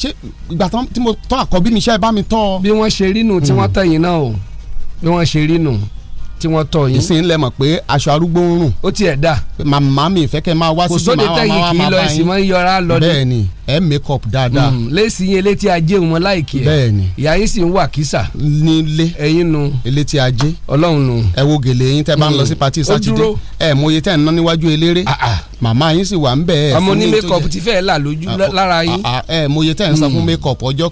ṣe ìgbà tí mo tọ́ àkọ́bí mi ṣe é bá mi tọ́. bí wọ́n ṣe rí nù tí wọ́n hmm. tẹ̀yìn náà o bí wọ́n ṣe rí nù tí wọ́n tọ̀ yín. ìsìn lẹ mọ̀ pé aṣọ arúgbó ń rùn. ó tiẹ̀ da. màmá mi ìfẹ́ kẹ́ máa wá sí i kò sóde tẹ́yìn kì í lọ ẹ̀sìn mọ́ yọra lọ ni. bẹ́ẹ̀ni ẹ make up dáadáa. Mm, léèsì yín elétí ajé wọn láìkí ẹ. bẹ́ẹ̀ni ìyá yín sì ń wà kísà. nílé ẹ̀yin nu. elétí ajé. ọlọ́run nu. ẹ wo gèlè yín tẹ́ bá ń lọ sí mm. patí sátidé. ẹ mòye tẹ́ ń ná níwájú eléré. Ah, ah. màmá yín sì wà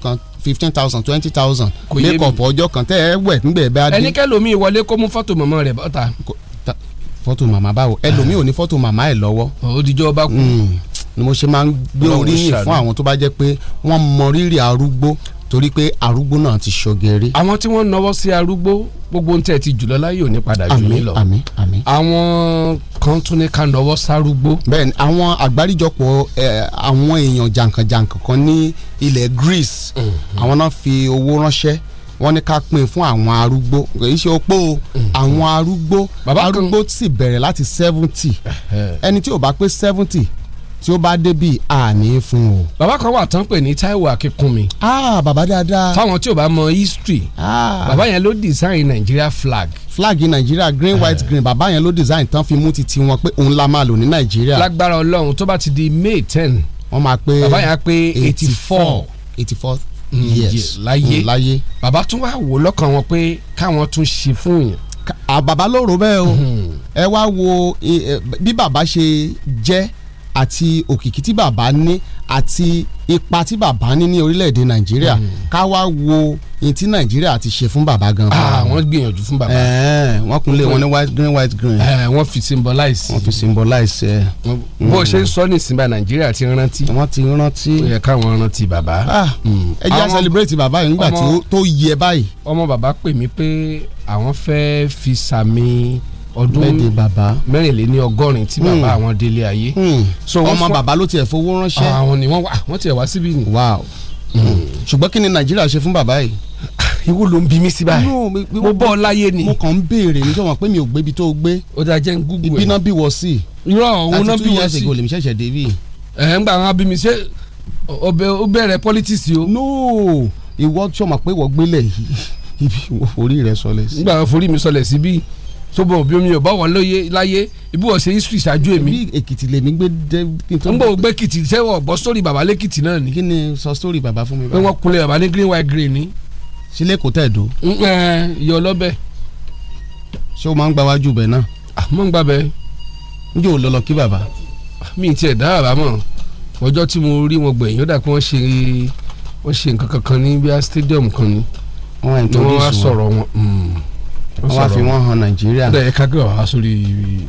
ń fifteen thousand twenty thousand make up ọjọ́ kan tẹ́ ẹ wẹ̀ nígbẹ̀ bá dé. ẹnikẹ́ lomi ìwọlé kó mú fọ́tò mọ̀mọ́ rẹ̀ bọ́ta. fọ́tò màmá báwo ẹlòmíì ah. ò ní fọ́tò màmá ẹ̀ lọ́wọ́. òdìjọ́ bá kú hmm, ni mo ṣe máa ń gbé oríyìn fún àwọn tó bá jẹ́ pé wọ́n mọ rírì arúgbó torí pé arúgbó náà ti ṣọgẹrí. àwọn tí wọ́n náwó sí arúgbó gbogbo ń tẹ̀ ti jùlọ láyé òní padà jù mí lọ àwọn kan tún ní ká náwó sárúgbó. bẹ́ẹ̀ni àwọn àgbáríjọpọ̀ àwọn èèyàn jàǹkànjàǹkàn kan ní ilẹ̀ Greece mhm. àwọn náà fi owó ránṣẹ́ wọ́n ní ká pín fún àwọn arúgbó kì í ṣe opó mhm. àwọn arúgbó arúgbó sì bẹ̀rẹ̀ láti seventy ẹni tí ò bá pé seventy tí ó bá débì àní fún o. bàbá kan wà tán pè ní Táíwò Akínkúnmi. ah bàbá dáadáa. fáwọn tí ò bá mọ history. ah bàbá yẹn ló design Nigeria flag. flag Nigeria green eh. white green bàbá yẹn ló design tán fi mú titi wọn pé òun la máa lò ní Nigeria. lágbára Ọlọ́run tó bá ti di May ten. wọ́n máa pé bàbá yẹn á pé eighty four. eighty four mm, years mm, láyé láyé. bàbá tún wá wò lọ́kàn wọn pé káwọn tún ṣe fún yẹn àbàbá ló bẹ́ẹ̀ o mm-hmm. ẹ wá wo bí bàbá ṣe jẹ́ àti òkìkí tí bàbá ní àti ipa tí bàbá ní ní orílẹ̀-èdè nàìjíríà hmm. ká wá wo ní tí nàìjíríà ti ṣe fún bàbá gan. Ah, wọ́n gbìyànjú fún bàbá. wọ́n kúnlé wọn ní white green white green. Eh, wọ́n fi symbolize. wọ́n fi symbolize. Eh. bó o ṣe ń sọ ní ìsinmi nàìjíríà ti rántí. wọ́n ti rántí. ó yẹ káwọn rántí bàbá. Ah, hmm. ẹ jẹ́ celebrate bàbá yìí nígbà tó yẹ báyìí. ọmọ bàbá pè mí pé àwọn fẹ́ fi sàmì ọdún mẹ́rìnléní ọgọ́rin tí bàbá hmm. àwọn délé ayé. Hmm. ọmọ bàbá ló tiẹ̀ fowó ránṣẹ́. àwọn ni wọ́n wà ah, wọ́n tiẹ̀ wá síbí ni. Hmm. ṣùgbọ́n kí ni nàìjíríà ṣe fún bàbá yìí ìwọ ah, ló ń bi mí sí báyìí mo bọ́ ọ láyé ni. mo kàn ń béèrè níjọ́ wọn pé mi ò gbé ibi tó gbé. ó dáa jẹ́ ń gúgú ẹ̀. ibi náà bí wọ sí. irọ́ òun náà bí wọ sí. àti two years ago lèmi ṣẹ̀ṣẹ̀ dé bí. ẹ̀ ń gbà wọn bí mi ṣe ó bẹ̀rẹ̀ politics o. no ìwọ tí o mọ̀ pé ìwọ gbélé ibi orí rẹ sọlẹ̀ sí. nígbà wọn forí mi sọlẹ̀ sí bíi tó bọ̀ òbí omi ò bá wọn lóye láyé ibi wọ́n history ṣáájú èmi. bí èkìtì lè ní gbé dé. n bò gbé kìtì sẹ́wọ̀ gbọ́ sórí bàbá lẹ́kìtì náà ni. kí ni sọ sórí bàbá fún mi. pé wọ́n kunlẹ̀ bàbá ní green white green ni. sílẹ̀ kò tẹ̀ dó. yọ lọ́bẹ̀. ṣé o máa ń gba wájú bẹ̀ náà. àmọ́ ń gbà bẹ́ẹ̀. n yóò lọ lọ kí bàbá. Ah, mi tiẹ̀ dá bàbá mọ̀ ọjọ́ tí mo rí wọn gbẹ̀yìn ó dà pé wọ́n ṣe wọ́n ṣe nǹkan kankan ní bí stadium kan ni. wọ́n wá sọ̀rọ̀ wọn. Mm wọ́n fi wọ́n hàn nàìjíríà. ọ̀dọ̀ ẹ̀ka gbé bàbá sórí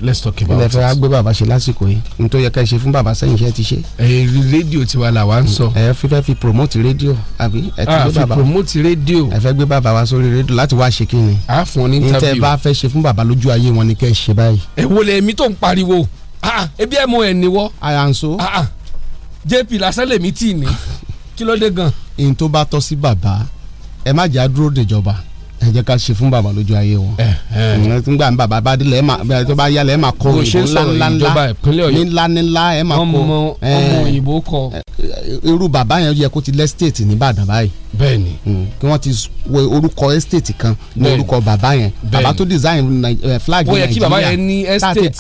let's talk about it. ilẹ̀ fẹ́ wá gbé bàbá ṣe lásìkò yìí n tó yẹ ká ṣe fún bàbá sẹ́yìn iṣẹ́ ti ṣe. ẹ rédíò tiwa là wá ń sọ. ẹ fífẹ́ fi promote rédíò àbí ẹ ti ah, gbé bàbá. a fi promote rédíò. ẹ fẹ́ gbé bàbá wa sórí rédíò láti wá ṣe kí ni. a fún ọ ní interview. ní tẹ bá fẹ́ ṣe fún bàbá lójú ayé wọn ni kẹ́ ẹ ṣe báyìí. ẹ wo lẹ mi tó ń pariwo ah, ebi ẹ mọ ẹ níwọ. àyànso. Ah, jp lásán lèmi tì ní (laughs) kí ló dé gan. ìyìn tó bá tọ́ sí bàbá ẹ má jà dúró dèjọba ẹ jẹ́ ká ṣe fún bàbá lójú ayé wọn nígbà eh, eh. bàbá bá dilẹ̀ tó bá yálẹ̀ ẹ máa kọ òyìnbó ńlá ńlá ńlá ńlá ẹ máa kọ eh, ọmọ òyìnbó kọ. irú bàbá yẹn yẹ kó ti lẹ́ state nìbàdàn báyìí bẹ́ẹ̀ni kí wọ́n ti wo orúkọ estate kan ní orúkọ bàbá yẹn bàbá tó design flag nàìjíríà ó yẹ kí bàbá yẹn ní estate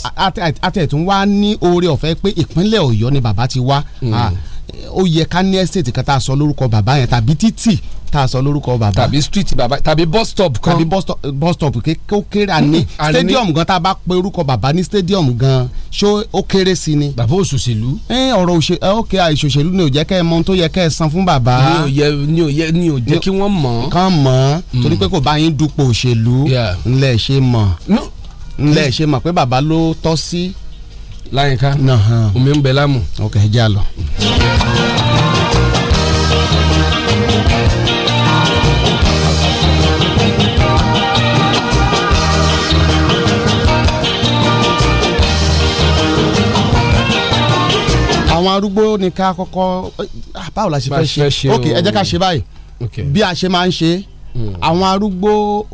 àti ẹ̀tún wá ní oore ọ̀fẹ́ pé ìpínlẹ̀ ọ̀yọ́ ni bàbá ti wá hmm. ah, ó yẹ ká ní estate kan tá a sọ lórúkọ bàbá yẹn tàbí títì tá a sọ lórúkọ bàbá tàbí street bàbá tàbí bus stop kan tàbí bus stop bus stop ó kéré àní hmm, stadium gan tá a bá pe orúkọ bàbá ní stadium gan ṣó ó kéré sí ni. bàbá òṣòṣèlú. ẹ ọ̀rọ̀ òṣè ok àìṣòṣèlú ni ò jẹ́ kẹ́ ẹ mọ ohun tó yẹ kẹ́ ẹ san fún bàbá. ni ò yẹ ni ò yẹ ni ò jẹ́ kí wọ́n mọ̀. kàn mọ̀ hmm. torí pé kò bá yín dupò òṣèlú ńlẹ̀ ṣe mọ̀ ńlẹ̀ hmm. ṣe mọ̀ pé bàbá ló tọ́ sí. láyìnká omi ń bẹ lámù. ok jẹ́ àlọ́. àwọn arúgbó ni ká kọ́kọ́ eh, ah, báwo la ṣe fẹ́ ṣe ok ẹ jẹ́ ká ṣe báyìí bí a ṣe máa ń ṣe hmm. àwọn arúgbó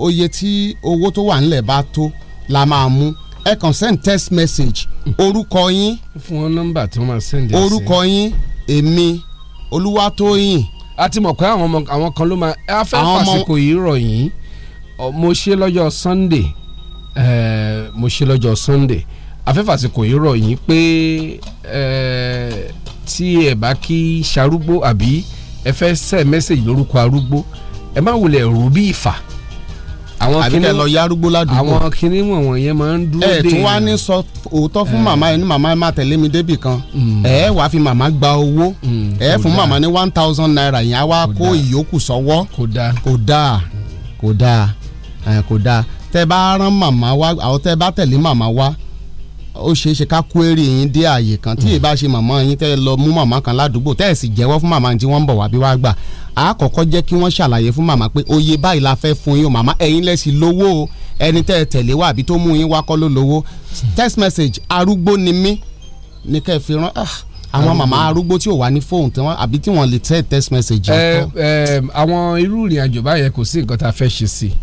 oye tí owó tó wà nílẹ̀ bá tó la máa mú ẹ kàn send text message orúkọ yín fún wọn nọ́mbà tí wọn máa send yẹn sí orúkọ yín èmi Olúwatóyìn. a ti mọ̀ pé àwọn àwọn kan ló máa a fẹ́ fàsìkò yìí rọ̀ mo ṣe lọ́jọ́ Sunday eh, mo ṣe lọ́jọ́ Sunday afẹ́fàsìkò yìí rọ̀ yín pé tí ẹ bá kí ṣarúgbó àbí ẹ fẹ́ sẹ́ mẹ́sẹ̀gì lórúkọ arúgbó ẹ má wulẹ̀ rú bí ìfà àwọn kìnìún àbíkẹ́ lọ yarúgbó ládùúgbò àwọn kìnìún wọ̀nyẹn yẹn máa ń dúró dé ẹ tún wá ní sọ òótọ́ fún màmá yẹn ní màmá má tẹ̀lé mi débì kan mm. ẹ wàá fi màmá gba owó mm, ẹ fún màmá ní one thousand naira yẹn á wá kó ìyókù sọ́wọ́ kò dáa kò dáa kò dáa kò dáa tẹ bá rán màmá wá àwọn tẹ bá tẹ̀lé màmá wá ó ṣeé ṣe ká kú eré yín dé àyè kan tí mm. ìbá ṣe màmá yín tẹ́ lọ mú màmá kan ládùúgbò tẹ́ ẹ̀ sì jẹ́wọ́ fún màmá tí wọ́n ń bọ̀ wá bí wá gbà á kọ́kọ́ jẹ́ kí wọ́n ṣàlàyé fún màmá pé oye báyìí la fẹ́ fún yín o màmá ẹ̀yin lẹ́sì lówó o ẹni tẹ́ ẹ tẹ̀lé wá àbí tó mú yín wá kọ́ ló lówó text message arúgbó ni mí ni kẹ́ ẹ fi rán ah, àwọn màmá arúgbó tí ò wá ní fóònù tí wọn àbí tí wọn lè tẹ text message. ẹ ẹ àwọn irú ìrìn àjò báyẹn kò sí nǹkan tá a fẹ́ ṣe sí i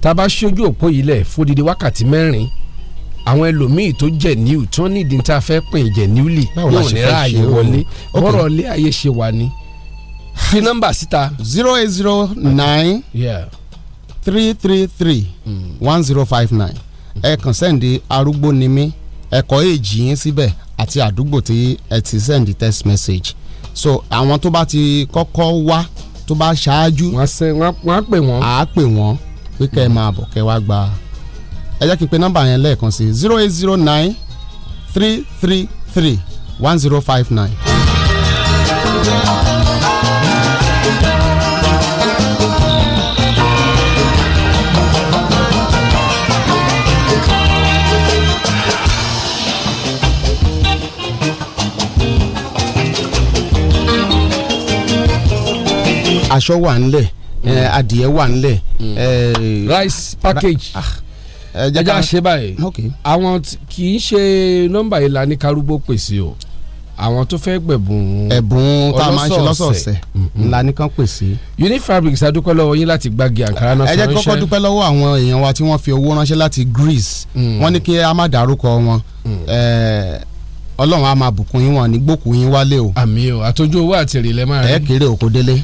tá a bá ṣojú òpó yìí lẹ̀ fódìdí wákàtí mẹ́rin àwọn ẹlòmíì tó jẹ níwù tí wọn ní ìdí tá a fẹ́ pè jẹ níwùlì yóò ní ráàyè wọlé bọ́rọ̀ ilé ayé ṣe wà ní. fi nọ́mbà síta. zero eight zero nine three three three hmm. one zero five nine ẹ kàn sẹ́ndì arúgbó ni mí ẹ̀kọ́ èjì yín síbẹ̀ àti àdúgbò tí ẹ ti sẹ́ndì text message so àwọn tó bá ti kọ́kọ́ wá tó bá ṣáájú. wọ́n á pè wọ́n. á pè wọ́n pé kẹ́ ẹ hmm. máa bọ̀ kẹ́ wá gba ẹ jẹ́ kí n pe nọ́mbà yẹn lẹ́ẹ̀kan sí zero eight zero nine three three three one zero five nine. aṣọ wà ńlẹ̀ adìẹ wà ńlẹ̀. rice package. ah ẹ jẹ́ ká ṣe báyìí àwọn kì í ṣe nọ́mbà yìí ní Karugbo pèsè o àwọn tó fẹ́ gbẹ̀bùn ẹ̀bùn tá a máa ń ṣe lọ́sọ̀ọ̀sẹ̀ ńlá mm-hmm. nìkan pèsè. Unifabrics adúpẹ́ lọ́wọ́ yín láti gbági àǹkárá náà fún ránṣẹ́. ẹ jẹ́ kọ́kọ́ dúpẹ́ lọ́wọ́ àwọn èèyàn wa tí wọ́n fi owó ránṣẹ́ láti Greece mm. wọ́n ní kí a má dárúkọ wọn mm. ọlọ́run a máa bùkún yín wọn ní gbókùn yín wálé o. àmì o àtọ́jú owó àti èrè lẹ́ ẹ kéré òkú a lè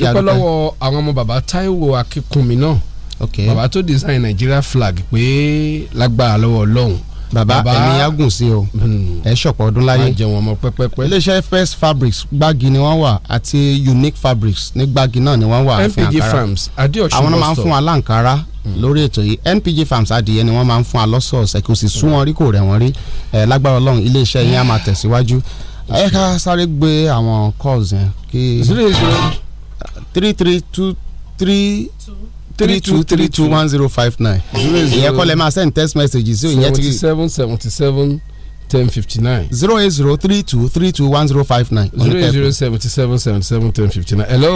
dúpẹ́ lọ́wọ́ àwọn ọmọ bàbá Táíwò Akínkúnmi náà okay. bàbá tó design Nigeria flag pé lágbára lọ́wọ́ ọlọ́run bàbá ẹ̀mí yagùn sí o hmm. ẹ̀ ṣọ̀pọ̀ ọdún láyé jẹun ọmọ pẹ́pẹ́pẹ́. iléeṣẹ́ first fabrics gbági ni wọ́n wà àti unique fabrics ní gbági náà ni wọ́n wà npg farms adéọ̀sùn lọ́sọ̀ àwọn máa ń fún wa láǹkárá hmm. lórí ètò yìí npg farms adìyẹ ni wọ́n máa ń fún wa lọ́sọ̀ọ̀sẹ̀ kò sì sún wọn rí kò rẹ̀ wọ́n rí lágbára ọlọ́run iléeṣẹ́ yẹn á máa tẹ̀síwájú ẹ ká sáré gbé àwọn calls yẹn kí. three three two three. three two three two one zero five nine ìyẹn kọ́ lẹ́ máa send text message sí ìyẹn tí. seventy seven seventy seven ten fifty nine. zero eight zero three two three two one zero five nine. zero eight zero seventy seven seventy seven ten fifty nine. hello.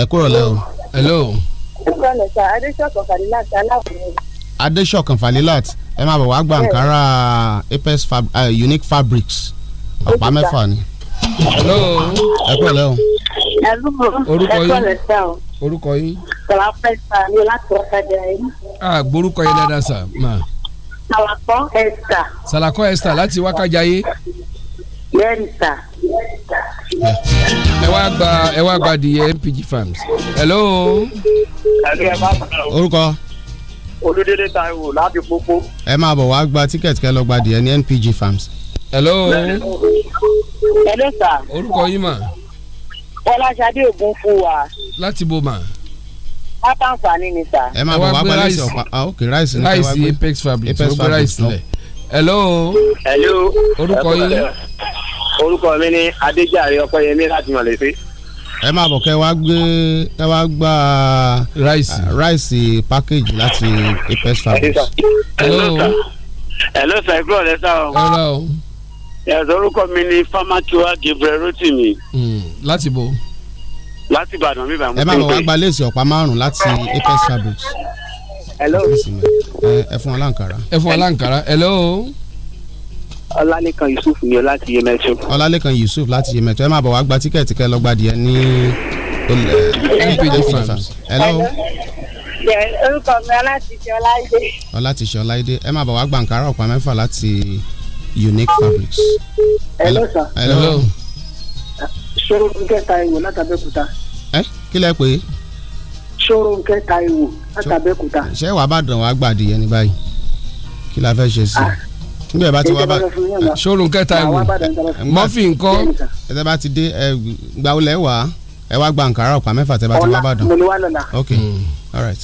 ẹ kúrò lẹ́ o. hello. ìkọlẹ̀ sá adéṣọ̀kan fàlílàt aláwọ̀. adéṣọ̀kan fàlílàt ẹ máa bọ̀ wá gba Ankara Apex eh, unique fabrics ọ̀pá mẹ́fà ni. Okay, hello. ẹ pẹ̀lẹ́ o. orúkọ o orúkọ yín. sọlá fẹ́ sá ni láti ọ̀sẹ̀dẹ̀ yìí. a gborúkọ yín dáadáa sá ma. sàlàkọ́ ẹ̀sà. sàlàkọ́ ẹ̀sà láti Wákàjáyé. bẹ́ẹ̀ni sà. ẹ wá gba ẹ wá gba di MPG farms. hello. orúkọ olúdélé taiwo láti pópó. ẹ máa bọ̀ wá gba tíkẹ́ẹ̀tì kẹ́ lọ gba díẹ̀ ní npg farms. hello. hello sir. orúkọ yín mà. ọláṣadé ògùn fún wa. láti bo mà. pápánfààní ni sà. ẹ máa bọ̀ wá gba láìsí ọ̀pá ah ok ráìsì ní káwá gbé apex fabric ló gbé ráìsì lẹ̀. orúkọ yín. orúkọ mi ni adéjàre ọpẹ́yẹmí láti mọ̀lẹ́sí ẹ máa bọ̀ kẹ́ ẹ wá gbé ẹ wá gbá ráìsì ráìsì package láti apex fabrics. hello hello sir ikú ọ̀rẹ́ sá o. hello. orúkọ mi ni famakiwa gabriel rotimi. Hmm, láti bo. láti ìbàdàn mi bàmú. ẹ máa bọ̀ wá gba léèsì ọ̀pá márùn-ún láti apex fabrics. hello. ẹ fún wa láǹkàrà. ẹ fún hello. hello? ọlálẹ́kan yusuf ni láti yemẹtu. ọlálẹ́kan yusuf láti yemẹtu ẹ máa bọ̀ wá gba tíkẹ́ẹ̀tì kẹ́ lọ́gbà díẹ̀ ní npdf hello. orúkọ mi ọlátiṣe ọláìdé. ọlátiṣe ọláìdé ẹ máa bọ̀ wá gba nkàrà ọ̀pá mẹ́fà láti unique fabrics. hello sir. hello. ṣòro kẹta ìwò látàbẹ́kúta. ẹ kí lẹ pè é. ṣòro kẹta ìwò látàbẹ́kúta. ṣé wàá bá dàn wá gbàdìyẹ ní báyìí kí la fẹ́ ṣe sí i. Ah, níbẹ̀ bá ti wá bá ṣóòrùn kẹta ẹ̀wò mọ́fì nǹkan ẹ̀ bá ti dé ẹ̀ gbàwọlẹ̀ wà ẹ̀ wá gba nkàrà ọ̀pá mẹ́fà tẹ́ bá ti wá bàdàn ok hmm. all right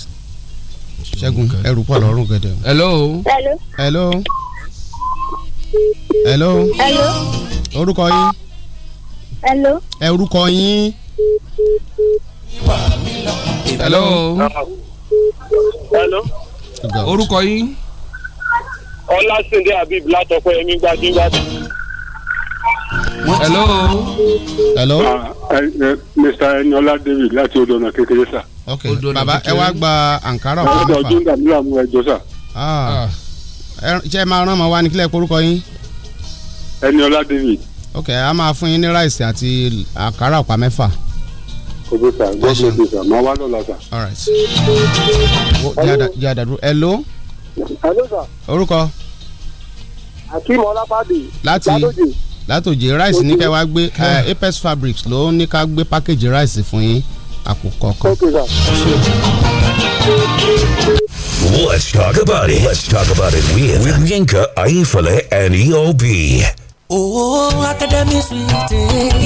ṣẹ́gun ẹrù pọ̀ lọ́rùn gẹ̀dẹ̀. hello. hello. hello. hello. hello. orúkọ yín. hello. ẹ orúkọ yín. hello. hello. orúkọ yín ọlásìndé habib látọpẹ ẹmí gbajúgbajú. hello. hello. Ah, mr eniola david láti odò ọ̀nà kékeré sà. ok baba ẹ wá gba ankara ọ̀kan mẹ́fà. ọ̀dọ̀ júndà nílò àmú ẹjọ́ sà. Ah. Ah. ṣé ẹ máa rán ọmọ wa ní kílẹ̀ porúkọ yín. eniola david. ok a máa fún yín ní ráìsì àti ankara ọ̀pá mẹ́fà ojú sà gbọ́dọ̀ ojú sà máa wá lọ́la sà. all right. jẹ́ àdàdúró hello. hello sà. orúkọ akeem ọlápàdé láti látòjé rice ní kẹ́ gbé eh, apex fabrics ló ní ká gbé package rice fún yín àpò kọ̀ọ̀kan. Let's talk about it. Let's talk about it with, with Yinka Ayefele and EOB. Owó oh, Akademi Suite.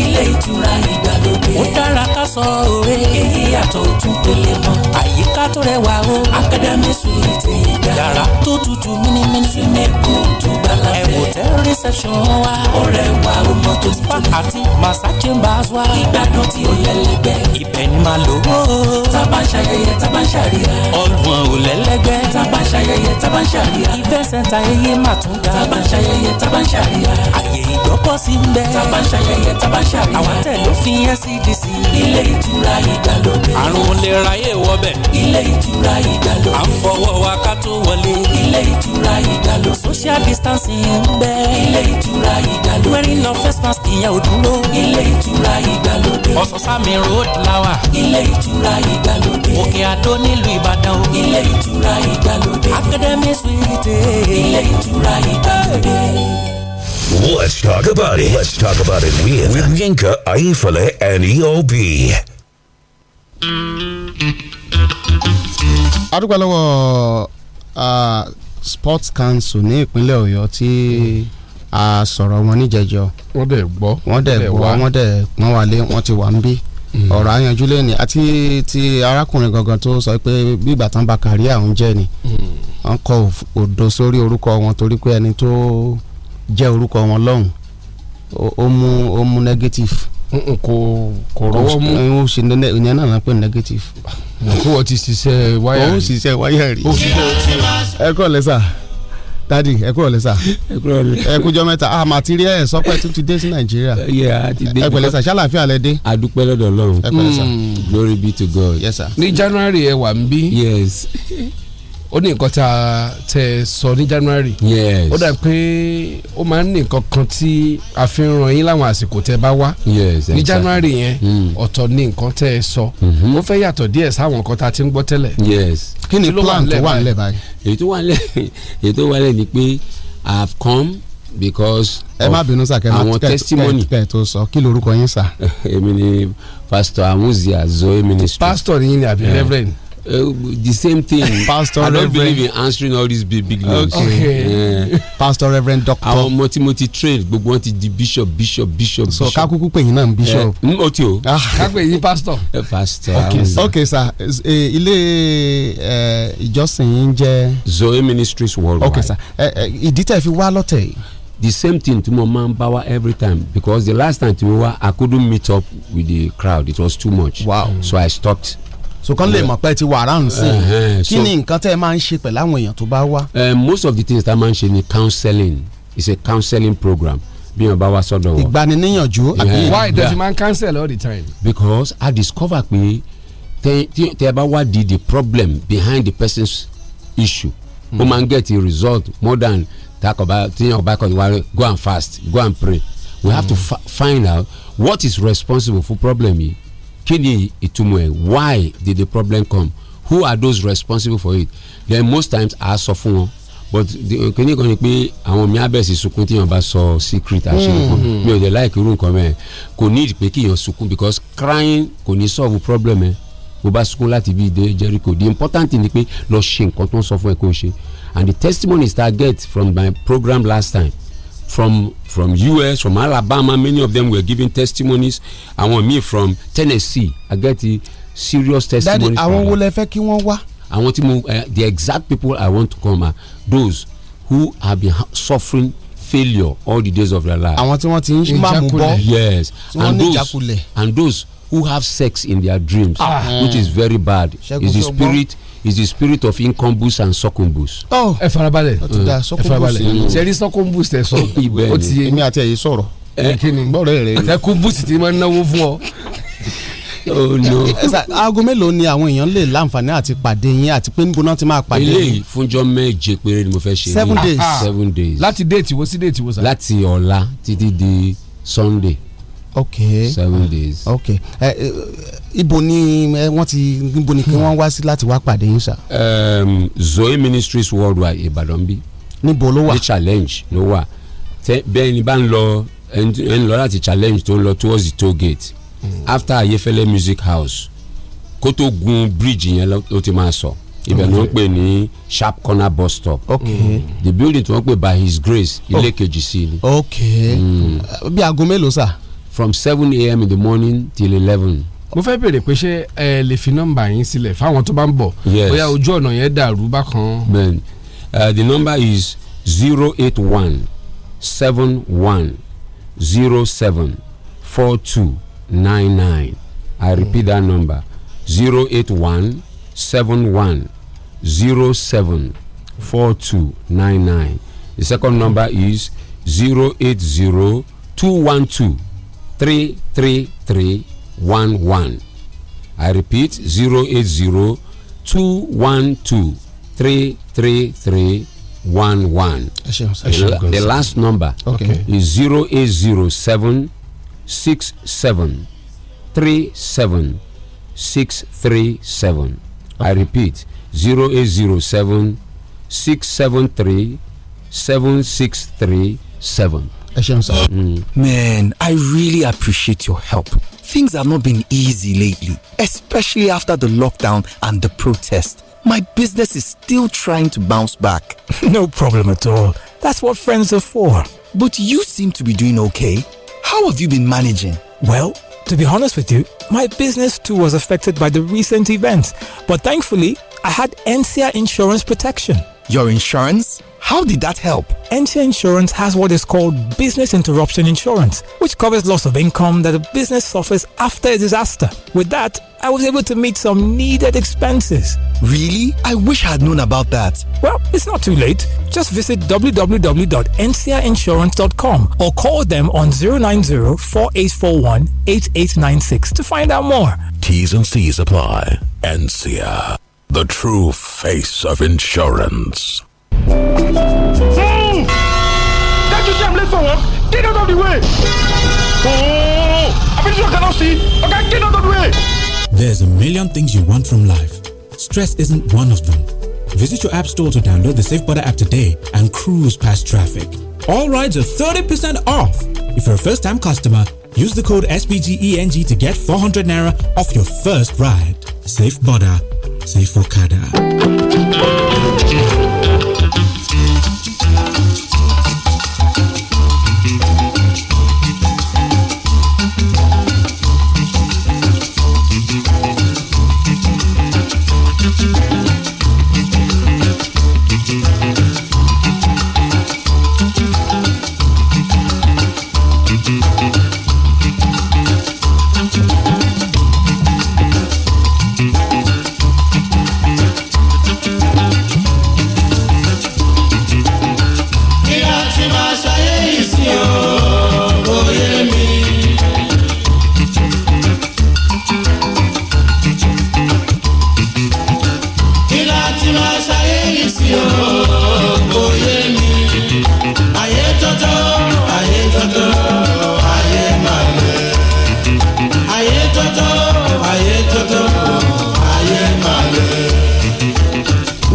Ilé ìtura ìgbàlódé. Ó dára sọ òwe. èyí yàtọ̀ òtún pélé mọ́. àyíká tó rẹwà o. academy suite ìgbà. yàrá tó tutù mímímí. swimming pool tó gbàlà fẹ́. reception wa. ọ̀rẹ́ wa o mọ tó ti tó. spa àti massage chambers wa. ìgbádùn tí ó lẹ́lẹ́gbẹ́. ibẹ̀ ni màá lò ó. tábà ń ṣayẹyẹ tábà ń ṣàríyá. ọgbọ̀n ò lẹ́lẹ́gbẹ́. tábà ń ṣayẹyẹ tábà ń ṣàríyá. ìfẹ́ sẹ́ńtà eyé máa tún ga. tábà ń ṣayẹyẹ tábà ń ṣàríyá. àyè ìgbọ́kọ̀sí ń bẹ. tábà ń ṣayẹyẹ tábà ń ṣàríyá. àwọn tẹ̀ ló fi NCDC. ilé ilé ìtura ìdàlódé. àrùn lè ráyè wọbẹ̀. ilé ìtura ìdàlódé. à ń fọwọ́ wa ká tó wọlé. ilé ìtura ìdàlódé. social distancing ń bẹ. ilé ìtura ìdàlódé. wearing no face mask ìyẹn ò dúró. ilé ìtura ìdàlódé. ọ̀sán-sámi road lawa. ilé ìtura ìdàlódé. òkè àdó nílùú ìbàdàn. ilé ìtura ìdàlódé. academy suite. ilé ìtura ìdàlódé. Let's talk about it. Let's talk about it with, with Yinka, Aifale, and EOB. adúpẹ́ sports council ní ìpínlẹ̀ ọ̀yọ́ tí a sọ̀rọ̀ wọn níjẹ̀jọ́. wọ́n dẹ̀ gbọ́ wọ́n dẹ̀ gbọ́ wọ́n dẹ̀ pọ́n wálé wọ́n ti wà ń bí mm. ọ̀rọ̀ àyànjú lẹ́ni àti ti arákùnrin gangan tó sọ pé bígbà tán bá kárí àwọn jẹ́ ni mm. wọ́n kọ òdo sórí orúkọ wọn torí pé ẹni tó. Mm jẹ́ orúkọ wọn lọ́hùn ó mú ó mú negative. kò kò rọwọ́ mú. ó ṣe ìyẹn náà pé negative. kó o ti ṣiṣẹ́ wáyà rí. o ṣiṣẹ́ wáyà rí. ẹ kọ́ lẹ́sà dadi ẹ kúrò lẹ́sà ẹ kújọ mẹ́ta ah màtírí ẹ sọ pé tuntun dé sí nàìjíríà ẹ pẹ̀lẹ́ sà ṣàlàfíà lẹ dé. adúpẹ́ lọ́dọ̀ ọlọ́run mm. glory be to God. Yes, sir. ní january ẹ wà ń bí. yes. (laughs) ó ní nǹkan tá a tẹ sọ ní January yes ó dà pé ó máa ń ní nǹkan kan tí a fi ń ran yín láwọn àsìkò tẹ bá wá yes ní January yẹn hmm. ọ̀tọ̀ ní nǹkan tẹ ẹ sọ mm-hmm. ó fẹ́ yàtọ̀ díẹ̀ sáwọn nǹkan tá a ti ń gbọ́ tẹ́lẹ̀ yes kí ni plan tó wà nílẹ̀ báyìí. èyí tó wà nílẹ̀ (laughs) èyí tó wà nílẹ̀ ni pé I have come because ẹ má bínú sá kẹmọ àwọn testimony kẹ tó sọ kí lorúkọ yín sá. (laughs) èmi ni pastor amuzia zoe ministry. pastor yín ni àbí eh. reverend. Yeah uh, the same thing. (laughs) Pastor I don't Reverend. believe in answering all these big big names. Okay. Yeah. (laughs) Pastor Reverend Doctor. Our multi-multi trade. But train gbogbo wọn bishop bishop bishop. So kakuku pè yín bishop. N o ti o. (laughs) Ah. Kakpe pastor. Eh, pastor. Okay sir. Okay sir. Eh, ilé eh, just yín jẹ́. Zoe Ministries Worldwide. Okay sir. Ìdí tẹ̀ fi wá the same thing To mo máa wa every time because the last time to mo wá I couldn't meet up with the crowd it was too much. Wow. So I stopped so, lè mọ̀ pé ti wà ráhùn sí i kí ni nǹkan tẹ́ ẹ máa ń ṣe pẹ̀lú àwọn èèyàn tó bá wá. Eh, most of the things that i máa ń ṣe ni counseling is a counseling program bí wọn bá wá sọ́dọ̀ wọn. ìgbaniníyànjú. why does he man cancel all the time. because i discover pé tẹ́ ẹ bá wádìí the problem behind the person's issue ó hmm. máa ń get a result more than takoba tiyan ọba kan wa go and fast go and pray we mm. have to hmm. find out what is responsible for problem yìí kí ni ìtumọ̀ ẹ̀ why did the problem come who are those responsible for it then most times a sọ fún wọn but uh, kìíní kan ni pé àwọn mi abẹ́sì sunkún tíyan bá sọ secret àṣírí kan hmm. mi ò dé láìkí irú nǹkan mẹ́ẹ̀ kò ní ìdí pé kíyan sunkún because crying kò ní solve problem ẹ̀ bó bá sunkún láti bí ìdè Jericho the important thing ni pé lọ ṣe nǹkan tó ń sọ fún ẹ kó ṣe and the testimonies that I get from my program last time from from US from Alabama many of them were giving testimonies àwọn míì from Tennessee I get the serious testimonies. I àwọn wo lẹ fẹ́ kí wọ́n wá. Eh, the exact people I want to come are those who have been suffering failure all the days of their life. àwọn tí wọ́n ti ń n yes and those and those who have sex in their dreams ah. which is very bad is the spirit is the spirit of incumbus and succumbus. ọ oh. ẹ farabalẹ̀ ẹ farabalẹ̀ sẹ́ni succumbus tẹ sọ o ti yé mi àti ẹ̀yin sọ̀rọ̀ ẹ kí ni bọ́ọ̀rẹ́ rẹ. succumbus ti máa ń náwó fún ọ. oh no. aago mélòó ni àwọn èèyàn lè láǹfààní àti pàdé yín àti pé níbo náà ti máa pàdé yín. eléyìí fúnjọ́ méje péré ni mo fẹ́ ṣe. seven days seven days. láti déètì wo sí déètì wo sá. láti ọ̀la títí di sunday. Okay. seven days. ok ẹ ẹ ibo ni ẹ wọ́n ti ibo ni kí wọ́n wá sí láti wá pàdé yín sà. Zoe Ministries Worldwide Ìbàdàn bí. níbo ló wà. ní challenge ló wà bẹ́ẹ̀ ni bá ń lọ ẹ ń lọ láti challenge tó ń lọ towards the toll gate mm. after Ayefele Music House kó tó gun bridge yẹn ló ti máa sọ ibẹ̀ ni wọ́n pè ní sharp corner bus stop okay. the building tí wọ́n pè by his grace ilé kejì sí ni. ok hmm. bí aago mélòó sà. from seven a.m. in the morning till eleven. mo fẹ́ bèrè pé ṣé ẹ lè fi nọ́mbà yín sílẹ̀ fáwọn tó bá ń bọ̀ bóyá ojú ọ̀nà yẹn dàrú bákan. bẹ́ẹ̀ni uh, the number is zero eight one seven one zero seven four two nine nine i repeat that number zero eight one seven one zero seven four two nine nine the second number is zero eight zero two one two. 33311. I repeat 080 212 The, the last number okay. is 0807 67 37 637. Okay. I repeat 0807 673 7637. Mm. man i really appreciate your help. Things have not been easy lately, especially after the lockdown and the protest. My business is still trying to bounce back. (laughs) no problem at all. That's what friends are for. But you seem to be doing okay. How have you been managing? Well, to be honest with you, my business too was affected by the recent events. But thankfully, I had NCR insurance protection. Your insurance? How did that help? NC Insurance has what is called business interruption insurance, which covers loss of income that a business suffers after a disaster. With that, I was able to meet some needed expenses. Really? I wish I had known about that. Well, it's not too late. Just visit www.ncrinsurance.com or call them on 090-4841-8896 to find out more. T's and C's apply. NCA, the true face of insurance. Move! you see I'm late for work? Get out of the way! Oh! I you cannot see! Okay, get out of the way! There's a million things you want from life. Stress isn't one of them. Visit your app store to download the SafeBoda app today and cruise past traffic. All rides are 30% off. If you're a first time customer, use the code SBGENG to get 400 Naira off your first ride. Safe for Safe Okada.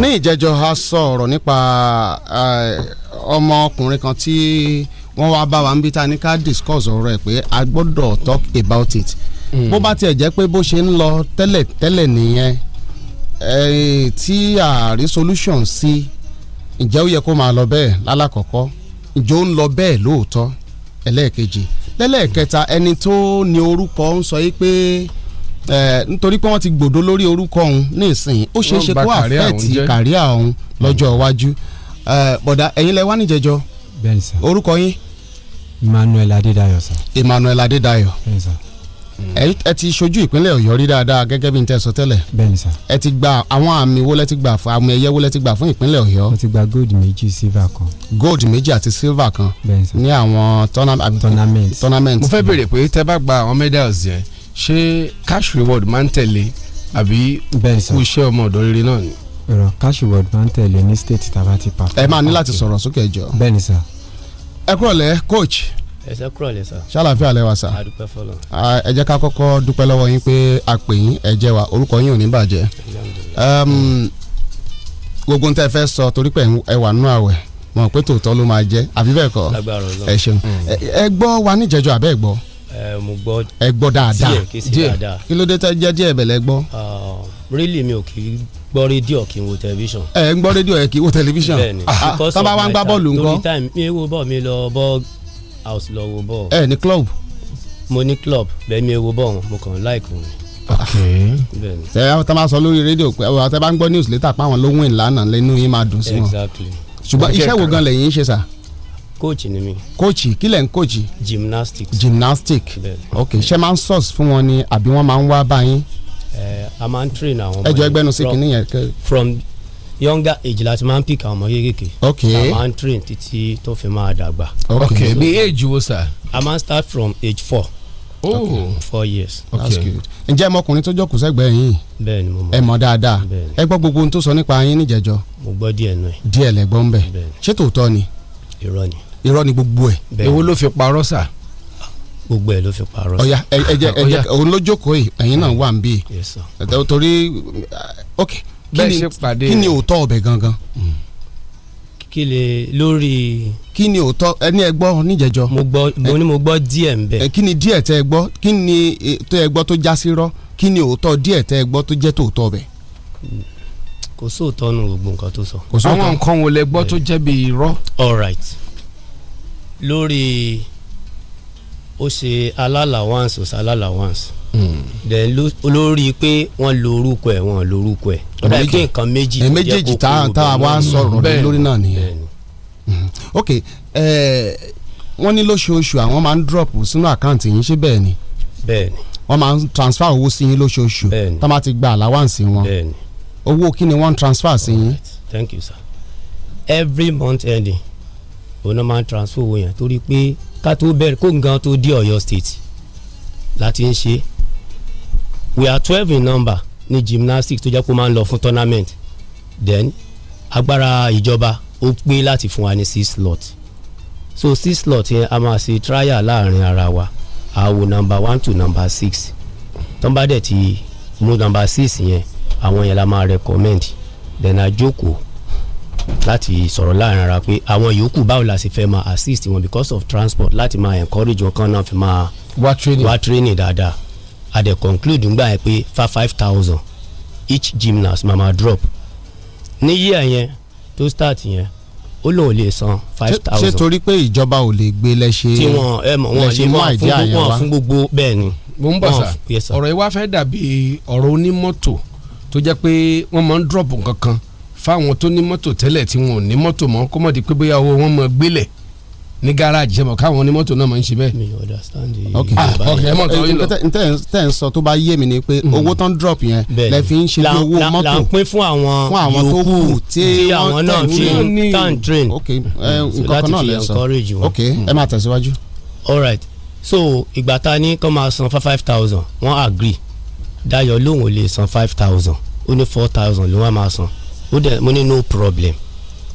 ní ìjẹ́jọ́ a sọ ọ̀rọ̀ nípa eh, ọmọkùnrin kan tí wọ́n wá bá wa ń bí ta ní ká discuss ọ̀rọ̀ ẹ̀ pé a gbọ́dọ̀ talk about it hmm. bó bá tiẹ̀ jẹ́ pé bó ṣe ń lọ tẹ́lẹ̀ tẹ́lẹ̀ nìyẹn eh, tí a rí solution sí ǹjẹ́ ó yẹ kó máa lọ bẹ́ẹ̀ lálàkọ́kọ́ ǹjẹ́ ó ń lọ bẹ́ẹ̀ lóòótọ́ ẹlẹ́ẹ̀kejì lẹ́lẹ́ẹ̀kẹta ẹni tó ní orúkọ ń sọ yìí pé nítorí pé wọ́n ti gbòdo lórí orúkọ òun ní ìsìn ó ṣeé ṣe kó àfẹ́ẹ̀tì kàríà òun lọ́jọ́ iwájú bọ̀dà ẹ̀yin lẹ wá níjẹ̀jọ́ orúkọ yín. Emmanuel Adédayọ̀ sir. Emmanuel Adédayọ̀. ẹ ti ṣojú ìpínlẹ̀ ọ̀yọ́ rí dáadáa gẹ́gẹ́ bí n tẹ́ sọ tẹ́lẹ̀ ẹ ti gba àwọn àmì wo lẹ ti gbà fún àmì ẹ̀yẹ wo lẹ ti gbà fún ìpínlẹ̀ ọ̀yọ́. mo ti gba gold méjì silver kan. gold méjì àti silver kan ní àwọn tournament. mo fẹ́ béèrè pé tẹ́ bá gba àwọn medals yẹn ṣé cash reward máa ń tẹ̀lé àbí kú iṣẹ́ ọmọ ọ̀dọ́ rere náà ni. ọ̀rọ̀ cash reward máa ń tẹ̀lé ní state tàbá ti pa. ẹ máa ní láti sọ̀rọ̀ sókè jọ. bẹ́ẹ̀ni sà. ẹ kúrọ̀lẹ́ coach. ẹ ṣe kúrọ̀lẹ́ sà. ṣàlàfíà lẹ wà sà. a dúpẹ́ fọlọ. ẹ jẹ́ ká kọ́kọ́ dúpẹ́ lọ́wọ́ yín pé a pè yín ẹ jẹ́ wa orúkọ yín ò ní bàjẹ́. gbogbo ń tẹ́ fẹ́ sọ torí pé ẹ wà nú àwẹ̀ mọ̀ pé tòótọ́ ló máa jẹ́ àbí bẹ́ẹ̀ kọ́ ẹ ṣeun mm. ẹ gbọ́ wa níjẹ́jọ́ àbẹ́ gbọ́ mo gbọ́ ẹ gbọ́ dáadáa díẹ̀ kí ló dé tẹ́ jẹ́ díẹ̀ bẹ̀lẹ̀ gbọ́. Ah, rélì mi ò kì í gbọ́ rédíò kì í wo tẹlifíṣàn. ẹ ń gbọ́ rédíò ẹ kì í wo tẹlifíṣàn ah, tọ́ba wa ń gbá bọ́ọ̀lù ńkọ́. lórí táìmù mi wo bọ́ọ̀ mi lọ bọ́ house lọ wo bọ́ọ̀. ẹ ní club. mo ní club bẹ́ẹ̀ mi wo bọ́ọ̀ mo kàn láìkù mi. ṣe é tọ́ bá sọ lórí rédíò pé ọ̀rọ̀ tẹ́ bá ń gbọ́ news later pé àwọn ló win lánàá lẹ́nu yín máa dùn sí wọn. ṣùgbọ́n iṣẹ́ wo gan lẹ́yìn ń ṣe sà coach ni mi. coach kí lẹ̀ ń coach. gymnastics. gymnastics ok ṣé máa ń source fún wọn ni àbí wọ́n máa ń wá báyìí. a máa ń train àwọn ọmọ yẹn. ẹ from younger age láti máa ń pick àwọn ọmọ kéékèèké. ok la máa ń train títí tó fi máa dàgbà. ok bí age wo sir. a máa ń start from age four. oh okay. four years. ok that's good. ǹjẹ́ ẹ tó jókòó sẹ́gbẹ̀ẹ́ yín. bẹ́ẹ̀ mo mọ̀ ẹ mọ̀ dáadáa ẹ gbọ́ gbogbo ohun tó sọ nípa yín níjẹ̀jọ́. mo gbọ́ díẹ̀ náà. díẹ̀ lẹ́gbọ́n bẹ́ẹ̀ ṣé tòótọ́ ni. irọ́ ni irọ́ ni gbogbo ẹ̀. èwo ló fi parọ́ sà. gbogbo ẹ̀ ló fi parọ́ sà. ọ̀ya ẹ jẹ́ ẹ jẹ́ òun ló jókòó yìí ẹ̀yin náà wà ń torí ok kí ni òótọ́ ọbẹ̀ gangan. Hmm. kí ni lórí. kí ni òótọ́ ẹni ẹ gbọ́ níjẹ̀jọ́. mo gbọ́ mo ní mo gbọ́ díẹ̀ ń bẹ̀. kí ni díẹ̀ tẹ́ ẹ gbọ́ kí ni e, tó ẹ gbọ́ tó já sí rọ́ kí ni òótọ́ díẹ̀ tẹ́ ẹ gbọ́ tó jẹ́ tòótọ́ ọbẹ̀ kò sóòótọ́ nu gbogbo nǹkan tó sọ. àwọn nǹkan wo lẹ gbọ́ tó jẹ́ bí irọ́. all right lórí ó ṣe once ó ṣe once. Hmm. then olórí pé wọ́n lo orúkọ ẹ̀ wọ́n lo orúkọ ẹ̀ ọ̀dà ìgbé nǹkan méjì tó jẹ́ kókó méjèèjì tá a wá sọ̀rọ̀ lórí náà nìyẹn hmm. ok wọ́n ní lóṣooṣù àwọn máa ń drop sínú àkáǹtì yín ṣé bẹ́ẹ̀ ni bẹ́ẹ̀ ni wọ́n máa ń transfer owó sí yín lóṣooṣù bẹ́ẹ̀ ni tá a máa ti gba àláwáǹsì wọn bẹ́ẹ̀ ni owó kí ni wọ́n transfer sí yín. thank you sir every month ending òun náà máa ń transfer owó yẹn torí pé ká tó bẹ̀rẹ̀ kó nǹkan tó dé Ọ̀yọ́ state láti ń ṣe we are twelve in number ní gymnastics tó jẹ́ kó máa ń lọ fún tournament then agbára ìjọba ó pé láti fún wa ní six slot so six slot yẹn a máa ṣe trial láàrin ara wa àwo number one to number six tọ́n bá dẹ̀ ti mú number six yẹn àwọn yẹn la máa recommend then a jókòó láti sọ̀rọ̀ láàrin ara pé àwọn yòókù báwo la sì fẹ́ máa assist wọn because of transport láti máa encourage wọn kan náà fi máa wá training wá training dáadáa a dẹ̀ conclude ngbà yẹn pé fa five thousand each gymnast máa máa drop ní yíyà yẹn tó start yẹn ó lóun lè san five thousand. ṣé torí pé ìjọba ò lè gbé lẹ́ṣẹ̀ tí wọ́n ẹ mọ̀ wọ́n lè mọ̀ fún gbogbo wọn fún gbogbo bẹ́ẹ̀ ni. mo ń bà sá ọ̀rọ̀ yìí fẹ́ dàbí ọ̀rọ̀ onímọ́tò tó jẹ́ pé wọ́n máa ń drop nǹkan kan fáwọn tó ní mọ́tò tẹ́lẹ̀ tí wọn ò ní mọ́tò mọ́ kó mọ̀ di pé bóyá owó wọn mọ̀ gbélẹ̀ ní gáràjì ṣe mọ̀ káwọn onímọ́tò náà máa ń ṣe bẹ́ẹ̀. mi understand yìí. ok ah, ok ẹ mọ̀ tó yín lọ. tẹ́ ń sọ tó bá yé mi ni pé hmm. owó tán drop yẹn lẹ fi ń ṣe bí owó mọ́tò la ń pín fún àwọn fún àwọn tó kù tí àwọn náà fi tan train. ok hmm. nǹkan kan náà lẹ sọ ok ẹ hmm. máa tẹ̀síwájú. all right so ìgbà ta ni kọ́ máa san five thousand wọ́n agree Dayọ̀ lóun ò lè san five thousand ó ní four thousand ló wá máa san ó dẹ̀ mo ní no problem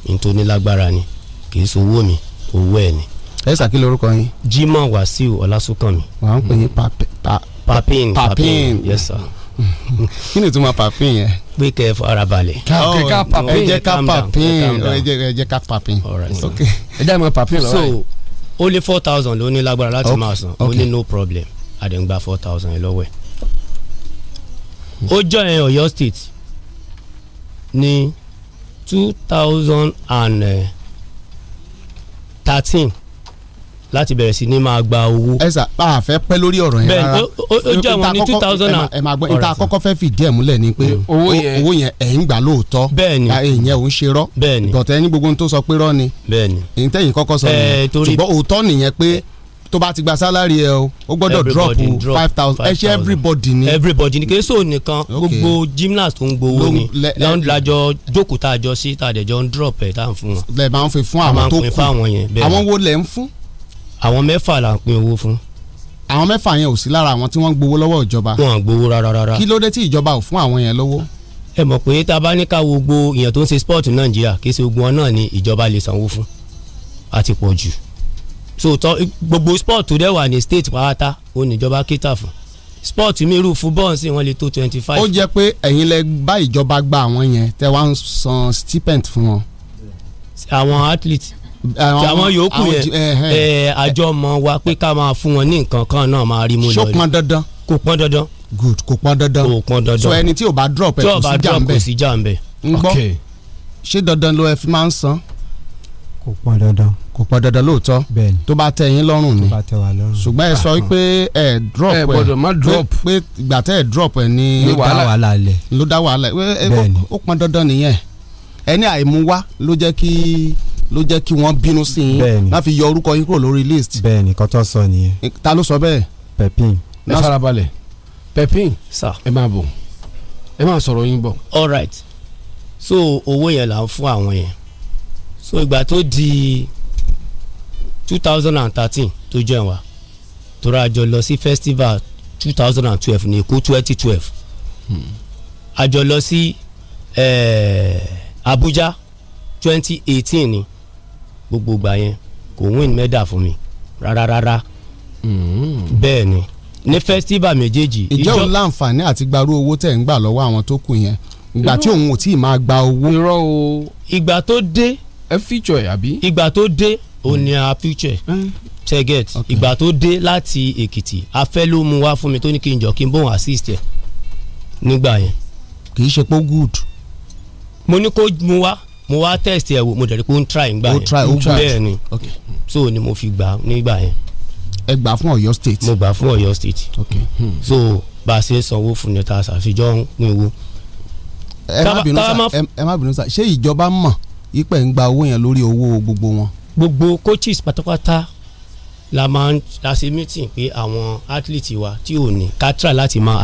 nítorí lágbára ni kì í sowó mi owó ẹ̀ ni. ẹ ṣàkí lórúkọ yín. Jimoh Wasiu Ọlásùnkànmí. wà á ń pè ní papin papin yes sir. (laughs) kí ni ìtumọ̀ papin yẹn. pé kẹ́ oh, ẹ fara balẹ̀. ẹ ká papin ẹ jẹ́ ká papin ẹ jẹ́ ká papin ok ẹ jẹ́ àmọ́ papin lọ́wọ́ yìí. so only four thousand ló ní lágbára láti máa san ó ní no problem àdéǹgbà four thousand ẹ lọ́wọ́ ẹ̀. ó jọ ẹ̀ Ọ̀yọ́ state ní two thousand and eh, thirteen láti bẹ̀rẹ̀ sí ní máa gba owó. ẹ sà a fẹ́ pẹ́ lórí ọ̀rọ̀ yẹn rárá ó jẹ́ àwọn ní two thousand and. ẹ máa gbọ́ ìta àkọ́kọ́ fẹ́ fìdí ẹ̀ múlẹ̀ ni pé mm. owó yẹn ẹ̀ ń gbà lóòótọ́ bẹ́ẹ̀ni ìyẹn ò ń ṣe rọ́ bẹ́ẹ̀ni dọ̀tẹ́ ní gbogbo ohun tó sọ pé rọ́ ni bẹ́ẹ̀ni ìyẹn tẹ̀yìn kọ́kọ́ sọ eh, nìyẹn ṣùgbọ́n òótọ́ nìyẹn pé tó bá ti gba sálárì ẹ o ó gbọ́dọ̀ drop five thousand ẹ ṣe everybody ni. everybody ni kéésò nìkan gbogbo gymnast tó ń gbowó ni lọ́n lajọ jókòó tá a jọ sí tá a dẹ̀ jọ ń drop ẹ̀ tá à ń fún wọn. lẹ́ẹ̀ máa ń fi fún àwọn tó kù àwọn wo lẹ̀ ń fún. àwọn mẹ́fà là ń pín owó fún. àwọn mẹ́fà yẹn ò sí lára àwọn tí wọ́n ń gbowó lọ́wọ́ ìjọba. wọ́n gbowó rárá rárá. kí ló dé tí ìjọba ò fún àwọn yẹn lówó ẹ mọ̀ pé tá a bá ní ká wo gbogbo èèyàn tó ń ṣe sport Nàìjíríà kí ṣe gbogbo wọn náà ni ìjọba lè sanwó fún àti pọ̀ jù so tọ gbogbo sport tó dẹ̀ wà ní state pàápàá ó níjọba kíta fún sport mi irú football sí wọn lè tó twenty five. ó jẹ́ pé ẹ̀yin lẹ bá ìjọba gba àwọn yẹn tẹ́ wá ń san stipend fún wọn. àwọn athlete tí àwọn yòókù yẹn àjọ mọ̀ wa pé ká máa fún wọn ní nǹkan kan náà máa rí mú lọ rí. ṣó pọn dandan. kò pọn dandan. good kò pọn dandan. kò pọn dandan. so ẹni tí ò bá drop ẹ kò sí jàǹbẹ. tí ò bá drop kò sí jàǹbẹ. ń ṣé dandan ló ẹ fi máa ń san kò pọn dandan. kò pọn dandan lóòótọ́ bẹ́ẹ̀ni tó bá tẹ́ yín lọ́rùn ni tó bá tẹ́ wa lọ́rùn. ṣùgbọ́n ẹ sọ pé ẹ drop ẹ gbọ́dọ̀ má drop pé ìgbà tẹ́ ẹ drop ẹ ní. ló dá wàhálà lẹ̀ ló dá wàhálà bẹ́ẹ̀ni ó pọn dandan nìyẹn ẹni àìmúwá ló jẹ́ kí ló jẹ́ kí wọ́n bínú sí yín bẹ́ẹ̀ni má fi yọ orúkọ yín kúrò lórí list. bẹ́ẹ̀ni kò tó sọ nìyẹn. ta ló sọ bẹ́ẹ̀. pepin. ẹ farabalẹ̀ pepin. sa ẹ máa bọ̀ ẹ máa sọ̀rọ̀ yín bọ̀. all right so owó yẹn là ń fún àwọn yẹn so ìgbà tó di two thousand and thirteen tó jẹ́ wa torí àjọ lọ sí festival two thousand and twelve ní Èkó twenty twelve àjọ lọ sí eh, Abuja twenty eighteen ni gbogbo ìgbà yẹn kò win medal fún mi rárá rárá hmm. bẹ́ẹ̀ ni ní festival méjèèjì. ìjẹ́ òun láǹfààní àti gbarú owó tẹ̀ ń gbà lọ́wọ́ àwọn tó kù yẹn ìgbà tí òun ò tí ì máa gba owó. ìgbà tó dé ẹ feature ẹ̀ àbí. ìgbà tó dé òun ni a hmm. feature target hmm. ìgbà tó dé láti Èkìtì afẹ́ ló mú wá fún mi tó ní kí n jọ kí n bóun assist ẹ̀ nígbà yẹn. kì í ṣe pé good. mo ní kó mu wá mo wá test ẹ̀ wò mo dẹ̀ rí pé try nígbà yẹn ó try ó try bẹ́ẹ̀ ni so ni mo fi gbà nígbà yẹn. ẹ gbà fún Ọ̀yọ́ state. mo gbà fún Ọ̀yọ́ state. Hmm. so bá a ṣe sanwó fún ni ta ṣàfijọ́ ń pin owó. ẹ má bínú sá ẹ má bínú sá ṣé ìjọba mọ̀ ìpè ń gba owó yẹn lórí owó gbogbo wọn. gbogbo coaches pátápátá la máa ń la ṣe meeting pé àwọn athlete wa tí ò ní ká try láti máa